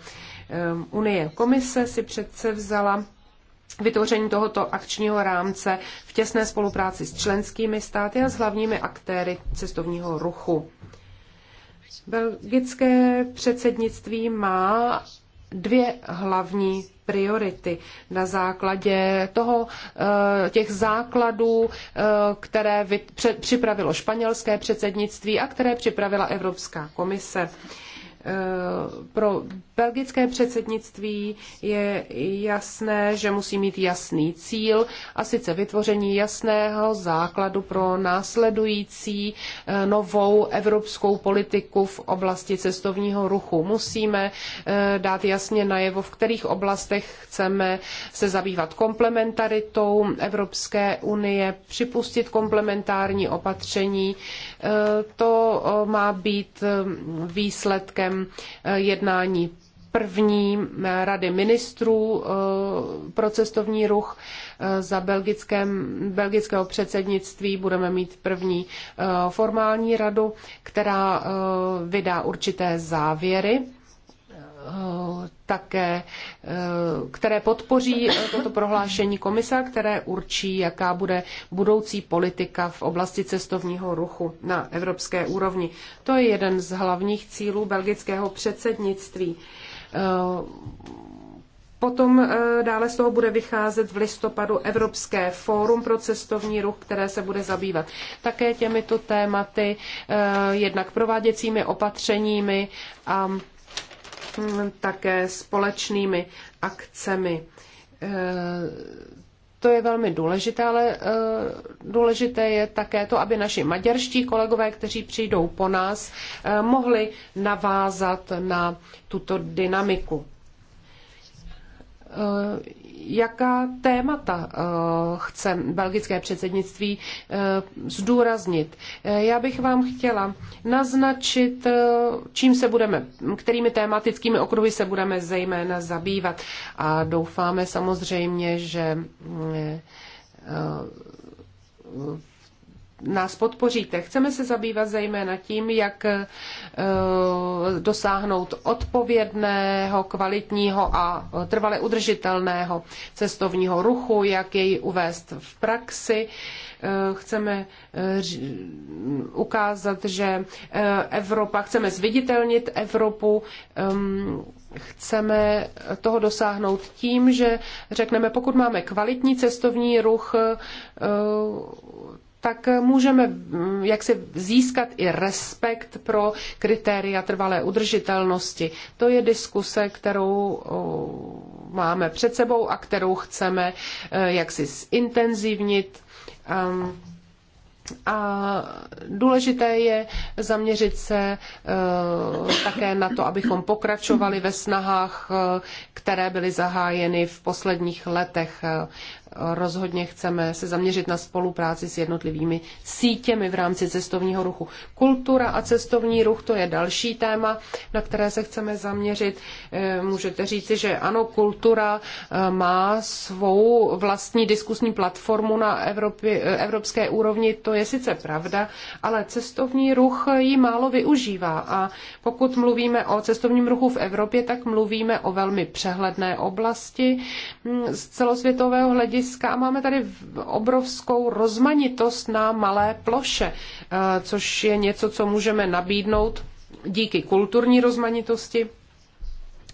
ehm, Unie. Komise si přece vzala vytvoření tohoto akčního rámce v těsné spolupráci s členskými státy a s hlavními aktéry cestovního ruchu. Belgické předsednictví má dvě hlavní priority na základě toho, eh, těch základů, eh, které připravilo španělské předsednictví a které připravila Evropská komise eh, pro Belgické předsednictví je jasné, že musí mít jasný cíl a sice vytvoření jasného základu pro následující eh, novou evropskou politiku v oblasti cestovního ruchu. Musíme eh, dát jasně najevo, v kterých oblastech chceme se zabývat komplementaritou Evropské unie, připustit komplementární opatření. Eh, to má být výsledkem jednání první rady ministrů eh, pro cestovní ruch eh, za belgickém, belgického předsednictví. Budeme mít první eh, formální radu, která vydá určité závěry také, které podpoří toto prohlášení komisa, které určí, jaká bude budoucí politika v oblasti cestovního ruchu na evropské úrovni. To je jeden z hlavních cílů belgického předsednictví. Potom eh, dále z toho bude vycházet v listopadu Evropské fórum pro cestovní ruch, které se bude zabývat také těmito tématy, eh, jednak prováděcími opatřeními a mm, také společnými akcemi eh, to je velmi důležité, ale eh, důležité je také to, aby naši maďarští kolegové, kteří přijdou po nás, eh, mohli navázat na tuto dynamiku eh, jaká témata eh, chce belgické předsednictví eh, zdůraznit. Eh, já bych vám chtěla naznačit, čím se budeme, kterými tématickými okruhy se budeme zejména zabývat. A doufáme samozřejmě, že mm, nás podpoříte. Chceme se zabývat zejména tím, jak eh, dosáhnout odpovědného, kvalitního a trvale udržitelného cestovního ruchu, jak jej uvést v praxi. Eh, chceme eh, ukázat, že Evropa, chceme zviditelnit Evropu, ehm, chceme toho dosáhnout tím, že řekneme, pokud máme kvalitní cestovní ruch, tak můžeme mm, jak získat i respekt pro kritéria trvalé udržitelnosti. To je diskuse, kterou máme před sebou a kterou chceme e, jaksi zintenzivnit. A důležité je zaměřit se e, také na to, abychom pokračovali ve snahách, e, které byly zahájeny v posledních letech rozhodně chceme se zaměřit na spolupráci s jednotlivými sítěmi v rámci cestovního ruchu. Kultura a cestovní ruch to je další téma, na které se chceme zaměřit. Eh, můžete říci, že ano, kultura eh, má svou vlastní diskusní platformu na Evropě, eh, evropské úrovni, to je sice pravda, ale cestovní ruch ji málo využívá a pokud mluvíme o cestovním ruchu v Evropě, tak mluvíme o velmi přehledné oblasti mm, z celosvětového hlediska hlediska a máme tady obrovskou rozmanitost na malé ploše, eh, což je něco, co můžeme nabídnout díky kulturní rozmanitosti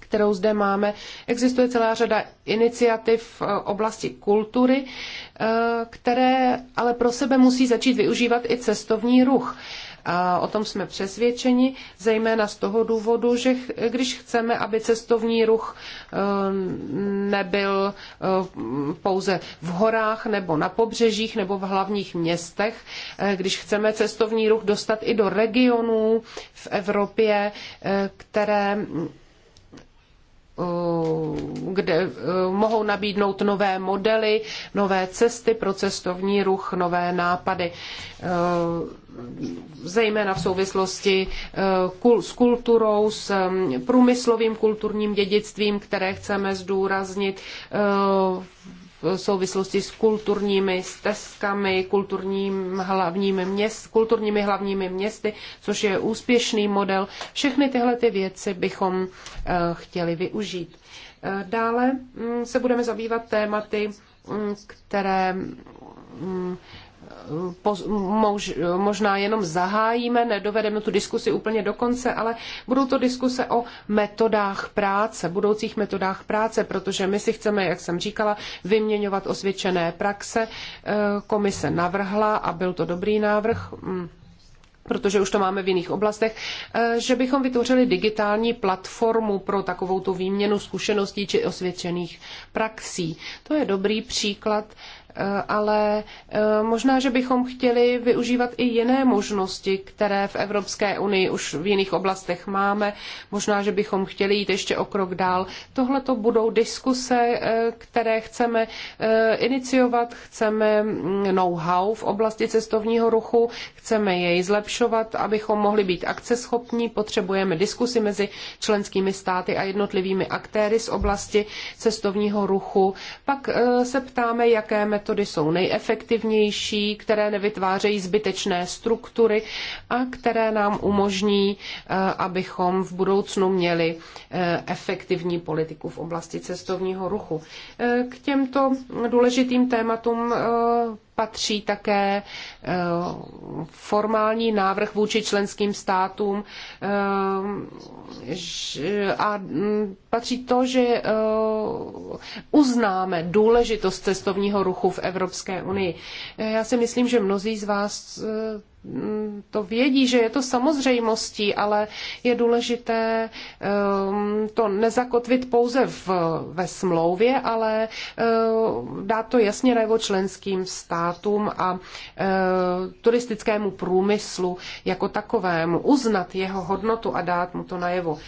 kterou zde máme. Existuje celá řada iniciativ eh, v oblasti kultury, eh, které ale pro sebe musí začít využívat i cestovní ruch. A o tom jsme přesvědčeni, zejména z toho důvodu, že když chceme, aby cestovní ruch eh, nebyl eh, pouze v horách nebo na pobřežích nebo v hlavních městech, eh, když chceme cestovní ruch dostat i do regionů v Evropě, které Eh, kde eh, mohou nabídnout nové modely, nové cesty pro cestovní ruch, nové nápady, eh, zejména v souvislosti s kulturou, s průmyslovým kulturním dědictvím, které chceme zdůraznit v souvislosti s kulturními stezkami, kulturním hlavními měst, kulturními hlavními městy, což je úspěšný model. Všechny tyhle ty věci bychom eh, chtěli využít. Eh, dále mm, se budeme zabývat tématy, mm, které mm, možná jenom zahájíme, nedovedeme tu diskusi úplně do konce, ale budou to diskuse o metodách práce, budoucích metodách práce, protože my si chceme, jak jsem říkala, vyměňovat osvědčené praxe. Eh, komise navrhla a byl to dobrý návrh hm, protože už to máme v jiných oblastech, eh, že bychom vytvořili digitální platformu pro takovou tu výměnu zkušeností či osvědčených praxí. To je dobrý příklad Eh, ale eh, možná, že bychom chtěli využívat i jiné možnosti, které v Evropské unii už v jiných oblastech máme. Možná, že bychom chtěli jít ještě o krok dál. Tohle to budou diskuse, eh, které chceme iniciovat, chceme mm, know-how v oblasti cestovního ruchu, chceme jej zlepšovat, abychom mohli být akceschopní, potřebujeme diskusy mezi členskými státy a jednotlivými aktéry z oblasti cestovního ruchu. Pak se ptáme, jaké metody metody jsou nejefektivnější, které nevytvářejí zbytečné struktury a které nám umožní, eh, abychom v budoucnu měli eh, efektivní politiku v oblasti cestovního ruchu. Eh, k těmto důležitým tématům patří také eh, formální návrh vůči členským státům eh, a mm, patří to, že eh, uznáme důležitost cestovního ruchu v Evropské unii. Já si myslím, že mnozí z vás to vědí, že je to samozřejmostí, ale je důležité ehm, to nezakotvit pouze v, ve smlouvě, ale ehm, dát to jasně najevo členským státům a ehm, turistickému průmyslu jako takovému, uznat jeho hodnotu a dát mu to najevo.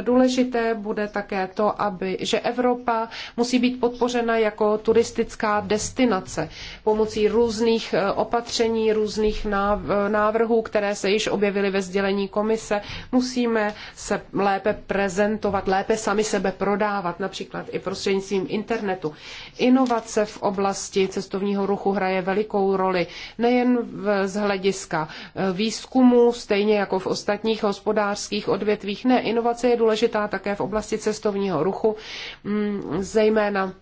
Důležité bude také to, aby, že Evropa musí být podpořena jako turistická destinace pomocí různých opatření, různých návrhů, návrhů, které se již objevily ve sdělení komise. Musíme se lépe prezentovat, lépe sami sebe prodávat, například i prostřednictvím internetu. Inovace v oblasti cestovního ruchu hraje velikou roli, nejen z hlediska eh, výzkumu, stejně jako v ostatních hospodářských odvětvích. Ne, inovace je důležitá také v oblasti cestovního ruchu, mm, zejména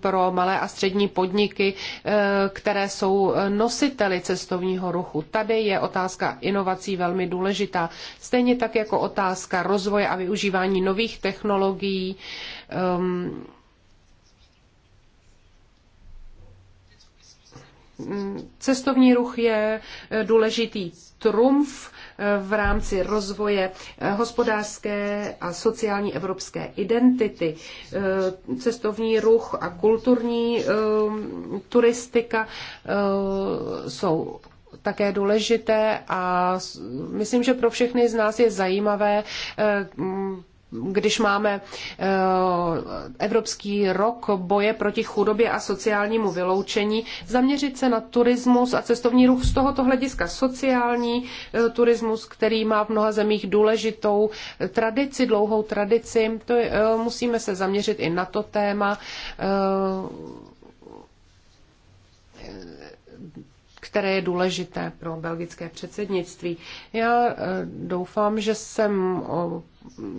pro malé a střední podniky, eh, které jsou nositeli cestovního ruchu. Tady je otázka inovací velmi důležitá, stejně tak jako otázka rozvoje a využívání nových technologií. Ehm, cestovní ruch je eh, důležitý trumf v rámci rozvoje eh, hospodářské a sociální evropské identity. Eh, cestovní ruch a kulturní eh, turistika jsou také důležité a myslím, že pro všechny z nás je zajímavé když máme eh, Evropský rok boje proti chudobě a sociálnímu vyloučení, zaměřit se na turismus a cestovní ruch z tohoto hlediska. Sociální eh, turismus, který má v mnoha zemích důležitou eh, tradici, dlouhou tradici, to je, musíme se zaměřit i na to téma které je důležité pro belgické předsednictví. Já doufám, že jsem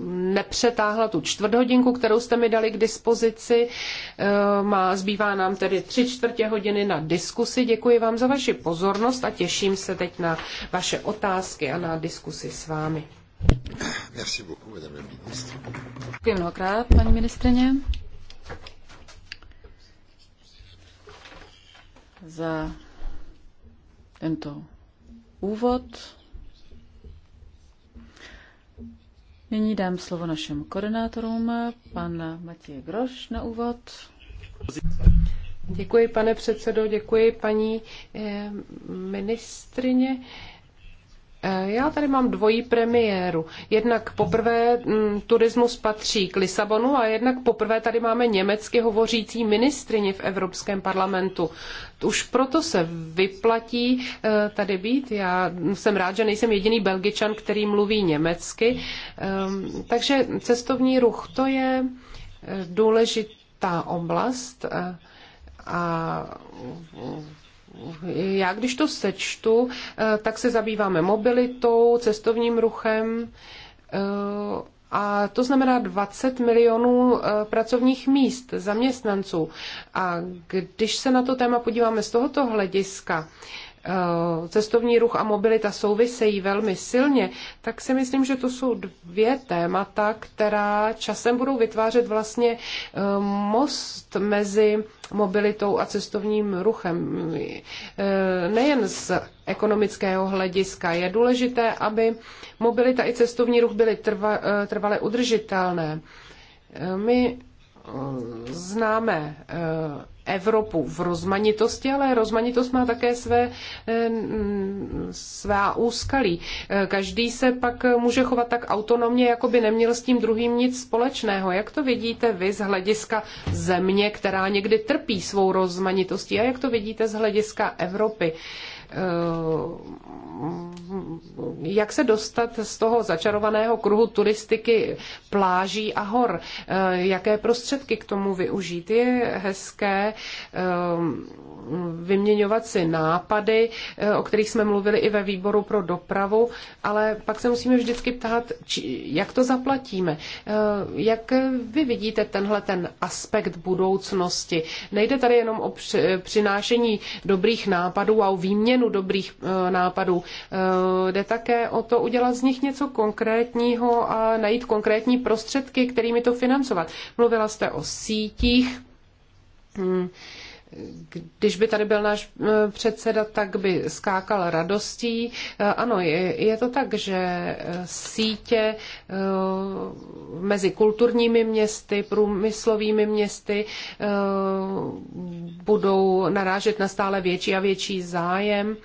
nepřetáhla tu čtvrthodinku, kterou jste mi dali k dispozici. E, má, zbývá nám tedy tři čtvrtě hodiny na diskusi. Děkuji vám za vaši pozornost a těším se teď na vaše otázky a na diskusi s vámi. Merci beaucoup, madame Děkuji mnohokrát, paní ministrině, za tento úvod. Nyní dám slovo našim koordinátorům, pan Matěj Groš na úvod. Děkuji, pane předsedo, děkuji, paní eh, ministrině. Eh, já tady mám dvojí premiéru. Jednak poprvé m, mm, turismus patří k Lisabonu a jednak poprvé tady máme německy hovořící ministrině v Evropském parlamentu. Už proto se vyplatí e, tady být. Já jsem rád, že nejsem jediný belgičan, který mluví německy. E, takže cestovní ruch, to je eh, důležitá oblast. E, a já když to sečtu, eh, tak se zabýváme mobilitou, cestovním ruchem, eh, a to znamená 20 milionů eh, pracovních míst, zaměstnanců. A když se na to téma podíváme z tohoto hlediska, Eh, cestovní ruch a mobilita souvisejí velmi silně, tak si myslím, že to jsou dvě témata, která časem budou vytvářet vlastně eh, most mezi mobilitou a cestovním ruchem. Eh, nejen z ekonomického hlediska. Je důležité, aby mobilita i cestovní ruch byly trvale udržitelné. My známe Evropu v rozmanitosti, ale rozmanitost má také své, eh, svá úskalí. Eh, každý se pak může chovat tak autonomně, jako by neměl s tím druhým nic společného. Jak to vidíte vy z hlediska země, která někdy trpí svou rozmanitostí a jak to vidíte z hlediska Evropy? Eh, jak se dostat z toho začarovaného kruhu turistiky pláží a hor, eh, jaké prostředky k tomu využít. Je hezké eh, vyměňovat si nápady, eh, o kterých jsme mluvili i ve výboru pro dopravu, ale pak se musíme vždycky ptát, jak to zaplatíme. Jak vy vidíte tenhle ten aspekt budoucnosti? Nejde tady jenom o přinášení dobrých nápadů a o výměnu dobrých nápadů, Eh, jde také o to udělat z nich něco konkrétního a najít konkrétní prostředky, kterými to financovat. Mluvila jste o sítích. Hmm. Když by tady byl náš eh, předseda, tak by skákal radostí. Eh, ano, je, je to tak, že sítě mezi kulturními městy, průmyslovými městy budou narážet na stále větší a větší zájem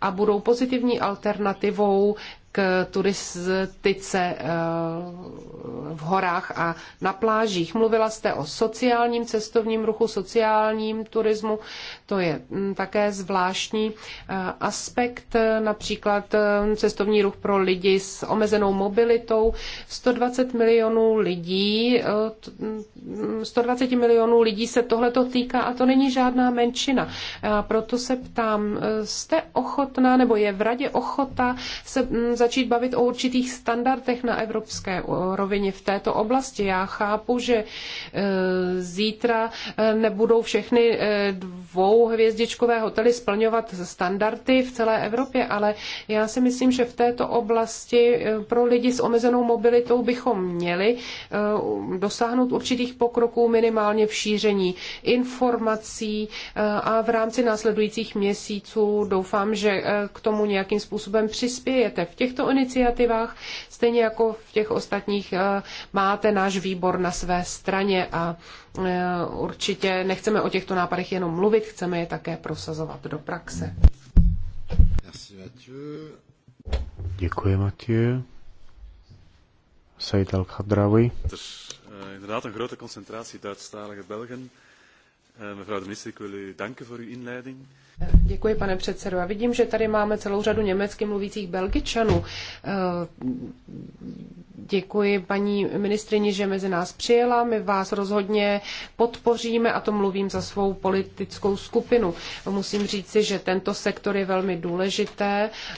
a budou pozitivní alternativou k turistice eh, v horách a na plážích. Mluvila jste o sociálním cestovním ruchu, sociálním turismu. To je mm, také zvláštní eh, aspekt, eh, například eh, cestovní ruch pro lidi s omezenou mobilitou. 120 milionů lidí, 120 mm, milionů lidí se tohleto týká a to není žádná menšina. Proto se ptám, jste ochotná nebo je v radě ochota se mm, začít bavit o určitých standardech na evropské rovině v této oblasti? Já chápu, že zítra nebudou všechny dvou dvouhvězdičkového hotely splňovat standardy v celé Evropě, ale já si myslím, že v této oblasti eh, pro lidi s omezenou mobilitou bychom měli eh, dosáhnout určitých pokroků minimálně v šíření informací eh, a v rámci následujících měsíců doufám, že k tomu nějakým způsobem přispějete. V těchto iniciativách, stejně jako v těch ostatních, máte náš výbor na své straně a Eh, určitě nechceme o těchto nápadech jenom mluvit, chceme je také prosazovat do praxe. Děkuji, Matěj. Said Al-Khadrawi. Eh, inderdaad een grote concentratie Duitsstalige Belgen. Eh, mevrouw de minister, ik wil u danken voor uw inleiding. Děkuji, pane předsedo. Já vidím, že tady máme celou řadu německy mluvících belgičanů. Eh, děkuji paní ministrině, že mezi nás přijela. My vás rozhodně podpoříme a to mluvím za svou politickou skupinu. Musím říci, že tento sektor je velmi důležitý.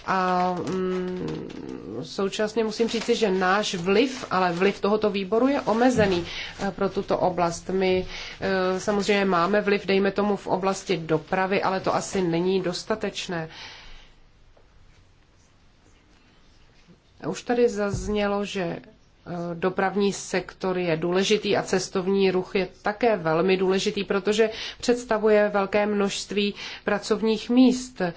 a mm, současně musím říci, že náš vliv, ale vliv tohoto výboru je omezený eh, pro tuto oblast. My eh, samozřejmě máme vliv, dejme tomu, v oblasti dopravy, ale to asi asi není dostatečné. Už tady zaznělo, že e, dopravní sektor je důležitý a cestovní ruch je také velmi důležitý, protože představuje velké množství pracovních míst. E,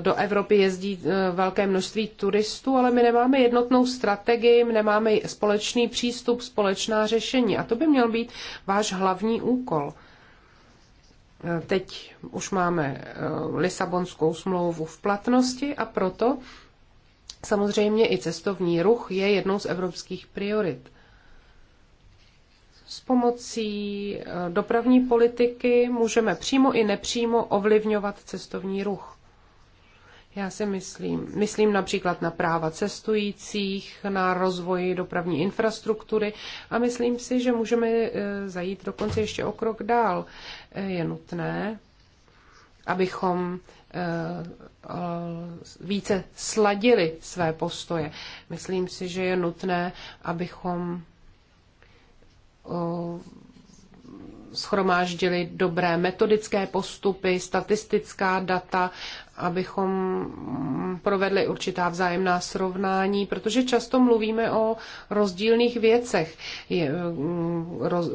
do Evropy jezdí e, velké množství turistů, ale my nemáme jednotnou strategii, nemáme společný přístup, společná řešení a to by měl být váš hlavní úkol. Teď už máme eh, Lisabonskou smlouvu v platnosti a proto samozřejmě i cestovní ruch je jednou z evropských priorit. S pomocí eh, dopravní politiky můžeme přímo i nepřímo ovlivňovat cestovní ruch. Já si myslím, myslím například na práva cestujících, na rozvoj dopravní infrastruktury a myslím si, že můžeme eh, zajít dokonce ještě o krok dál je nutné, abychom eh, více sladili své postoje. Myslím si, že je nutné, abychom eh, schromáždili dobré metodické postupy, statistická data, abychom provedli určitá vzájemná srovnání, protože často mluvíme o rozdílných věcech. Je, mm, roz,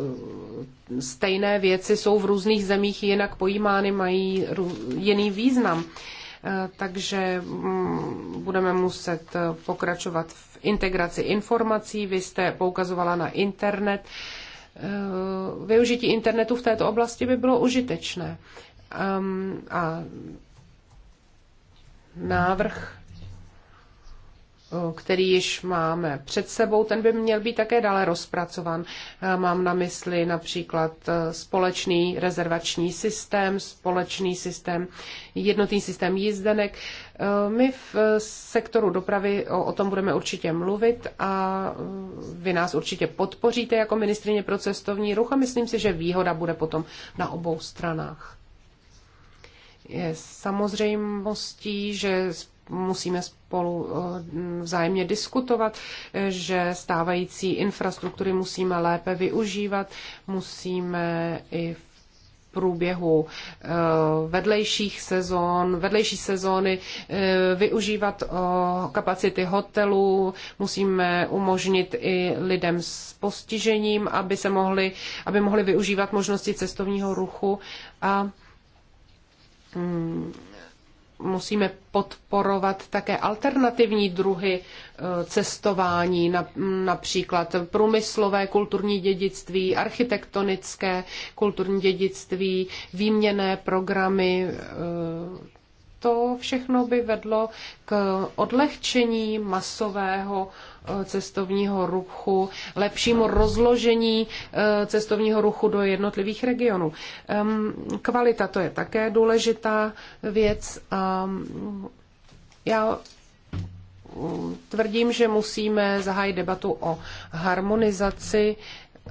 stejné věci jsou v různých zemích jinak pojímány, mají rů, jiný význam. E, takže mm, budeme muset pokračovat v integraci informací. Vy jste poukazovala na internet. Eh, využití internetu v této oblasti by bylo užitečné. Ehm, a návrh Eh, který již máme před sebou, ten by měl být také dále rozpracovan. Eh, mám na mysli například eh, společný rezervační systém, společný systém, jednotný systém jízdenek. My v sektoru dopravy o, tom budeme určitě mluvit a vy nás určitě podpoříte jako ministrině pro cestovní ruch a myslím si, že výhoda bude potom na obou stranách je samozřejmostí, že musíme spolu eh, vzájemně diskutovat, eh, že stávající infrastruktury musíme lépe využívat, musíme i v průběhu eh, vedlejších sezón, vedlejší sezóny využívat kapacity hotelů, musíme umožnit i lidem s postižením, aby se mohli, aby mohli využívat možnosti cestovního ruchu a mm, musíme podporovat také alternativní druhy e, cestování, například průmyslové kulturní dědictví, architektonické kulturní dědictví, výměné programy. E, to všechno by vedlo k odlehčení masového cestovního ruchu, lepšímu rozložení eh, cestovního ruchu do jednotlivých regionů. Kvalita to je také důležitá věc a mm, já mm, tvrdím, že musíme zahájit debatu o harmonizaci eh,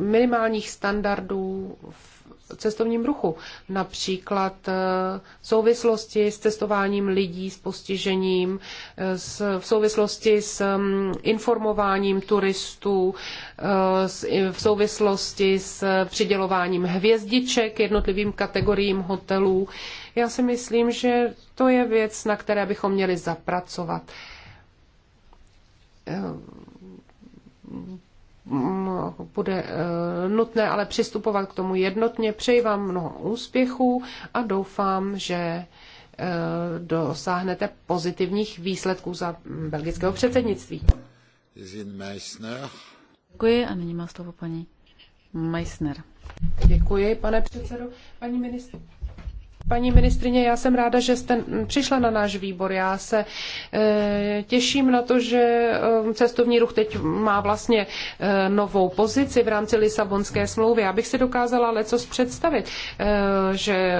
minimálních standardů v cestovním ruchu. Například eh, v souvislosti s cestováním lidí s postižením, eh, v souvislosti s mm, informováním turistů, eh, v souvislosti s přidělováním hvězdiček jednotlivým kategoriím hotelů. Já si myslím, že to je věc, na které bychom měli zapracovat bude e, nutné ale přistupovat k tomu jednotně. Přeji vám mnoho úspěchů a doufám, že e, dosáhnete pozitivních výsledků za belgického předsednictví. Děkuji a nyní má slovo paní Meissner. Děkuji, pane předsedo. Paní ministr. Paní ministrině, já jsem ráda, že jste přišla na náš výbor. Já se eh, těším na to, že eh, cestovní ruch teď má vlastně eh, novou pozici v rámci Lisabonské smlouvy. Já bych si dokázala lecos představit, že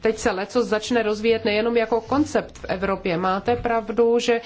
teď se lecos začne rozvíjet nejenom jako koncept v Evropě. Máte pravdu, že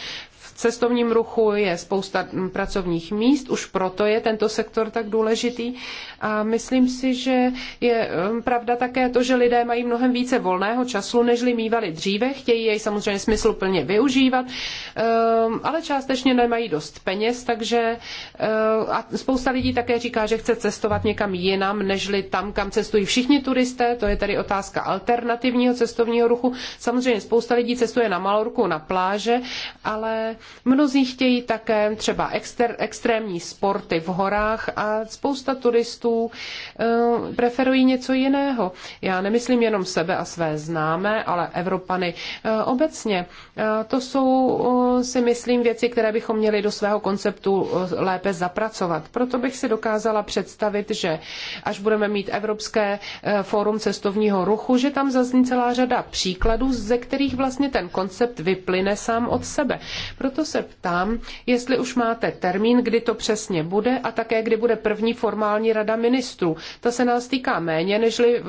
cestovním ruchu je spousta pracovních míst, už proto je tento sektor tak důležitý. A myslím si, že je um, pravda také to, že lidé mají mnohem více volného času, nežli mývali dříve, chtějí jej samozřejmě smysluplně využívat, um, ale částečně nemají dost peněz, takže uh, a spousta lidí také říká, že chce cestovat někam jinam, nežli tam, kam cestují všichni turisté, to je tedy otázka alternativního cestovního ruchu. Samozřejmě spousta lidí cestuje na Malorku, na pláže, ale Mnozí chtějí také třeba exter, extrémní sporty v horách a spousta turistů preferuje eh, preferují něco jiného. Já nemyslím jenom sebe a své známé, ale Evropany eh, obecně. Eh, to jsou, uh, si myslím, věci, které bychom měli do svého konceptu lépe zapracovat. Proto bych si dokázala představit, že až budeme mít Evropské uh, fórum cestovního ruchu, že tam zazní celá řada příkladů, ze kterých vlastně ten koncept vyplyne sám od sebe. Proto proto se ptám, jestli už máte termín, kdy to přesně bude a také kdy bude první formální rada ministrů. Ta se nás týká méně nežli eh,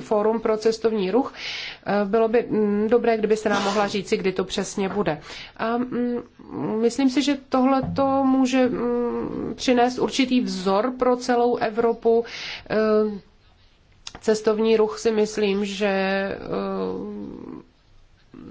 Fórum pro cestovní ruch. Eh, bylo by mm, dobré, kdyby se nám mohla říci, kdy to přesně bude. A mm, myslím si, že tohle to může mm, přinést určitý vzor pro celou Evropu. Eh, cestovní ruch si myslím, že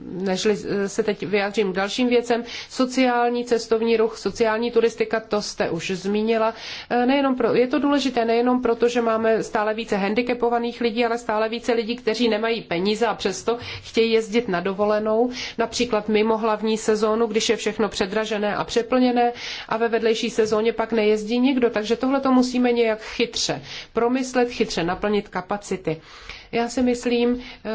než eh, se teď vyjádřím k dalším věcem, sociální cestovní ruch, sociální turistika, to jste už zmínila. Eh, nejenom pro, je to důležité nejenom proto, že máme stále více handicapovaných lidí, ale stále více lidí, kteří nemají peníze a přesto chtějí jezdit na dovolenou, například mimo hlavní sezónu, když je všechno předražené a přeplněné a ve vedlejší sezóně pak nejezdí nikdo. Takže tohle to musíme nějak chytře promyslet, chytře naplnit kapacity. Já si myslím, eh,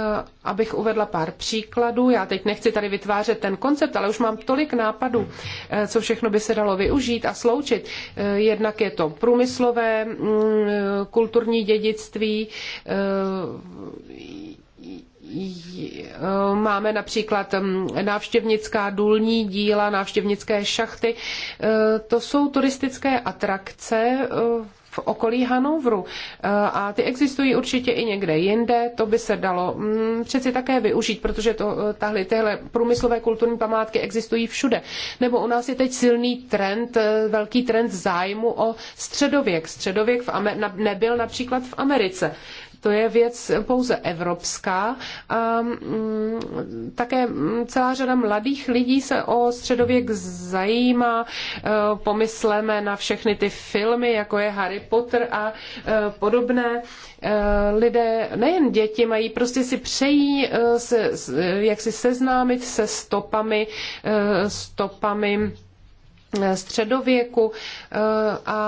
abych uvedla pár příkladů. Já teď nechci tady vytvářet ten koncept, ale už mám tolik nápadů, eh, co všechno by se dalo využít a sloučit. Eh, jednak je to průmyslové, mm, kulturní dědictví, Máme například mm, návštěvnická důlní díla, návštěvnické šachty. To jsou turistické atrakce v okolí Hanovru eh, A ty existují určitě i někde jinde, to by se dalo mm, přeci také využít, protože to, eh, tahle, tyhle průmyslové kulturní památky existují všude. Nebo u nás je teď silný trend, eh, velký trend zájmu o středověk. Středověk v Amer- nebyl například v Americe. To je věc pouze evropská a mm, také celá řada mladých lidí se o středověk zajímá. E, pomysleme na všechny ty filmy, jako je Harry Potter a e, podobné. E, lidé, nejen děti, mají prostě si přejí se, jak si seznámit se stopami, stopami středověku eh, a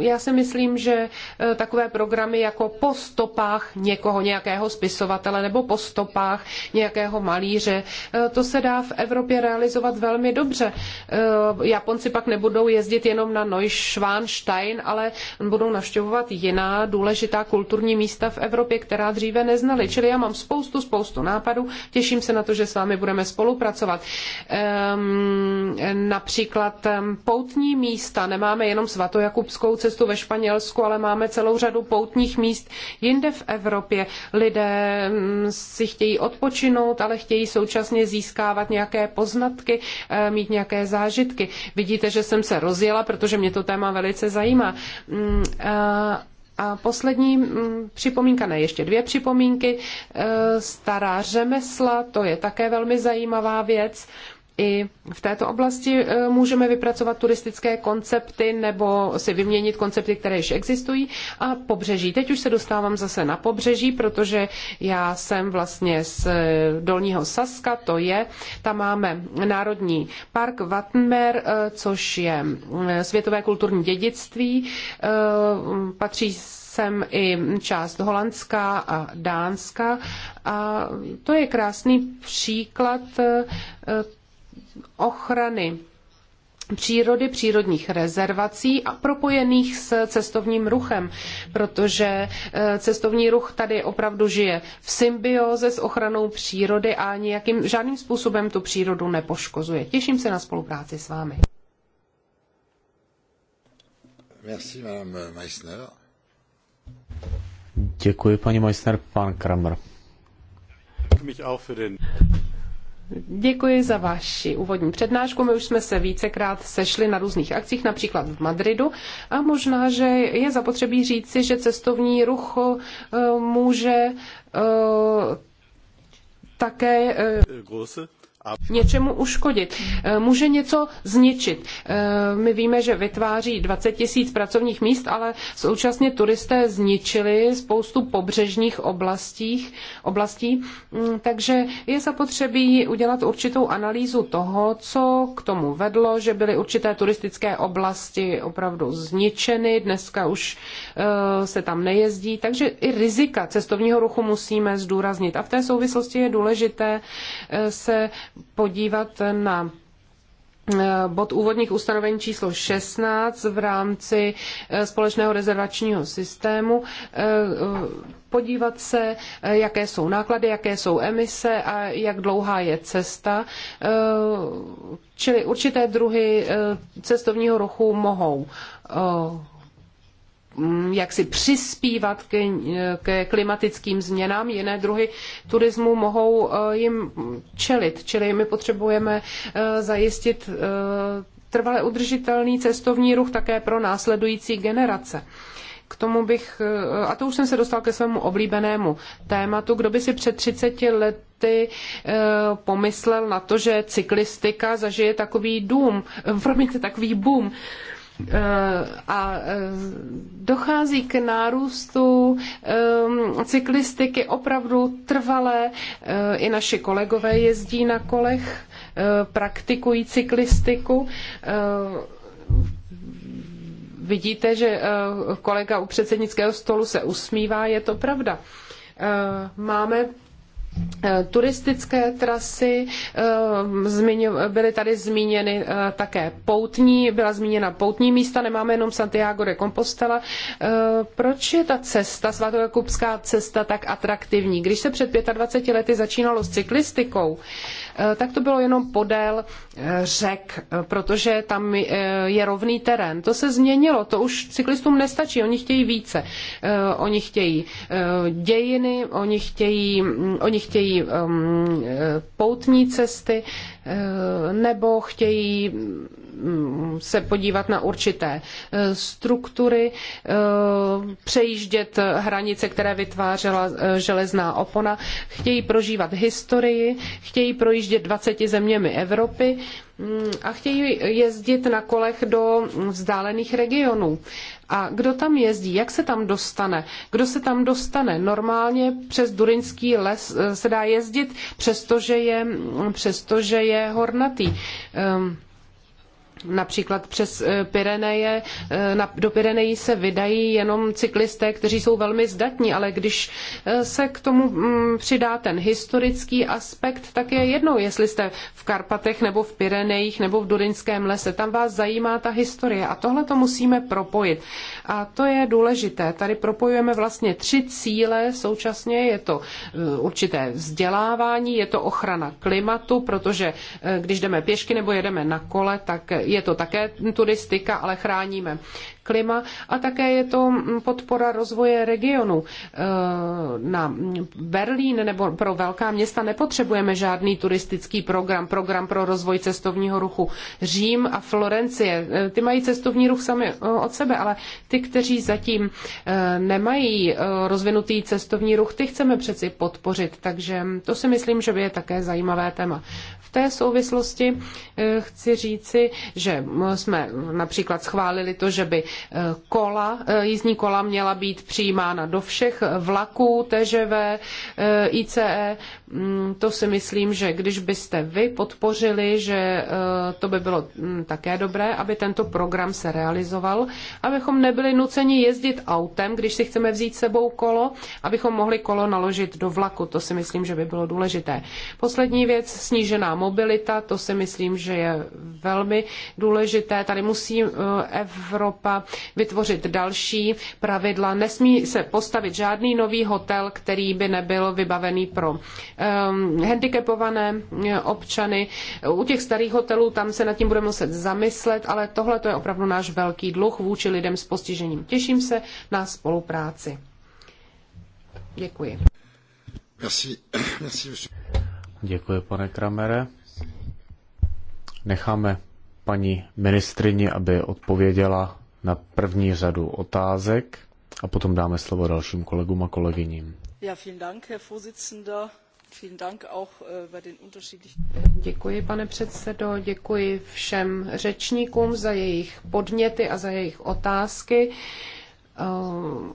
eh, já si myslím, že eh, takové programy jako po stopách někoho, nějakého spisovatele nebo po stopách nějakého malíře, to se dá v Evropě realizovat velmi dobře. Japonci pak nebudou jezdit jenom na Neuschwanstein, ale budou navštěvovat jiná důležitá kulturní místa v Evropě, která dříve neznali. Čili já mám spoustu, spoustu nápadů, těším se na to, že s vámi budeme spolupracovat. Ehm, například například poutní místa. Nemáme jenom svatojakubskou cestu ve Španělsku, ale máme celou řadu poutních míst jinde v Evropě. Lidé si chtějí odpočinout, ale chtějí současně získávat nějaké poznatky, mít nějaké zážitky. Vidíte, že jsem se rozjela, protože mě to téma velice zajímá. Mm, a poslední mm, připomínka, ne, ještě dvě připomínky. E, stará řemesla, to je také velmi zajímavá věc i v této oblasti e, můžeme vypracovat turistické koncepty nebo si vyměnit koncepty, které již existují a pobřeží. Teď už se dostávám zase na pobřeží, protože já jsem vlastně z e, Dolního Saska, to je, tam máme Národní park Vatnmer, e, což je světové kulturní dědictví, patří jsem i část Holandska a Dánska. A to je krásný příklad ochrany přírody, přírodních rezervací a propojených s cestovním ruchem, protože eh, cestovní ruch tady opravdu žije v symbioze s ochranou přírody a nějakým, žádným způsobem tu přírodu nepoškozuje. Těším se na spolupráci s vámi. Merci, madame Meissner. Děkuji, paní Meissner, pan Kramer. Děkuji za vaši úvodní přednášku. My už jsme se vícekrát sešli na různých akcích, například v Madridu. A možná, že je zapotřebí říci, že cestovní ruch eh, může eh, také eh, něčemu uškodit, eh, může něco zničit. Eh, my víme, že vytváří 20 tisíc pracovních míst, ale současně turisté zničili spoustu pobřežních oblastích, oblastí, mm, takže je zapotřebí udělat určitou analýzu toho, co k tomu vedlo, že byly určité turistické oblasti opravdu zničeny, dneska už eh, se tam nejezdí, takže i rizika cestovního ruchu musíme zdůraznit. A v té souvislosti je důležité se podívat na eh, bod úvodních ustanovení číslo 16 v rámci eh, společného rezervačního systému, eh, podívat se, jaké jsou náklady, jaké jsou emise a jak dlouhá je cesta. Čili určité druhy cestovního ruchu mohou Mm, jak si přispívat ke, ke klimatickým změnám. Jiné druhy turismu mohou eh, jim čelit. Čili my potřebujeme eh, zajistit eh, trvale udržitelný cestovní ruch také pro následující generace k tomu bych, a to už jsem se dostal ke svému oblíbenému tématu, kdo by si před 30 lety pomyslel na to, že cyklistika zažije takový dům, promiňte, takový boom. Eh, a eh, dochází k nárůstu eh, cyklistiky opravdu trvalé. I naši kolegové jezdí na kolech, praktikují cyklistiku vidíte, že kolega u předsednického stolu se usmívá, je to pravda. Máme Eh, turistické trasy, eh, byly tady zmíněny eh, také poutní, byla zmíněna poutní místa, nemáme jenom Santiago de Compostela. Proč je ta cesta, svatojakubská cesta, tak atraktivní? Když se před 25 lety začínalo s cyklistikou, Eh, tak to bylo jenom podél eh, řek, eh, protože tam je rovný terén. To se změnilo, to už cyklistům nestačí, oni chtějí více. Oni chtějí dějiny, oni chtějí, mm, oni chtějí mm, poutní cesty, Eh, nebo chtějí mm, se podívat na určité eh, struktury, eh, přejíždět hranice, které vytvářela železná opona, chtějí prožívat historii, chtějí projíždět 20 zeměmi Evropy mm, a chtějí jezdit na kolech do vzdálených regionů. A kdo tam jezdí, jak se tam dostane? Kdo se tam dostane? Normálně přes Durinský les eh, se dá jezdit, přestože je, mm, přestože je hornatý. Um, Například přes eh, Pireneje, eh, do Pirenejí se vydají jenom cyklisté, kteří jsou velmi zdatní, ale když eh, se k tomu mm, přidá ten historický aspekt, tak je jedno, jestli jste v Karpatech nebo v Pirenejích nebo v Durinském lese. Tam vás zajímá ta historie a tohle to musíme propojit. A to je důležité. Tady propojujeme vlastně tři cíle současně. Je to eh, určité vzdělávání, je to ochrana klimatu, protože eh, když jdeme pěšky nebo jedeme na kole, tak je to také turistika, ale chráníme klima a také je to podpora rozvoje regionu. E, na Berlín nebo pro velká města nepotřebujeme žádný turistický program, program pro rozvoj cestovního ruchu. Řím a Florencie, e, ty mají cestovní ruch sami e, od sebe, ale ty, kteří zatím nemají rozvinutý cestovní ruch, ty chceme přeci podpořit, takže to si myslím, že by je také zajímavé téma. V té souvislosti chci říci, že jsme například schválili to, že by kola, eh, jízdní kola měla být přijímána do všech vlaků TŽV, eh, ICE. Mm, to si myslím, že když byste vy podpořili, že eh, to by bylo mm, také dobré, aby tento program se realizoval, abychom nebyli nuceni jezdit autem, když si chceme vzít sebou kolo, abychom mohli kolo naložit do vlaku. To si myslím, že by bylo důležité. Poslední věc, snížená mobilita, to si myslím, že je velmi důležité. Tady musí Evropa vytvořit další pravidla. Nesmí se postavit žádný nový hotel, který by nebyl vybavený pro um, handicapované eh, občany. U těch starých hotelů tam se nad tím budeme muset zamyslet, ale tohle to je opravdu náš velký dluh vůči lidem s postižením. Těším se na spolupráci. Děkuji. Merci. Merci, Děkuji, pane Kramere. Necháme paní ministrini, aby odpověděla na první řadu otázek a potom dáme slovo dalším kolegům a kolegyním. Äh, děkuji, pane předsedo, děkuji všem řečníkům za jejich podněty a za jejich otázky. Ehm,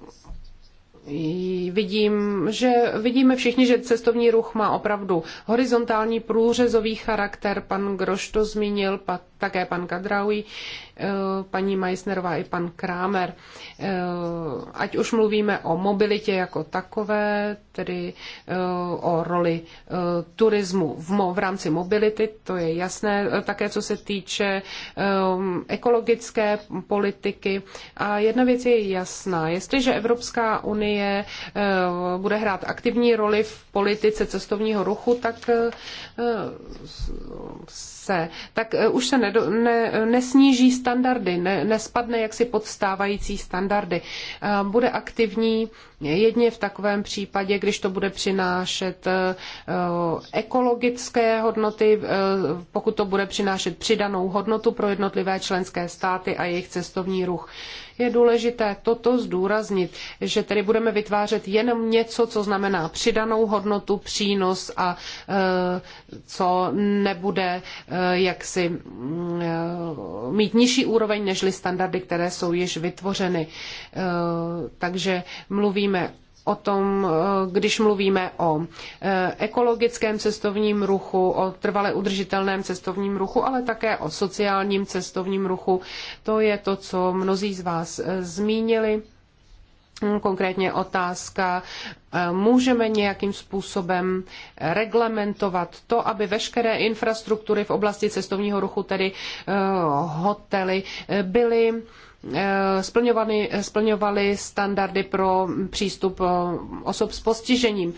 vidím, že vidíme všichni, že cestovní ruch má opravdu horizontální průřezový charakter. Pan Groš to zmínil, pak také pan Kadraui, eh, paní Meissnerová i pan Kramer. Eh, ať už mluvíme o mobilitě jako takové, tedy eh, o roli turismu v, v rámci mobility, to je jasné, také co se týče ekologické politiky. A jedna věc je jasná. Jestliže Evropská unie bude hrát aktivní roli v politice cestovního ruchu, tak se, tak už se ne nedo, ne, nesníží standardy, ne, nespadne jaksi pod stávající standardy. Eh, bude aktivní jedně v takovém případě, když to bude přinášet eh, ekologické hodnoty, eh, pokud to bude přinášet přidanou hodnotu pro jednotlivé členské státy a jejich cestovní ruch. Je důležité toto zdůraznit, že tedy budeme vytvářet jenom něco, co znamená přidanou hodnotu, přínos a e, co nebude e, jaksi e, mít nižší úroveň nežli standardy, které jsou již vytvořeny. Takže mluvíme o tom, eh, když mluvíme o eh, ekologickém cestovním ruchu, o trvale udržitelném cestovním ruchu, ale také o sociálním cestovním ruchu. To je to, co mnozí z vás eh, zmínili. Hm, konkrétně otázka, můžeme nějakým způsobem reglementovat to, aby veškeré infrastruktury v oblasti cestovního ruchu, tedy hotely, byly Eh, splňovaly, eh, splňovaly standardy pro přístup eh, osob s postižením.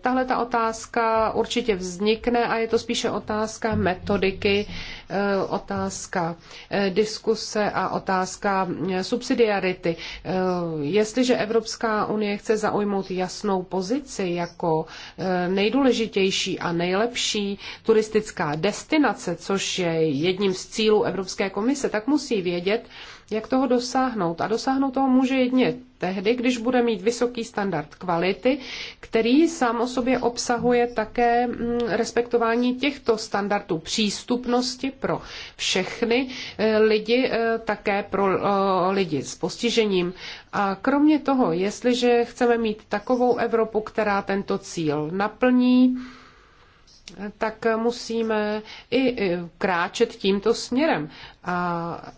Tahle ta otázka určitě vznikne a je to spíše otázka metodiky, otázka diskuse a otázka subsidiarity. Jestliže Evropská unie chce zaujmout jasnou pozici jako nejdůležitější a nejlepší turistická destinace, což je jedním z cílů Evropské komise, tak musí vědět, jak toho dosáhnout? A dosáhnout toho může jedně tehdy, když bude mít vysoký standard kvality, který sám o sobě obsahuje také mm, respektování těchto standardů přístupnosti pro všechny eh, lidi, eh, také pro eh, lidi s postižením. A kromě toho, jestliže chceme mít takovou Evropu, která tento cíl naplní, tak musíme i kráčet tímto směrem. A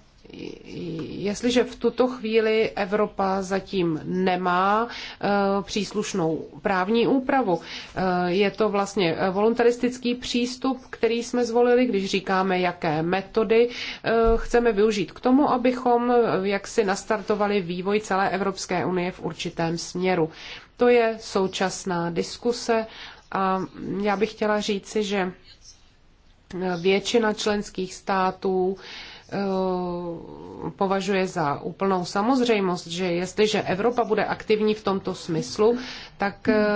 jestliže v tuto chvíli Evropa zatím nemá eh, příslušnou právní úpravu. Eh, je to vlastně eh, voluntaristický přístup, který jsme zvolili, když říkáme, jaké metody chceme využít k tomu, abychom jaksi nastartovali vývoj celé Evropské unie v určitém směru. To je současná diskuse a já bych chtěla říci, že většina členských států uh, Eh, považuje za úplnou samozřejmost, že jestliže Evropa bude aktivní v tomto smyslu, tak eh,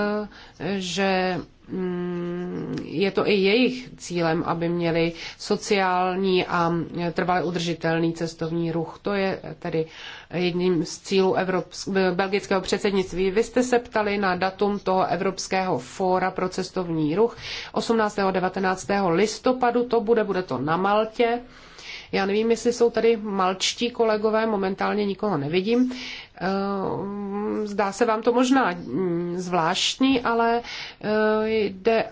že mm, je to i jejich cílem, aby měli sociální a trvale udržitelný cestovní ruch. To je tedy jedním z cílů Evropsk- belgického předsednictví. Vy jste se ptali na datum toho Evropského fóra pro cestovní ruch. 18. a 19. listopadu to bude, bude to na Maltě. Já nevím, jestli jsou tady malčtí kolegové, momentálně nikoho nevidím. Eh, zdá se vám to možná mm, zvláštní, ale eh, jde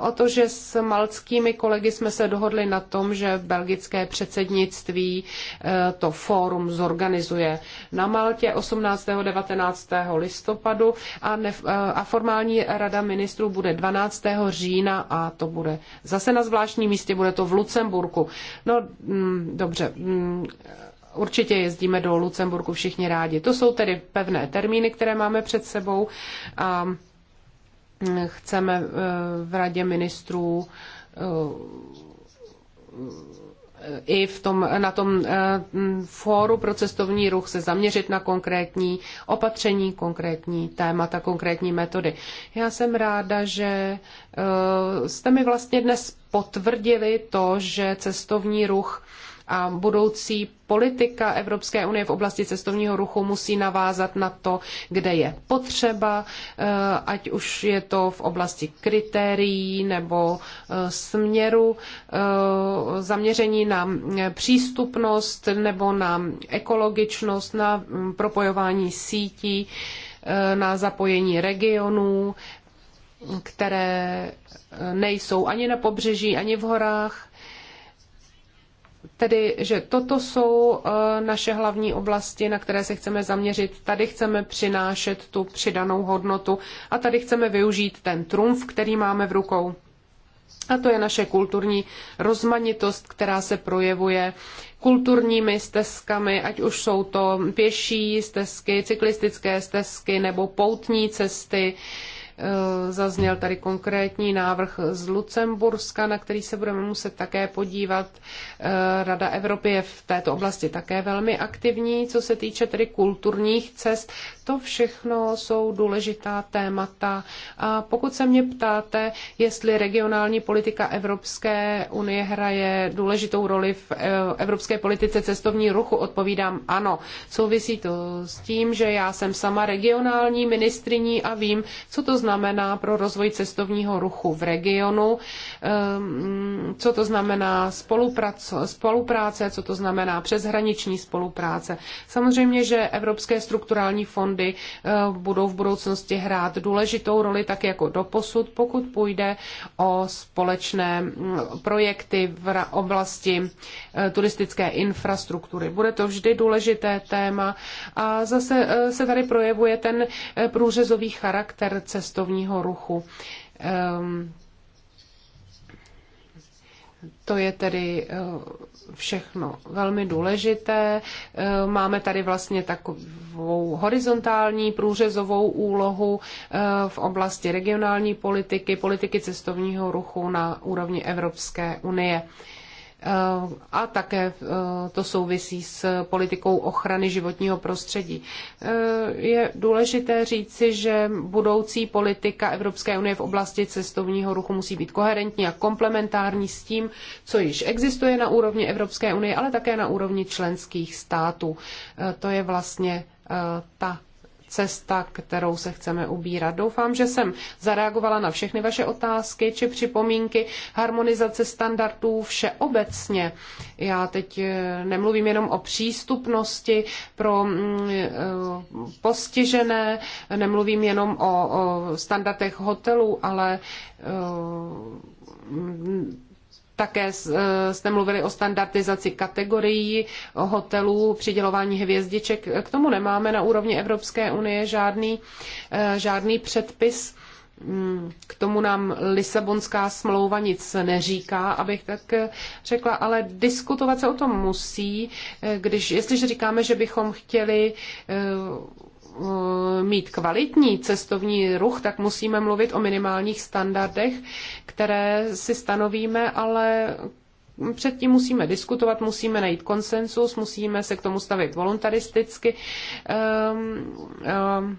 o to, že s malckými kolegy jsme se dohodli na tom, že belgické předsednictví eh, to fórum zorganizuje na Maltě 18. 19. listopadu a, ne, a formální rada ministrů bude 12. října a to bude zase na zvláštním místě, bude to v Lucemburku. No, mm, dobře mm, Určitě jezdíme do Lucemburku všichni rádi. To jsou tedy pevné termíny, které máme před sebou a mm, chceme e, v radě ministrů e, e, i v tom, na tom fóru pro cestovní ruch se zaměřit na konkrétní opatření, konkrétní témata, konkrétní metody. Já jsem ráda, že jste mi vlastně dnes potvrdili to, že cestovní ruch a budoucí politika Evropské unie v oblasti cestovního ruchu musí navázat na to, kde je potřeba, eh, ať už je to v oblasti kritérií nebo eh, směru, eh, zaměření na přístupnost nebo na ekologičnost, na mm, propojování sítí, na zapojení regionů, které nejsou ani na pobřeží, ani v horách Tedy, že toto jsou eh, naše hlavní oblasti, na které se chceme zaměřit. Tady chceme přinášet tu přidanou hodnotu a tady chceme využít ten trumf, který máme v rukou. A to je naše kulturní rozmanitost, která se projevuje kulturními stezkami, ať už jsou to pěší stezky, cyklistické stezky nebo poutní cesty. Uh, Eh, zazněl tady konkrétní návrh z Lucemburska, na který se budeme muset také podívat. Eh, Rada Evropy je v této oblasti také velmi aktivní, co se týče tedy kulturních cest. To všechno jsou důležitá témata. A pokud se mě ptáte, jestli regionální politika Evropské unie hraje důležitou roli v eh, evropské politice cestovní ruchu, odpovídám ano. Souvisí to s tím, že já jsem sama regionální ministriní a vím, co to znamená znamená pro rozvoj cestovního ruchu v regionu, ehm, co to znamená spolupráce, co to znamená přeshraniční spolupráce. Samozřejmě, že evropské strukturální fondy eh, budou v budoucnosti hrát důležitou roli, tak jako doposud, pokud půjde o společné mm, projekty v oblasti eh, turistické infrastruktury. Bude to vždy důležité téma a zase eh, se tady projevuje ten průřezový charakter cestovního cestovního ruchu. Ehm, to je tedy eh, všechno velmi důležité. Ehm, máme tady vlastně takovou horizontální průřezovou úlohu eh, v oblasti regionální politiky, politiky cestovního ruchu na úrovni Evropské unie. Eh, a také eh, to souvisí s politikou ochrany životního prostředí. Eh, je důležité říci, že budoucí politika Evropské unie v oblasti cestovního ruchu musí být koherentní a komplementární s tím, co již existuje na úrovni Evropské unie, ale také na úrovni členských států. To je vlastně ta cesta, kterou se chceme ubírat. Doufám, že jsem zareagovala na všechny vaše otázky či připomínky. Harmonizace standardů všeobecně. Já teď eh, nemluvím jenom o přístupnosti pro mm, eh, postižené, nemluvím jenom o standardech hotelů, ale eh, také eh, jste mluvili o standardizaci kategorií hotelů, přidělování hvězdiček. K tomu nemáme na úrovni Evropské unie žádný, eh, žádný předpis. Mm, k tomu nám Lisabonská smlouva nic neříká, abych tak eh, řekla, ale diskutovat se o tom musí, když, jestliže říkáme, že bychom chtěli Eh, mít kvalitní cestovní ruch, tak musíme mluvit o minimálních standardech, které si stanovíme, ale předtím musíme diskutovat, musíme najít konsensus, musíme se k tomu stavit voluntaristicky. Um, um,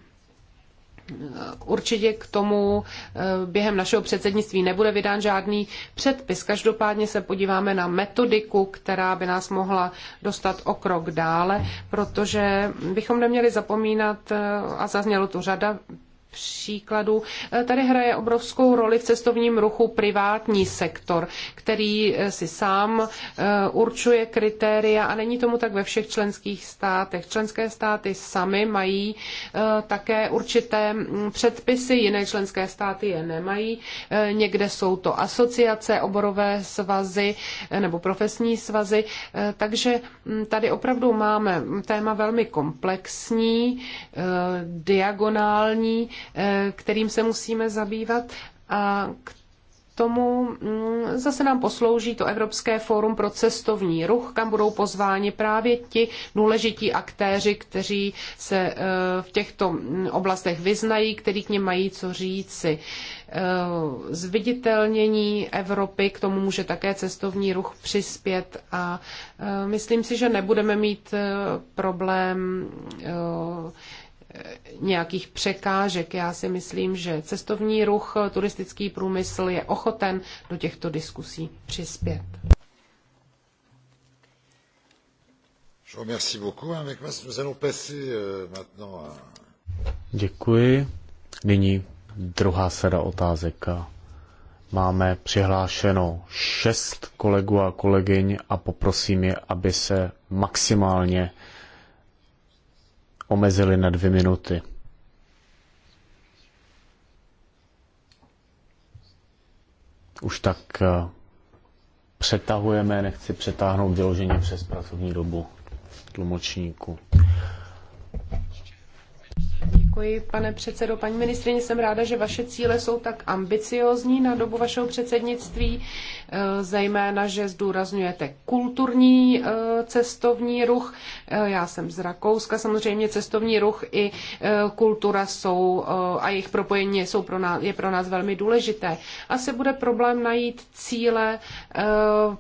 Určitě k tomu eh, během našeho předsednictví nebude vydán žádný předpis. Každopádně se podíváme na metodiku, která by nás mohla dostat o krok dále, protože bychom neměli zapomínat, eh, a zaznělo tu řada příkladů. Eh, tady hraje obrovskou roli v cestovním ruchu privátní sektor, který eh, si sám eh, určuje kritéria a není tomu tak ve všech členských státech. Členské státy sami mají také určité mm, předpisy, jiné členské státy je nemají. Někde jsou to asociace, oborové svazy nebo profesní svazy, takže mm, tady opravdu máme téma velmi komplexní, diagonální, Eh, kterým se musíme zabývat a k tomu mm, zase nám poslouží to Evropské fórum pro cestovní ruch, kam budou pozváni právě ti důležití aktéři, kteří se eh, v těchto mm, oblastech vyznají, kteří k něm mají co říci. Eh, zviditelnění Evropy, k tomu může také cestovní ruch přispět a myslím si, že nebudeme mít problém nějakých překážek. Já si myslím, že cestovní ruch, turistický průmysl je ochoten do těchto diskusí přispět. Euh, Děkuji. Nyní druhá sada otázek. Máme přihlášeno šest kolegů a kolegyň a poprosím je, aby se maximálně omezili na dvě minuty. Už tak eh, přetahujeme, nechci přetáhnout vyloženě přes pracovní dobu tlumočníku. Děkuji, pane předsedo. Paní ministrině, jsem ráda, že vaše cíle jsou tak ambiciózní na dobu vašeho předsednictví, eh, zejména, že zdůrazňujete kulturní eh, cestovní ruch. Eh, já jsem z Rakouska, samozřejmě cestovní ruch i kultura jsou a jejich propojení jsou pro nás, je pro nás velmi důležité. Asi bude problém najít cíle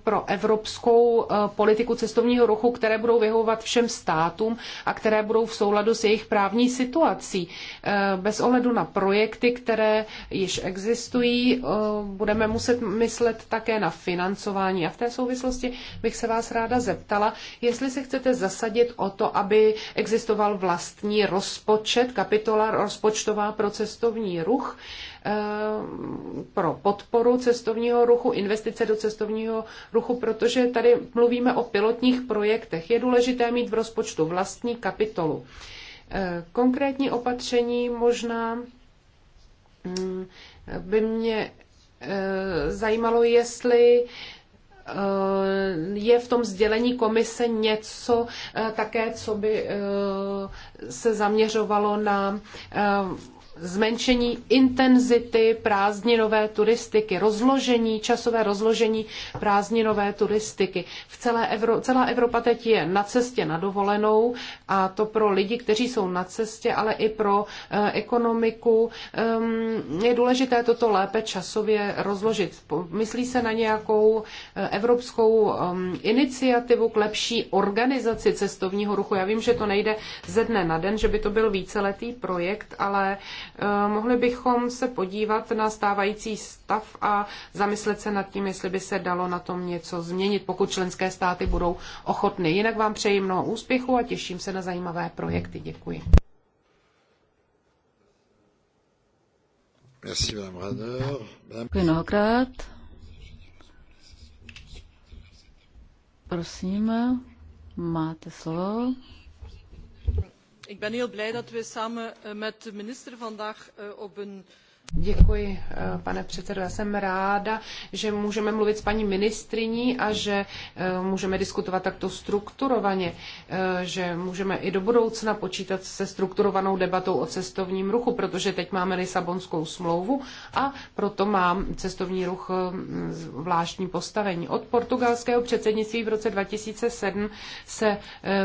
pro evropskou politiku cestovního ruchu, které budou vyhovovat všem státům a které budou v souladu s jejich právní situací. Eh, bez ohledu na projekty, které již existují, eh, budeme muset myslet také na financování. A v té souvislosti bych se vás ráda zeptala, jestli se chcete zasadit o to, aby existoval vlastní rozpočet, kapitola rozpočtová pro cestovní ruch, eh, pro podporu cestovního ruchu, investice do cestovního ruchu, protože tady mluvíme o pilotních projektech. Je důležité mít v rozpočtu vlastní kapitolu. Eh, konkrétní opatření možná mm, by mě eh, zajímalo, jestli eh, je v tom sdělení komise něco také, co by se zaměřovalo na zmenšení intenzity prázdninové turistiky, rozložení, časové rozložení prázdninové turistiky. V celé Evro, celá Evropa teď je na cestě na dovolenou a to pro lidi, kteří jsou na cestě, ale i pro e, ekonomiku. E, je důležité toto lépe časově rozložit. Myslí se na nějakou eh, evropskou ehm, iniciativu k lepší organizaci cestovního ruchu. Já vím, že to nejde ze dne na den, že by to byl víceletý projekt, ale Eh, mohli bychom se podívat na stávající stav a zamyslet se nad tím, jestli by se dalo na tom něco změnit, pokud členské státy budou ochotny. Jinak vám přeji mnoho úspěchu a těším se na zajímavé projekty. Děkuji. Děkuji mnohokrát. Prosím, máte slovo ik ben heel blij dat wij samen eh, met de minister vandaag eh, op een Děkuji, eh, pane předsedo. Já jsem ráda, že můžeme mluvit s paní ministriní a že eh, můžeme diskutovat takto strukturovaně, eh, že můžeme i do budoucna počítat se strukturovanou debatou o cestovním ruchu, protože teď máme Lisabonskou smlouvu a proto mám cestovní ruch zvláštní postavení. Od portugalského předsednictví v roce 2007 se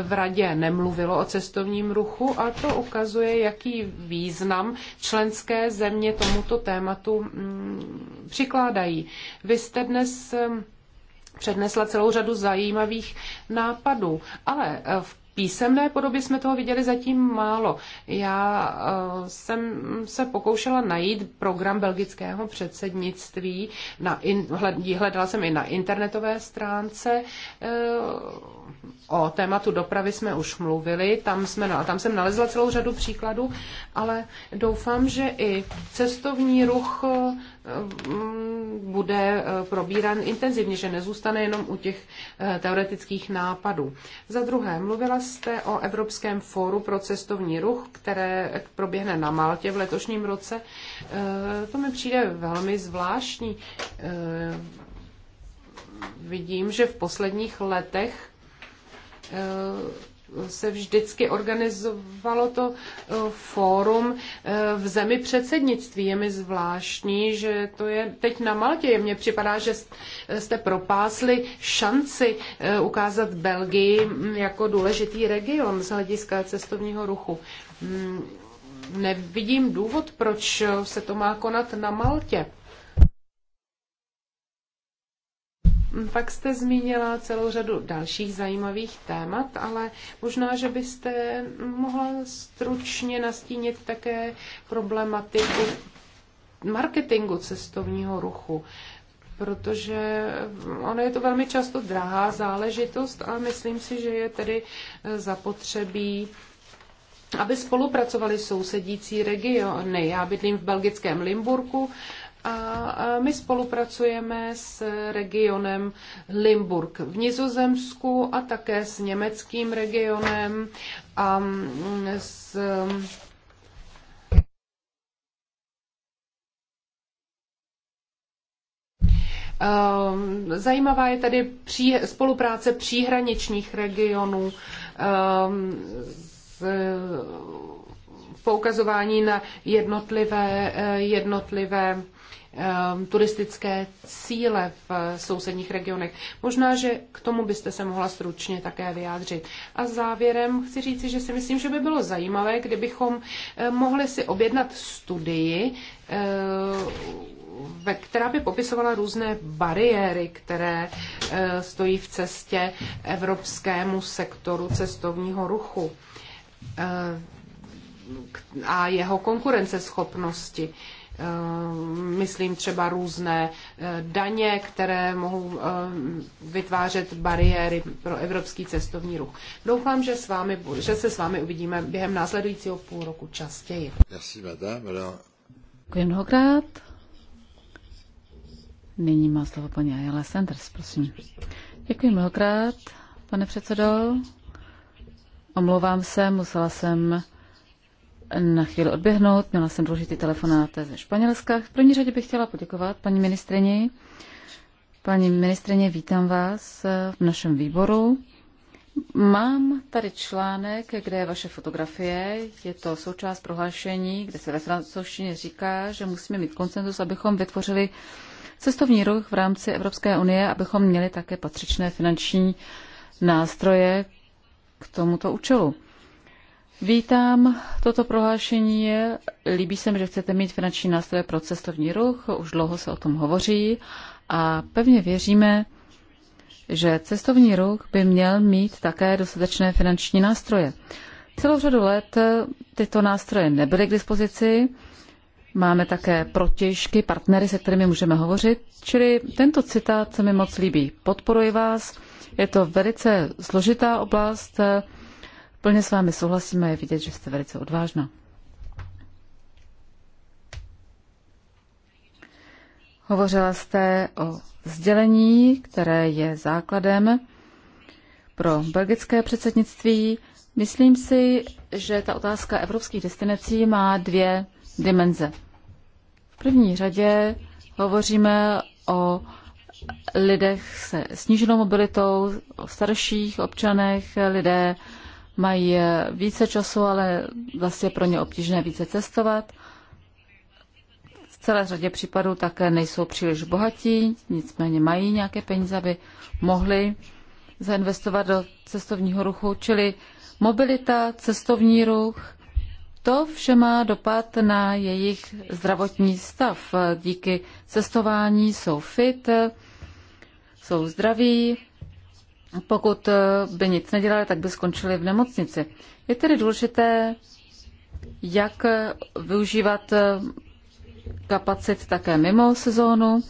v radě nemluvilo o cestovním ruchu a to ukazuje, jaký význam členské země tomu tomuto tématu mm, přikládají. Vy jste dnes mm, přednesla celou řadu zajímavých nápadů, ale eh, v písemné podobě jsme toho viděli zatím málo. Já eh, jsem se pokoušela najít program belgického předsednictví, na in, hledala jsem i na internetové stránce. Eh, o tématu dopravy jsme už mluvili, tam, jsme, tam jsem nalezla celou řadu příkladů, ale doufám, že i cestovní ruch Eh, bude eh, probíran intenzivně, že nezůstane jenom u těch eh, teoretických nápadů. Za druhé, mluvila jste o Evropském fóru pro cestovní ruch, které proběhne na Maltě v letošním roce. To mi přijde velmi zvláštní. Vidím, že v posledních letech se vždycky organizovalo to eh, fórum eh, v zemi předsednictví. Je mi zvláštní, že to je teď na Maltě. Mně připadá, že jste propásli šanci eh, ukázat Belgii mm, jako důležitý region z hlediska cestovního ruchu. Mm, nevidím důvod, proč se to má konat na Maltě. Pak jste zmínila celou řadu dalších zajímavých témat, ale možná, že byste mohla stručně nastínit také problematiku marketingu cestovního ruchu, protože ono je to velmi často drahá záležitost a myslím si, že je tedy eh, zapotřebí aby spolupracovali sousedící regiony. Já bydlím v belgickém Limburku a my spolupracujeme s regionem Limburg v Nizozemsku a také s německým regionem a mm, s mm, Zajímavá je tady spolupráce příhraničních regionů mm, s poukazování na jednotlivé, jednotlivé Um, turistické cíle v eh, sousedních regionech. Možná, že k tomu byste se mohla stručně také vyjádřit. A závěrem chci říci, že si myslím, že by bylo zajímavé, kdybychom eh, mohli si objednat studii, eh, která by popisovala různé bariéry, které stojí v cestě evropskému sektoru cestovního ruchu a jeho konkurenceschopnosti. Eh, myslím třeba různé eh, daně, které mohou eh, vytvářet bariéry pro evropský cestovní ruch. Doufám, že, s vámi, že se s vámi uvidíme během následujícího půl roku častěji. Merci, madame. Děkuji mnohokrát. Nyní má slovo paní Ayala Sanders, prosím. Děkuji mnohokrát, pane předsedo. Omlouvám se, musela jsem na chvíli odběhnout. Měla jsem důležitý telefonát ze Španělska. V první řadě bych chtěla poděkovat paní ministrině. Paní ministrině, vítám vás v našem výboru. Mám tady článek, kde je vaše fotografie. Je to součást prohlášení, kde se ve francouzštině říká, že musíme mít koncenzus, abychom vytvořili cestovní ruch v rámci Evropské unie, abychom měli také patřičné finanční nástroje k tomuto účelu. Vítám toto prohlášení. Líbí se mi, že chcete mít finanční nástroje pro cestovní ruch. Už dlouho se o tom hovoří a pevně věříme, že cestovní ruch by měl mít také dostatečné finanční nástroje. Celou řadu let tyto nástroje nebyly k dispozici. Máme také protěžky, partnery, se kterými můžeme hovořit, čili tento citát se mi moc líbí. Podporuji vás, je to velice složitá oblast, Plně s vámi souhlasíme, je vidět, že jste velice odvážná. Hovořila jste o sdělení, které je základem pro belgické předsednictví. Myslím si, že ta otázka evropských destinací má dvě dimenze. V první řadě hovoříme o lidech se sníženou mobilitou, o starších občanech, lidé mají více času, ale vlastně pro ně obtížné více cestovat. V celé řadě případů také nejsou příliš bohatí, nicméně mají nějaké peníze, aby mohli zainvestovat do cestovního ruchu, čili mobilita, cestovní ruch, to vše má dopad na jejich zdravotní stav. Díky cestování jsou fit, jsou zdraví, pokud eh, by nic nedělali, tak by skončili v nemocnici. Je tedy důležité, jak eh, využívat eh, kapacit také mimo sezónu.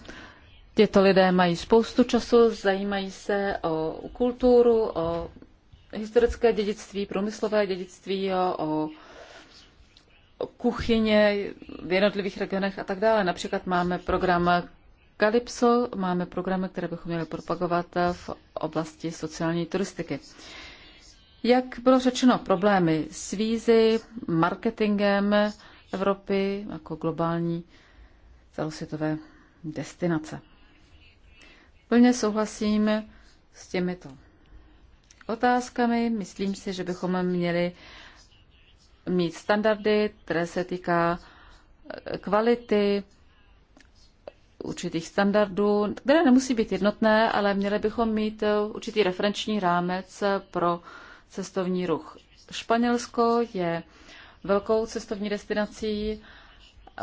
Těto lidé mají spoustu času, zajímají se o kulturu, o historické dědictví, průmyslové dědictví, o, o kuchyně v jednotlivých regionech a tak dále. Například máme program Kalypso máme programy, které bychom měli propagovat v oblasti sociální turistiky. Jak bylo řečeno, problémy s vízy, marketingem Evropy jako globální celosvětové destinace. Plně souhlasím s těmito otázkami. Myslím si, že bychom měli mít standardy, které se týká kvality, určitých standardů, které nemusí být jednotné, ale měli bychom mít eh, určitý referenční rámec eh, pro cestovní ruch. Španělsko je velkou cestovní destinací,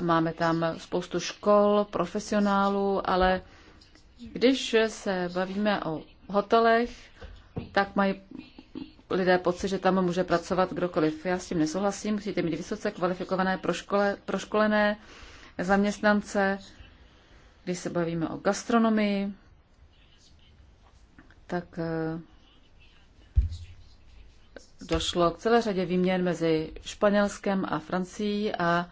máme tam spoustu škol, profesionálů, ale když se bavíme o hotelech, tak mají lidé pocit, že tam může pracovat kdokoliv. Já s tím nesouhlasím, musíte mít vysoce kvalifikované proškole, proškolené zaměstnance, když se bavíme o gastronomii, tak eh, došlo k celé řadě výměn mezi Španělskem a Francií a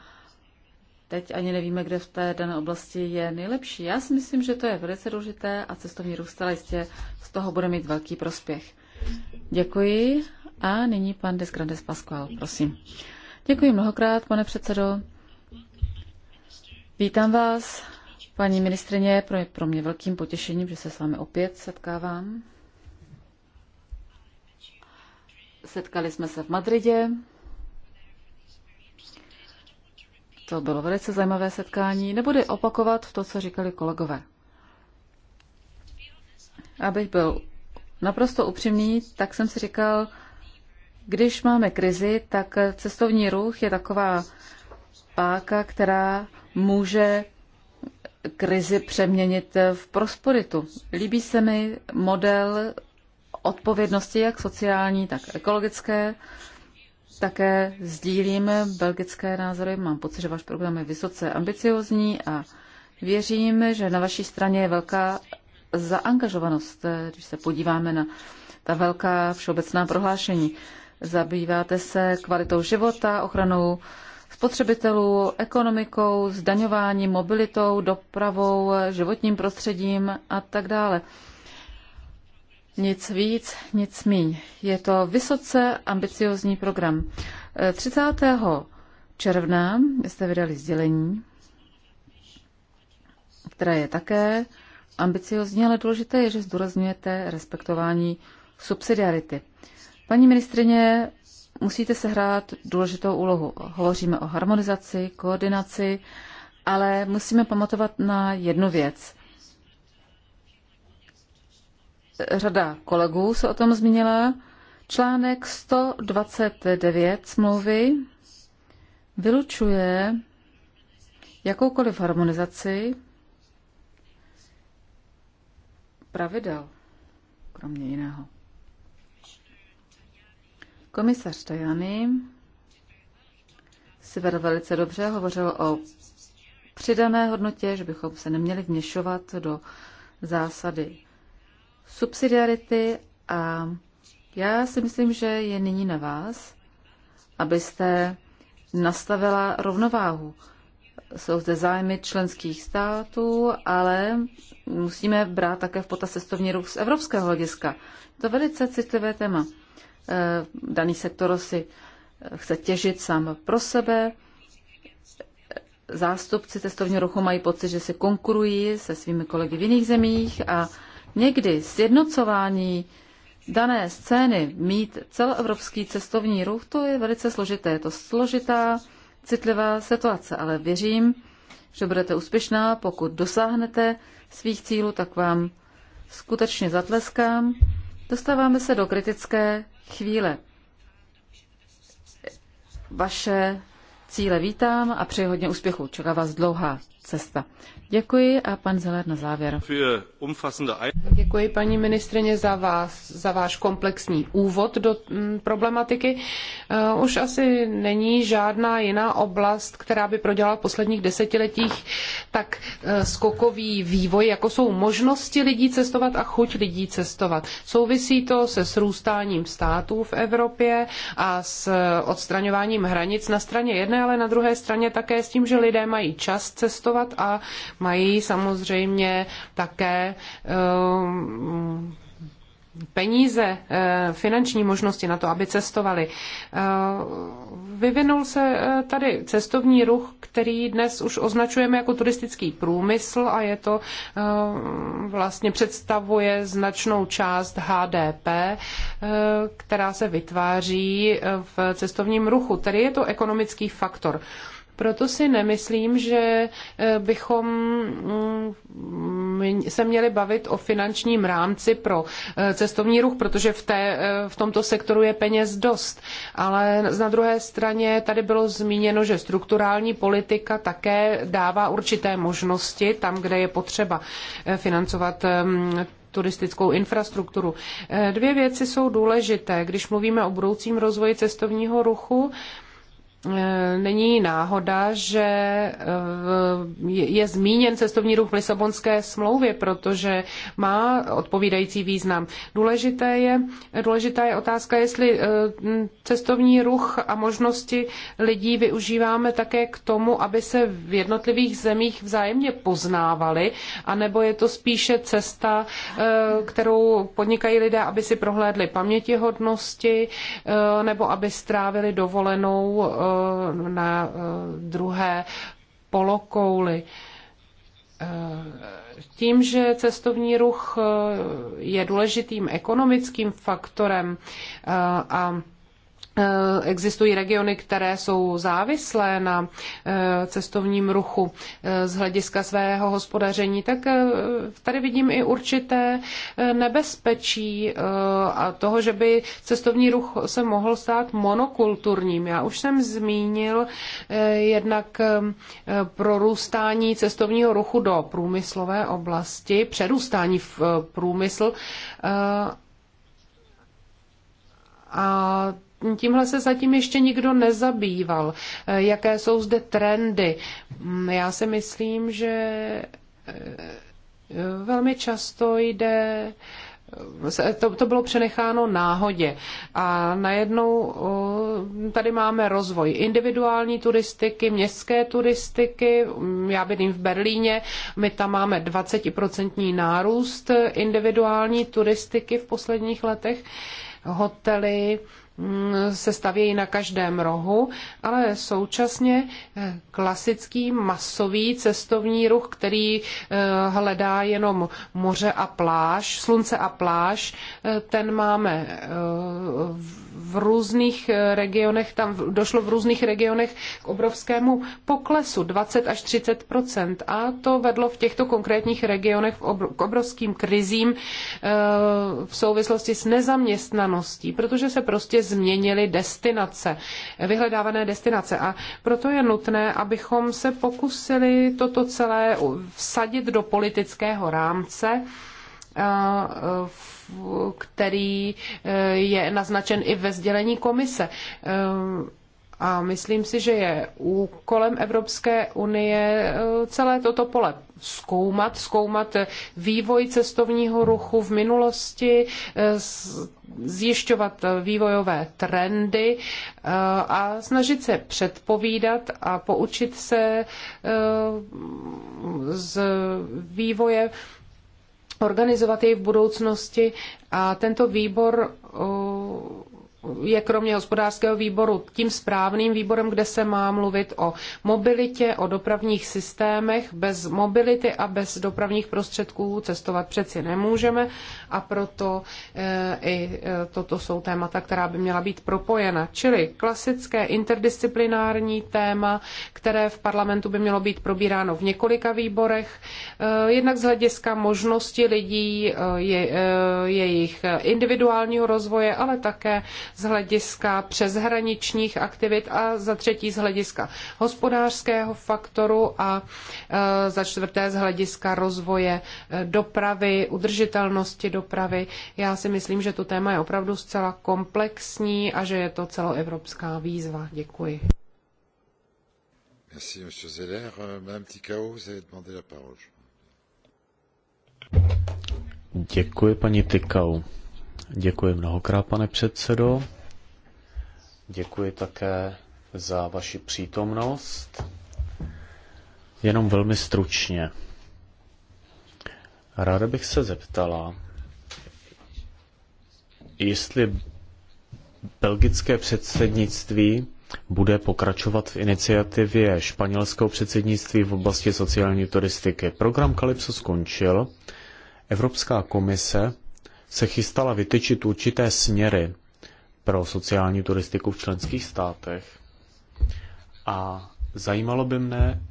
teď ani nevíme, kde v té dané oblasti je nejlepší. Já si myslím, že to je velice důležité a cestovní ruch stále jistě z toho bude mít velký prospěch. Děkuji a nyní pan Desgrandes Pascual, prosím. Děkuji mnohokrát, pane předsedo. Vítám vás, Paní ministrině, pro, pro mě velkým potěšením, že se s vámi opět setkávám. Setkali jsme se v Madridě. To bylo velice zajímavé setkání. Nebudu opakovat to, co říkali kolegové. Abych byl naprosto upřímný, tak jsem si říkal, když máme krizi, tak cestovní ruch je taková páka, která může krizi přeměnit v prosperitu. Líbí se mi model odpovědnosti, jak sociální, tak ekologické. Také sdílíme belgické názory. Mám pocit, že váš program je vysoce ambiciozní a věřím, že na vaší straně je velká zaangažovanost, když se podíváme na ta velká všeobecná prohlášení. Zabýváte se kvalitou života, ochranou spotřebitelů, ekonomikou, zdaňováním, mobilitou, dopravou, životním prostředím a tak dále. Nic víc, nic míň. Je to vysoce ambiciozní program. 30. června jste vydali sdělení, které je také ambiciozní, ale důležité je, že zdůrazňujete respektování subsidiarity. Paní ministrině, musíte sehrát důležitou úlohu. Hovoříme o harmonizaci, koordinaci, ale musíme pamatovat na jednu věc. Řada kolegů se o tom zmínila. Článek 129 smlouvy vylučuje jakoukoliv harmonizaci pravidel, kromě jiného. Komisař Tajany si vedl velice dobře, hovořil o přidané hodnotě, že bychom se neměli vměšovat do zásady subsidiarity a já si myslím, že je nyní na vás, abyste nastavila rovnováhu. Jsou zde zájmy členských států, ale musíme brát také v potaz cestovní ruch z evropského hlediska. Je to velice citlivé téma. Eh, daný sektor si eh, chce těžit sám pro sebe. Zástupci cestovního ruchu mají pocit, že se konkurují se svými kolegy v jiných zemích a někdy sjednocování dané scény mít celoevropský cestovní ruch, to je velice složité. Je to složitá, citlivá situace, ale věřím, že budete úspěšná. Pokud dosáhnete svých cílů, tak vám skutečně zatleskám. Dostáváme se do kritické chvíle. Vaše cíle vítám a přeji hodně úspěchu. Čeká vás dlouhá cesta. Děkuji a pan Zeller na závěr. Děkuji paní ministrině za, vás, za váš komplexní úvod do mm, problematiky. Eh, už asi není žádná jiná oblast, která by prodělala v posledních desetiletích tak eh, skokový vývoj, jako jsou možnosti lidí cestovat a chuť lidí cestovat. Souvisí to se srůstáním států v Evropě a s eh, odstraňováním hranic na straně jedné, ale na druhé straně také s tím, že lidé mají čas cestovat pracovat a mají samozřejmě také eh, peníze, eh, finanční možnosti na to, aby cestovali. Eh, vyvinul se tady cestovní ruch, který dnes už označujeme jako turistický průmysl a je to vlastně představuje značnou část HDP, která se vytváří v cestovním ruchu. Tedy je to ekonomický faktor. Proto si nemyslím, že eh, bychom mm, se měli bavit o finančním rámci pro eh, cestovní ruch, protože v, té, eh, v tomto sektoru je peněz dost. Ale na druhé straně tady bylo zmíněno, že strukturální politika také dává určité možnosti tam, kde je potřeba financovat mm, turistickou infrastrukturu. Dvě věci jsou důležité, když mluvíme o budoucím rozvoji cestovního ruchu. Eh, není náhoda, že eh, je zmíněn cestovní ruch v Lisabonské smlouvě, protože má odpovídající význam. Důležité je, důležitá je otázka, jestli eh, cestovní ruch a možnosti lidí využíváme také k tomu, aby se v jednotlivých zemích vzájemně poznávali, anebo je to spíše cesta, kterou podnikají lidé, aby si prohlédli pamětihodnosti, nebo aby strávili dovolenou na eh, druhé polokouly. Eh, tím, že cestovní ruch eh, je důležitým ekonomickým faktorem a Eh, existují regiony, které jsou závislé na eh, cestovním ruchu eh, z hlediska svého hospodaření, tak tady vidím i určité nebezpečí a toho, že by cestovní ruch se mohl stát monokulturním. Já už jsem zmínil jednak prorůstání cestovního ruchu do průmyslové oblasti, přerůstání v průmysl a tímhle se zatím ještě nikdo nezabýval. Eh, jaké jsou zde trendy? Mm, já si myslím, že eh, velmi často jde eh, to, to bylo přenecháno náhodě. A najednou tady máme rozvoj individuální turistiky, městské turistiky. Mm, já bydlím v Berlíně, my tam máme 20% nárůst individuální turistiky v posledních letech. Hotely, Mm, se stavějí na každém rohu, ale současně eh, klasický masový cestovní ruch, který eh, hledá jenom moře a pláž, slunce a pláž, eh, ten máme v různých regionech, tam došlo v různých regionech k obrovskému poklesu 20 až 30 a to vedlo v těchto konkrétních regionech k obrovským krizím v souvislosti s nezaměstnaností, protože se prostě změnily destinace, vyhledávané destinace. A proto je nutné, abychom se pokusili toto celé vsadit do politického rámce, který e, je naznačen i ve sdělení komise. E, a myslím si, že je úkolem Evropské unie eh, celé toto pole zkoumat, zkoumat eh, vývoj cestovního ruchu v minulosti, eh, zjišťovat vývojové trendy a snažit se předpovídat a poučit se z vývoje organizovat jej v budoucnosti a tento výbor je kromě hospodářského výboru tím správným výborem, kde se má mluvit o mobilitě, o dopravních systémech. Bez mobility a bez dopravních prostředků cestovat přeci nemůžeme a proto eh, i eh, toto jsou témata, která by měla být propojena. Čili klasické interdisciplinární téma, které v parlamentu by mělo být probíráno v několika výborech, eh, jednak z hlediska možnosti lidí, jejich individuálního rozvoje, ale také z hlediska přeshraničních aktivit a za třetí z hlediska hospodářského faktoru a e, za čtvrté z hlediska rozvoje e, dopravy, udržitelnosti dopravy. Já si myslím, že to téma je opravdu zcela komplexní a že je to celoevropská výzva. Děkuji. Merci, Monsieur Zeller. Euh, Madame Ticao, vous avez demandé la parole. Děkuji, paní Tykau. Děkuji mnohokrát, pane předsedo. Děkuji také za vaši přítomnost. Jenom velmi stručně. Ráda bych se zeptala, jestli belgické předsednictví bude pokračovat v iniciativě španělského předsednictví v oblasti sociální turistiky. Program Kalypso skončil. Evropská komise se chystala vytyčit určité směry pro sociální turistiku v členských státech. A zajímalo by mne,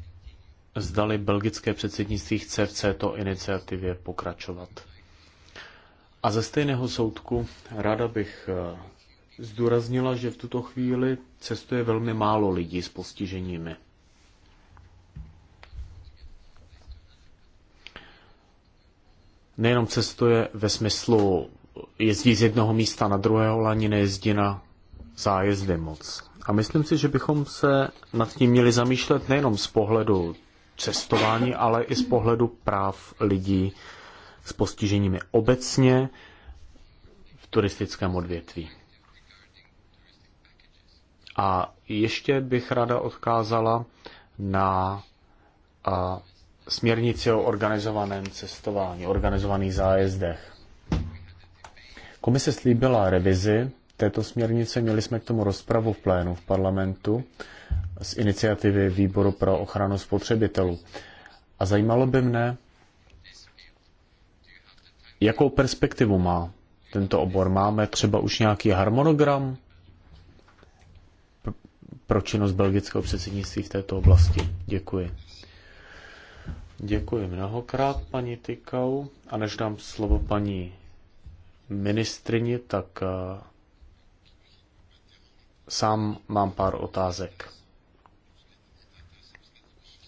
zdali belgické předsednictví chce v této iniciativě pokračovat. A ze stejného soudku ráda bych eh, zdůraznila, že v tuto chvíli cestuje velmi málo lidí s postiženími. nejenom cestuje ve smyslu jezdí z jednoho místa na druhého, ale ani nejezdí na zájezdy moc. A myslím si, že bychom se nad tím měli zamýšlet nejenom z pohledu cestování, ale i z pohledu práv lidí s postiženími obecně v turistickém odvětví. A ještě bych ráda odkázala na a, směrnici o organizovaném cestování, organizovaných zájezdech. Komise slíbila revizi této směrnice, měli jsme k tomu rozpravu v plénu v parlamentu z iniciativy Výboru pro ochranu spotřebitelů. A zajímalo by mne, jakou perspektivu má tento obor. Máme třeba už nějaký harmonogram pro činnost belgického předsednictví v této oblasti. Děkuji. Děkuji mnohokrát, paní Tykau. A než dám slovo paní ministrini, tak eh, sám mám pár otázek.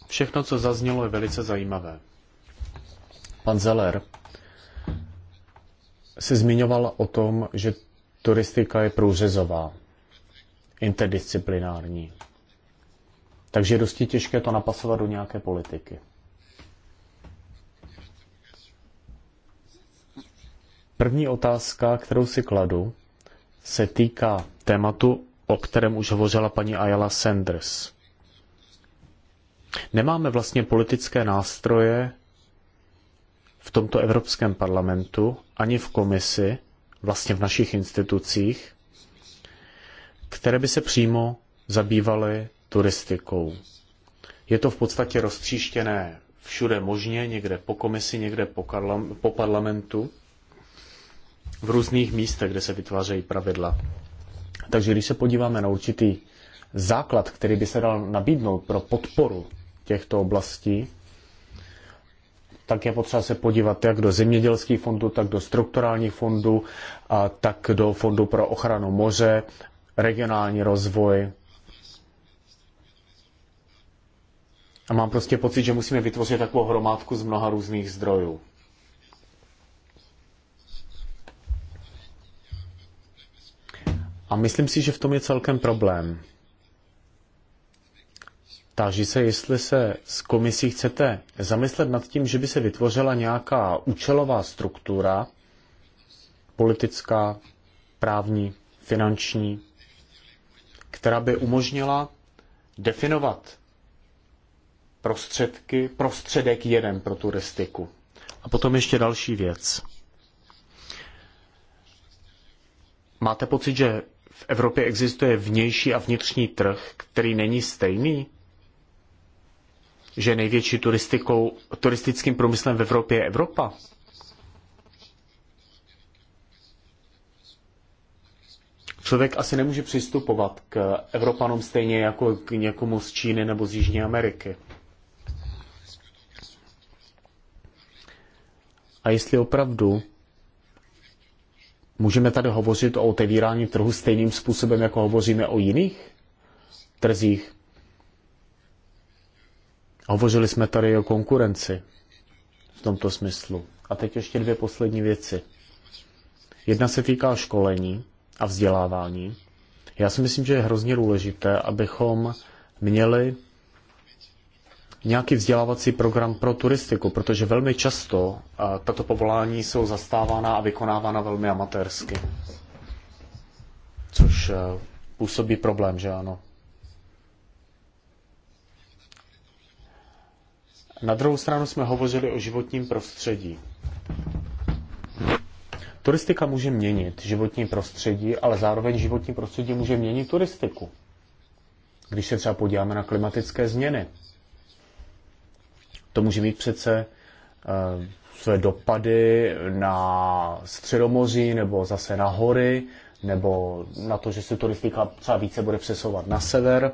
Všechno, co zaznělo, je velice zajímavé. Pan Zeller se zmiňoval o tom, že turistika je průřezová, interdisciplinární. Takže je dosti těžké to napasovat do nějaké politiky. První otázka, kterou si kladu, se týká tématu, o kterém už hovořila paní Ayala Sanders. Nemáme vlastně politické nástroje v tomto Evropském parlamentu ani v komisi, vlastně v našich institucích, které by se přímo zabývaly turistikou. Je to v podstatě roztříštěné všude možně, někde po komisi, někde po, po parlamentu v různých místech, kde se vytvářejí pravidla. Takže když se podíváme na určitý základ, který by se dal nabídnout pro podporu těchto oblastí, tak je potřeba se podívat jak do zemědělských fondů, tak do strukturálních fondů, a tak do fondu pro ochranu moře, regionální rozvoj. A mám prostě pocit, že musíme vytvořit takovou hromádku z mnoha různých zdrojů. A myslím si, že v tom je celkem problém. Táží se, jestli se s komisí chcete zamyslet nad tím, že by se vytvořila nějaká účelová struktura, politická, právní, finanční, která by umožnila definovat prostředky, prostředek jeden pro turistiku. A potom ještě další věc. Máte pocit, že v Evropě existuje vnější a vnitřní trh, který není stejný? Že největší turistikou, turistickým průmyslem v Evropě je Evropa? Člověk asi nemůže přistupovat k Evropanům stejně jako k někomu z Číny nebo z Jižní Ameriky. A jestli opravdu Můžeme tady hovořit o otevírání trhu stejným způsobem, jako hovoříme o jiných trzích? Hovořili jsme tady o konkurenci v tomto smyslu. A teď ještě dvě poslední věci. Jedna se týká školení a vzdělávání. Já si myslím, že je hrozně důležité, abychom měli nějaký vzdělávací program pro turistiku, protože velmi často tato povolání jsou zastávána a vykonávána velmi amatérsky. Což e, působí problém, že ano. Na druhou stranu jsme hovořili o životním prostředí. Turistika může měnit životní prostředí, ale zároveň životní prostředí může měnit turistiku. Když se třeba podíváme na klimatické změny, to může mít přece eh, své dopady na středomoří nebo zase na hory, nebo na to, že se turistika třeba více bude přesouvat na sever.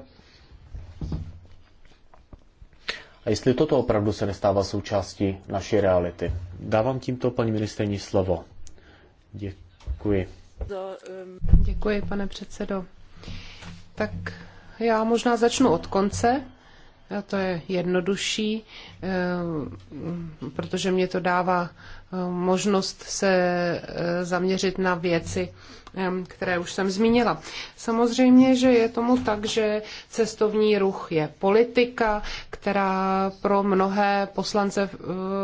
A jestli toto opravdu se nestává součástí naší reality. Dávám tímto paní ministrní slovo. Děkuji. Děkuji, pane předsedo. Tak já možná začnu od konce to je jednodušší, eh, protože mě to dává eh, možnost se eh, zaměřit na věci, které už jsem zmínila. Samozřejmě, že je tomu tak, že cestovní ruch je politika, která pro mnohé poslance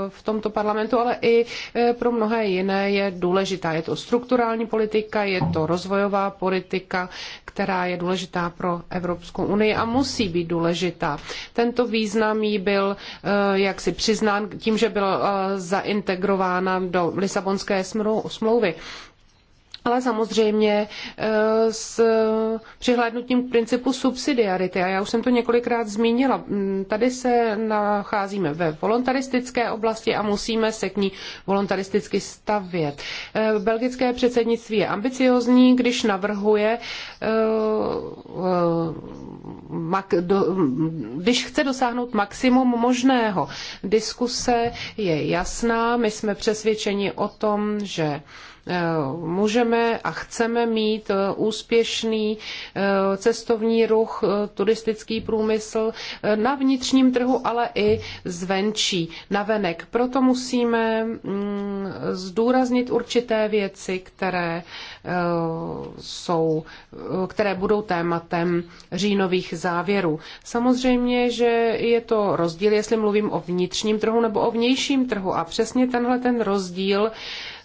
v tomto parlamentu, ale i e, pro mnohé jiné je důležitá. Je to strukturální politika, je to rozvojová politika, která je důležitá pro Evropskou unii a musí být důležitá. Tento význam jí byl e, jaksi přiznán tím, že byla e, zaintegrována do Lisabonské smlouvy ale samozřejmě eh, s přihlédnutím k principu subsidiarity. A já už jsem to několikrát zmínila. Mm, tady se nacházíme ve voluntaristické oblasti a musíme se k ní voluntaristicky stavět. Eh, belgické předsednictví je ambiciozní, když navrhuje, eh, když chce dosáhnout maximum možného. Diskuse je jasná, my jsme přesvědčeni o tom, že Eh, můžeme a chceme mít eh, úspěšný eh, cestovní ruch, turistický průmysl na vnitřním trhu, ale i zvenčí, navenek. Proto musíme mm, zdůraznit určité věci, které jsou, které budou tématem říjnových závěrů. Samozřejmě, že je to rozdíl, jestli mluvím o vnitřním trhu nebo o vnějším trhu a přesně tenhle ten rozdíl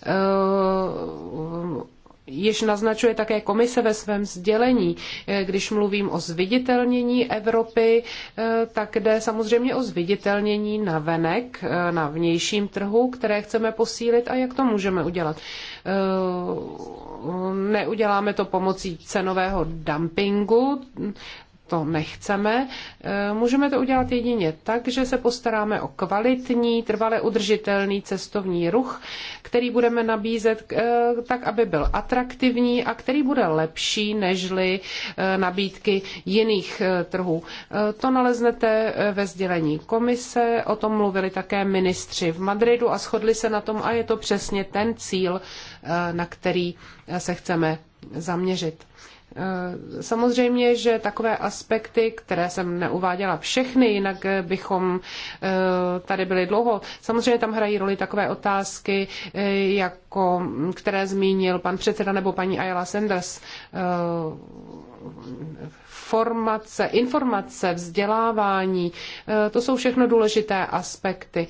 Eh, již naznačuje také komise ve svém sdělení. Eh, když mluvím o zviditelnění Evropy, eh, tak jde samozřejmě o zviditelnění na venek, na vnějším trhu, které chceme posílit a jak to můžeme udělat. Neuděláme to pomocí cenového dumpingu, to nechceme. E, můžeme to udělat jedině tak, že se postaráme o kvalitní, trvale udržitelný cestovní ruch, který budeme nabízet e, tak, aby byl atraktivní a který bude lepší nežli e, nabídky jiných trhů. To naleznete ve sdělení komise, o tom mluvili také ministři v Madridu a shodli se na tom a je to přesně ten cíl, na který se chceme zaměřit. Eh, samozřejmě, že takové aspekty, které jsem neuváděla všechny, jinak bychom eh, tady byli dlouho. Samozřejmě tam hrají roli takové otázky, eh, jako které zmínil pan předseda nebo paní Ayala Sanders. Formace, informace, vzdělávání, to jsou všechno důležité aspekty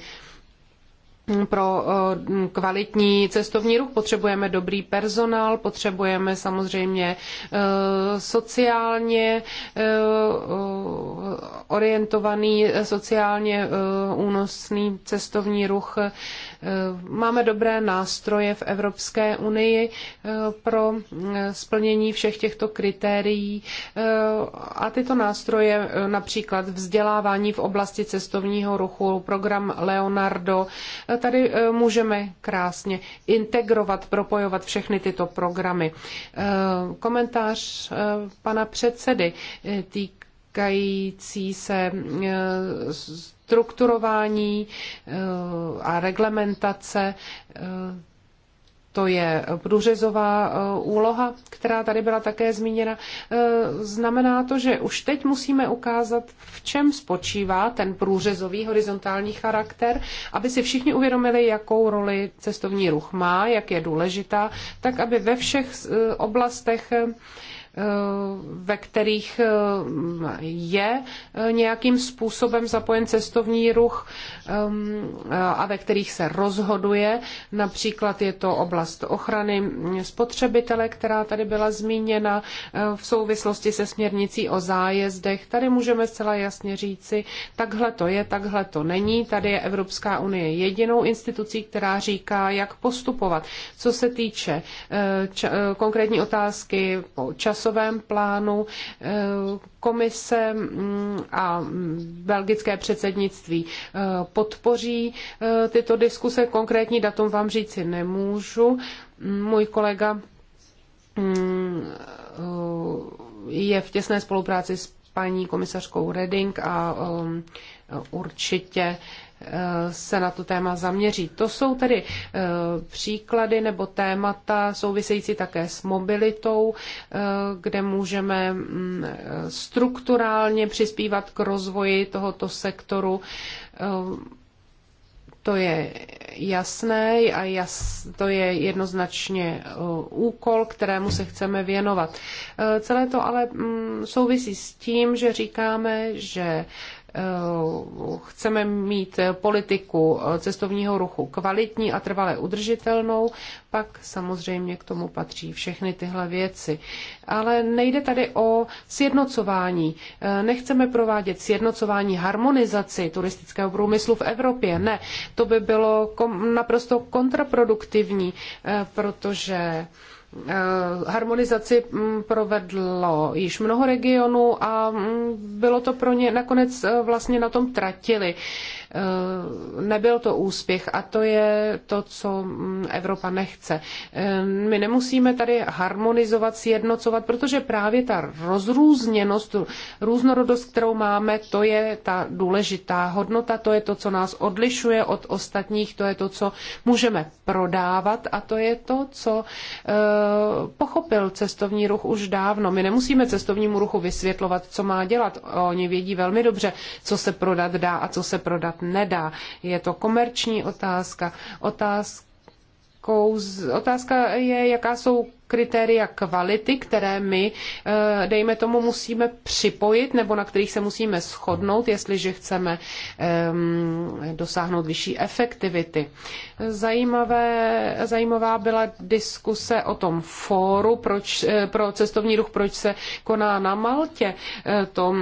pro eh, kvalitní cestovní ruch potřebujeme dobrý personál, potřebujeme samozřejmě eh, sociálně eh, orientovaný, sociálně únosný cestovní ruch. Máme dobré nástroje v Evropské unii pro splnění všech těchto kritérií a tyto nástroje například vzdělávání v oblasti cestovního ruchu, program Leonardo, tady eh, můžeme krásně integrovat, propojovat všechny tyto programy. Eh, komentář eh, pana předsedy týkající se strukturování a reglementace to je průřezová e, úloha, která tady byla také zmíněna. E, znamená to, že už teď musíme ukázat, v čem spočívá ten průřezový horizontální charakter, aby si všichni uvědomili, jakou roli cestovní ruch má, jak je důležitá, tak aby ve všech e, oblastech Eh, ve kterých eh, je eh, nějakým způsobem zapojen cestovní ruch a ve kterých se rozhoduje. Například je to oblast ochrany spotřebitele, která tady byla zmíněna v souvislosti se směrnicí o zájezdech. Tady můžeme zcela jasně říci, takhle to je, takhle to není. Tady je Evropská unie jedinou institucí, která říká, jak postupovat. Co se týče konkrétní otázky po času, časovém plánu eh, komise mm, a belgické předsednictví eh, podpoří eh, tyto diskuse. Konkrétní datum vám říci nemůžu. Mm, můj kolega mm, je v těsné spolupráci s paní komisařkou Reding a určitě se na to téma zaměří. To jsou tedy eh, příklady nebo témata související také s mobilitou, eh, kde můžeme mm, strukturálně přispívat k rozvoji tohoto sektoru. Eh, to je jasné a jas, to je jednoznačně úkol, kterému se chceme věnovat. Celé to ale mm, souvisí s tím, že říkáme, že Eh, chceme mít eh, politiku eh, cestovního ruchu kvalitní a trvale udržitelnou, pak samozřejmě k tomu patří všechny tyhle věci. Ale nejde tady o sjednocování. Nechceme provádět sjednocování, harmonizaci turistického průmyslu v Evropě. Ne, to by bylo naprosto kontraproduktivní, protože Eh, harmonizaci mm, provedlo již mnoho regionů a mm, bylo to pro ně nakonec eh, vlastně na tom tratili. Eh, nebyl to úspěch a to je to, co mm, Evropa nechce. Eh, my nemusíme tady harmonizovat, sjednocovat, protože právě ta rozrůzněnost, různorodost, kterou máme, to je ta důležitá hodnota, to je to, co nás odlišuje od ostatních, to je to, co můžeme prodávat a to je to, co eh, pochopil cestovní ruch už dávno. My nemusíme cestovnímu ruchu vysvětlovat, co má dělat. Oni vědí velmi dobře, co se prodat dá a co se prodat dělat nedá. Je to komerční otázka. Otázka Otázka je, jaká jsou kritéria kvality, které my, eh, dejme tomu, musíme připojit nebo na kterých se musíme shodnout, jestliže chceme ehm, dosáhnout vyšší efektivity. Zajímavé, zajímavá byla diskuse o tom fóru proč, eh, pro cestovní ruch, proč se koná na Maltě. Eh, to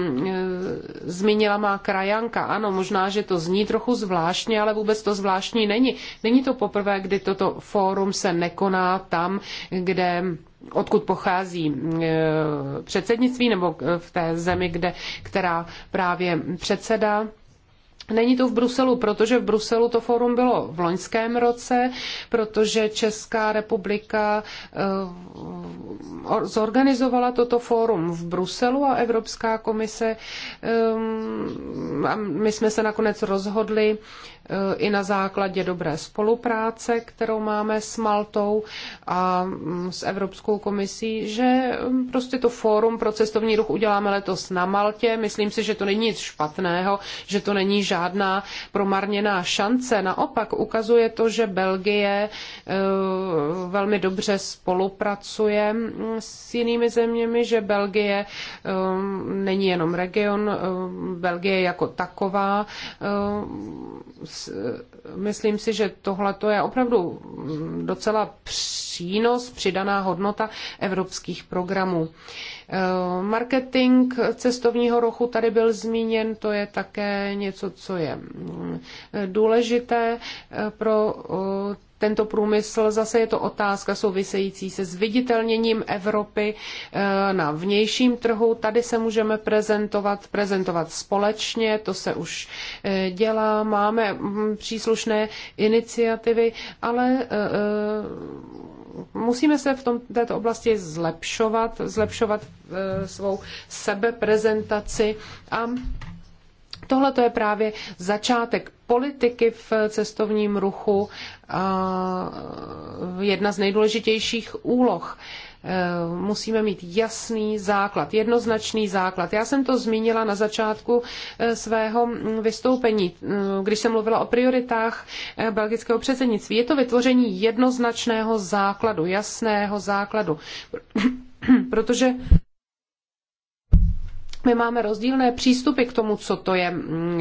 zmínila má krajanka. Ano, možná, že to zní trochu zvláštně, ale vůbec to zvláštní není. Není to poprvé, kdy toto fórum se nekoná tam, kde odkud pochází eh, předsednictví nebo eh, v té zemi, kde, která právě předsedá Není to v Bruselu, protože v Bruselu to fórum bylo v loňském roce, protože Česká republika eh, zorganizovala toto fórum v Bruselu a Evropská komise. Eh, a my jsme se nakonec rozhodli eh, i na základě dobré spolupráce, kterou máme s Maltou a mm, s Evropskou komisí, že mm, prostě to fórum pro cestovní ruch uděláme letos na Maltě. Myslím si, že to není nic špatného, že to není žádný žádná promarněná šance. Naopak ukazuje to, že Belgie eh, velmi dobře spolupracuje mm, s jinými zeměmi, že Belgie eh, není jenom region, eh, Belgie jako taková myslím si, že tohle to je opravdu mm, docela přínos, přidaná hodnota evropských programů. Eh, marketing cestovního ruchu tady byl zmíněn, to je také něco, co je mm, důležité eh, pro eh, tento průmysl. Zase je to otázka související se zviditelněním Evropy eh, na vnějším trhu. Tady se můžeme prezentovat, prezentovat společně, to se už eh, dělá, máme mm, příslušné iniciativy, ale eh, musíme se v tom, této oblasti zlepšovat, zlepšovat svou sebeprezentaci a Tohle to je právě začátek politiky v cestovním ruchu jedna z nejdůležitějších úloh. Musíme mít jasný základ, jednoznačný základ. Já jsem to zmínila na začátku eh, svého vystoupení, eh, když jsem mluvila o prioritách eh, belgického předsednictví. Je to vytvoření jednoznačného základu, jasného základu, protože my máme rozdílné přístupy k tomu, co to je mm,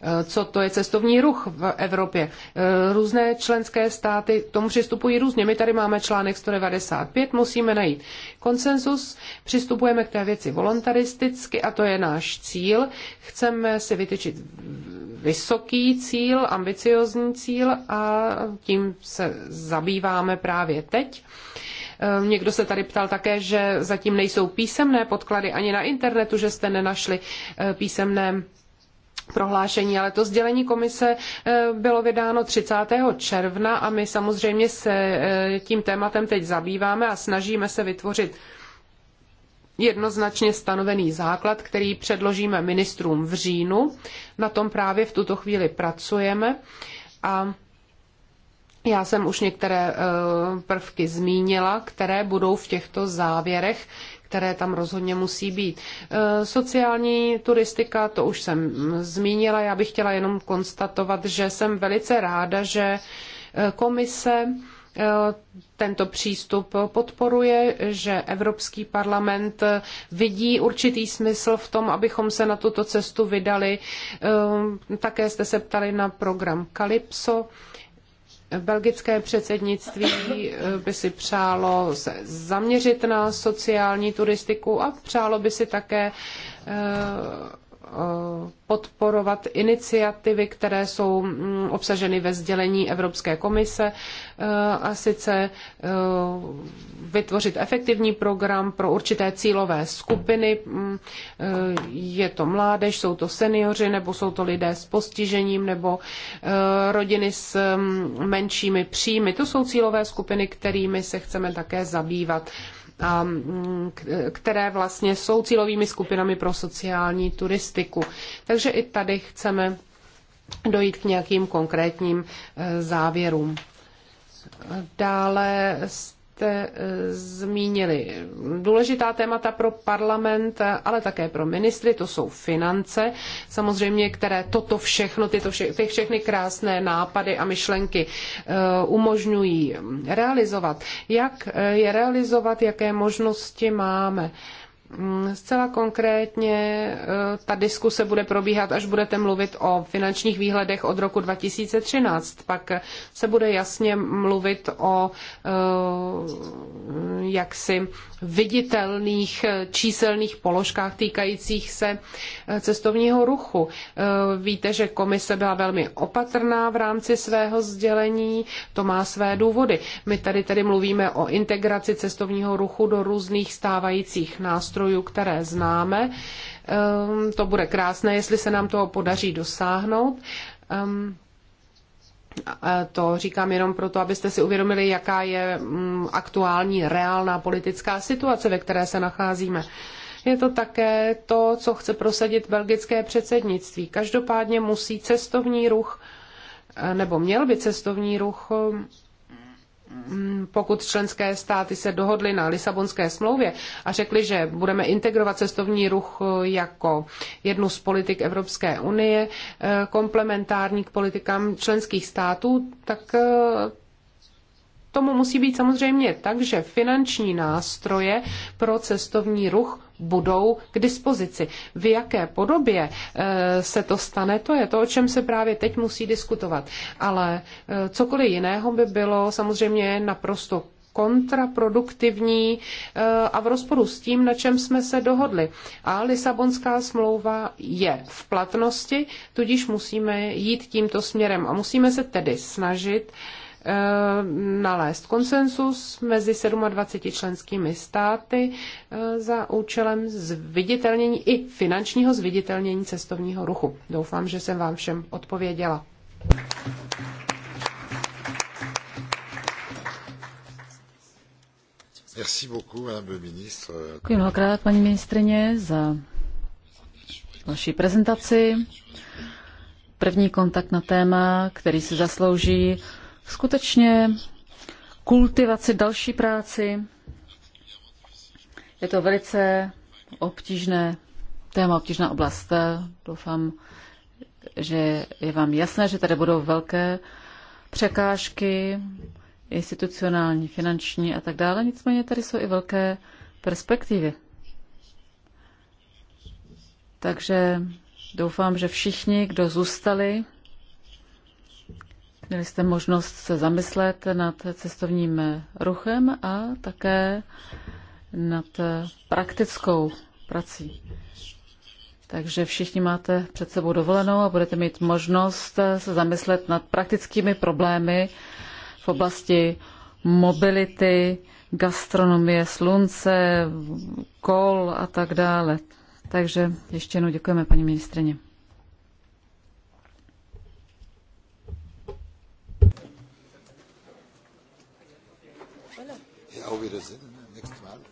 Eh, co to je cestovní ruch v Evropě. Eh, různé členské státy tomu přistupují různě. My tady máme článek 195, musíme najít konsenzus, přistupujeme k té věci voluntaristicky a to je náš cíl. Chceme si vytyčit vysoký cíl, ambiciozní cíl a tím se zabýváme právě teď. Eh, někdo se tady ptal také, že zatím nejsou písemné podklady ani na internetu, že jste nenašli písemné prohlášení, ale to sdělení komise eh, bylo vydáno 30. června a my samozřejmě se eh, tím tématem teď zabýváme a snažíme se vytvořit jednoznačně stanovený základ, který předložíme ministrům v říjnu. Na tom právě v tuto chvíli pracujeme a já jsem už některé eh, prvky zmínila, které budou v těchto závěrech které tam rozhodně musí být. E, sociální turistika, to už jsem zmínila, já bych chtěla jenom konstatovat, že jsem velice ráda, že e, komise e, tento přístup podporuje, že Evropský parlament vidí určitý smysl v tom, abychom se na tuto cestu vydali. Také jste se ptali na program Calypso. Belgické předsednictví eh, by si přálo se zaměřit na sociální turistiku a přálo by si také eh, Eh, podporovat iniciativy, které jsou mm, obsaženy ve sdělení Evropské komise eh, a sice eh, vytvořit efektivní program pro určité cílové skupiny. Mm, je to mládež, jsou to seniori, nebo jsou to lidé s postižením, nebo rodiny s mm, menšími příjmy. To jsou cílové skupiny, kterými se chceme také zabývat které vlastně jsou cílovými skupinami pro sociální turistiku. Takže i tady chceme dojít k nějakým konkrétním e, závěrům. Dále jste eh, zmínili důležitá témata pro parlament, eh, ale také pro ministry, to jsou finance, samozřejmě, které toto všechno, tyto vše, ty všechny krásné nápady a myšlenky eh, umožňují realizovat. Jak je realizovat, jaké možnosti máme? Mm, zcela konkrétně eh, ta diskuse bude probíhat, až budete mluvit o finančních výhledech od roku 2013. Pak se bude jasně mluvit o eh, jaksi viditelných číselných položkách týkajících se eh, cestovního ruchu. Víte, že komise byla velmi opatrná v rámci svého sdělení, to má své důvody. My tady tedy mluvíme o integraci cestovního ruchu do různých stávajících nástrojů nástrojů, které známe. Ehm, to bude krásné, jestli se nám toho podaří dosáhnout. Ehm, to říkám jenom proto, abyste si uvědomili, jaká je mm, aktuální reálná politická situace, ve které se nacházíme. Je to také to, co chce prosadit belgické předsednictví. Každopádně musí cestovní ruch, eh, nebo měl by cestovní ruch ehm, Mm, pokud členské státy se dohodly na Lisabonské smlouvě a řekly, že budeme integrovat cestovní ruch eh, jako jednu z politik Evropské unie, eh, komplementární k politikám členských států, tak eh, tomu musí být samozřejmě tak, že finanční nástroje pro cestovní ruch budou k dispozici. V jaké podobě eh, se to stane, to je to, o čem se právě teď musí diskutovat. Ale eh, cokoliv jiného by bylo samozřejmě naprosto kontraproduktivní eh, a v rozporu s tím, na čem jsme se dohodli. A Lisabonská smlouva je v platnosti, tudíž musíme jít tímto směrem a musíme se tedy snažit uh, Eh, nalézt konsensus mezi 27 členskými státy eh, za účelem zviditelnění i finančního zviditelnění cestovního ruchu. Doufám, že jsem vám všem odpověděla. Děkuji mnohokrát, paní ministrině, za vaši prezentaci. První kontakt na téma, který si zaslouží skutečně kultivaci, další práci. Je to velice obtížné téma, obtížná oblast. Doufám, že je vám jasné, že tady budou velké překážky, institucionální, finanční a tak dále. Nicméně tady jsou i velké perspektivy. Takže doufám, že všichni, kdo zůstali Měli jste možnost se zamyslet nad cestovním ruchem a také nad praktickou prací. Takže všichni máte před sebou dovolenou a budete mít možnost se zamyslet nad praktickými problémy v oblasti mobility, gastronomie, slunce, kol a tak dále. Takže ještě jednou děkujeme, paní ministrině. Auf Wiedersehen.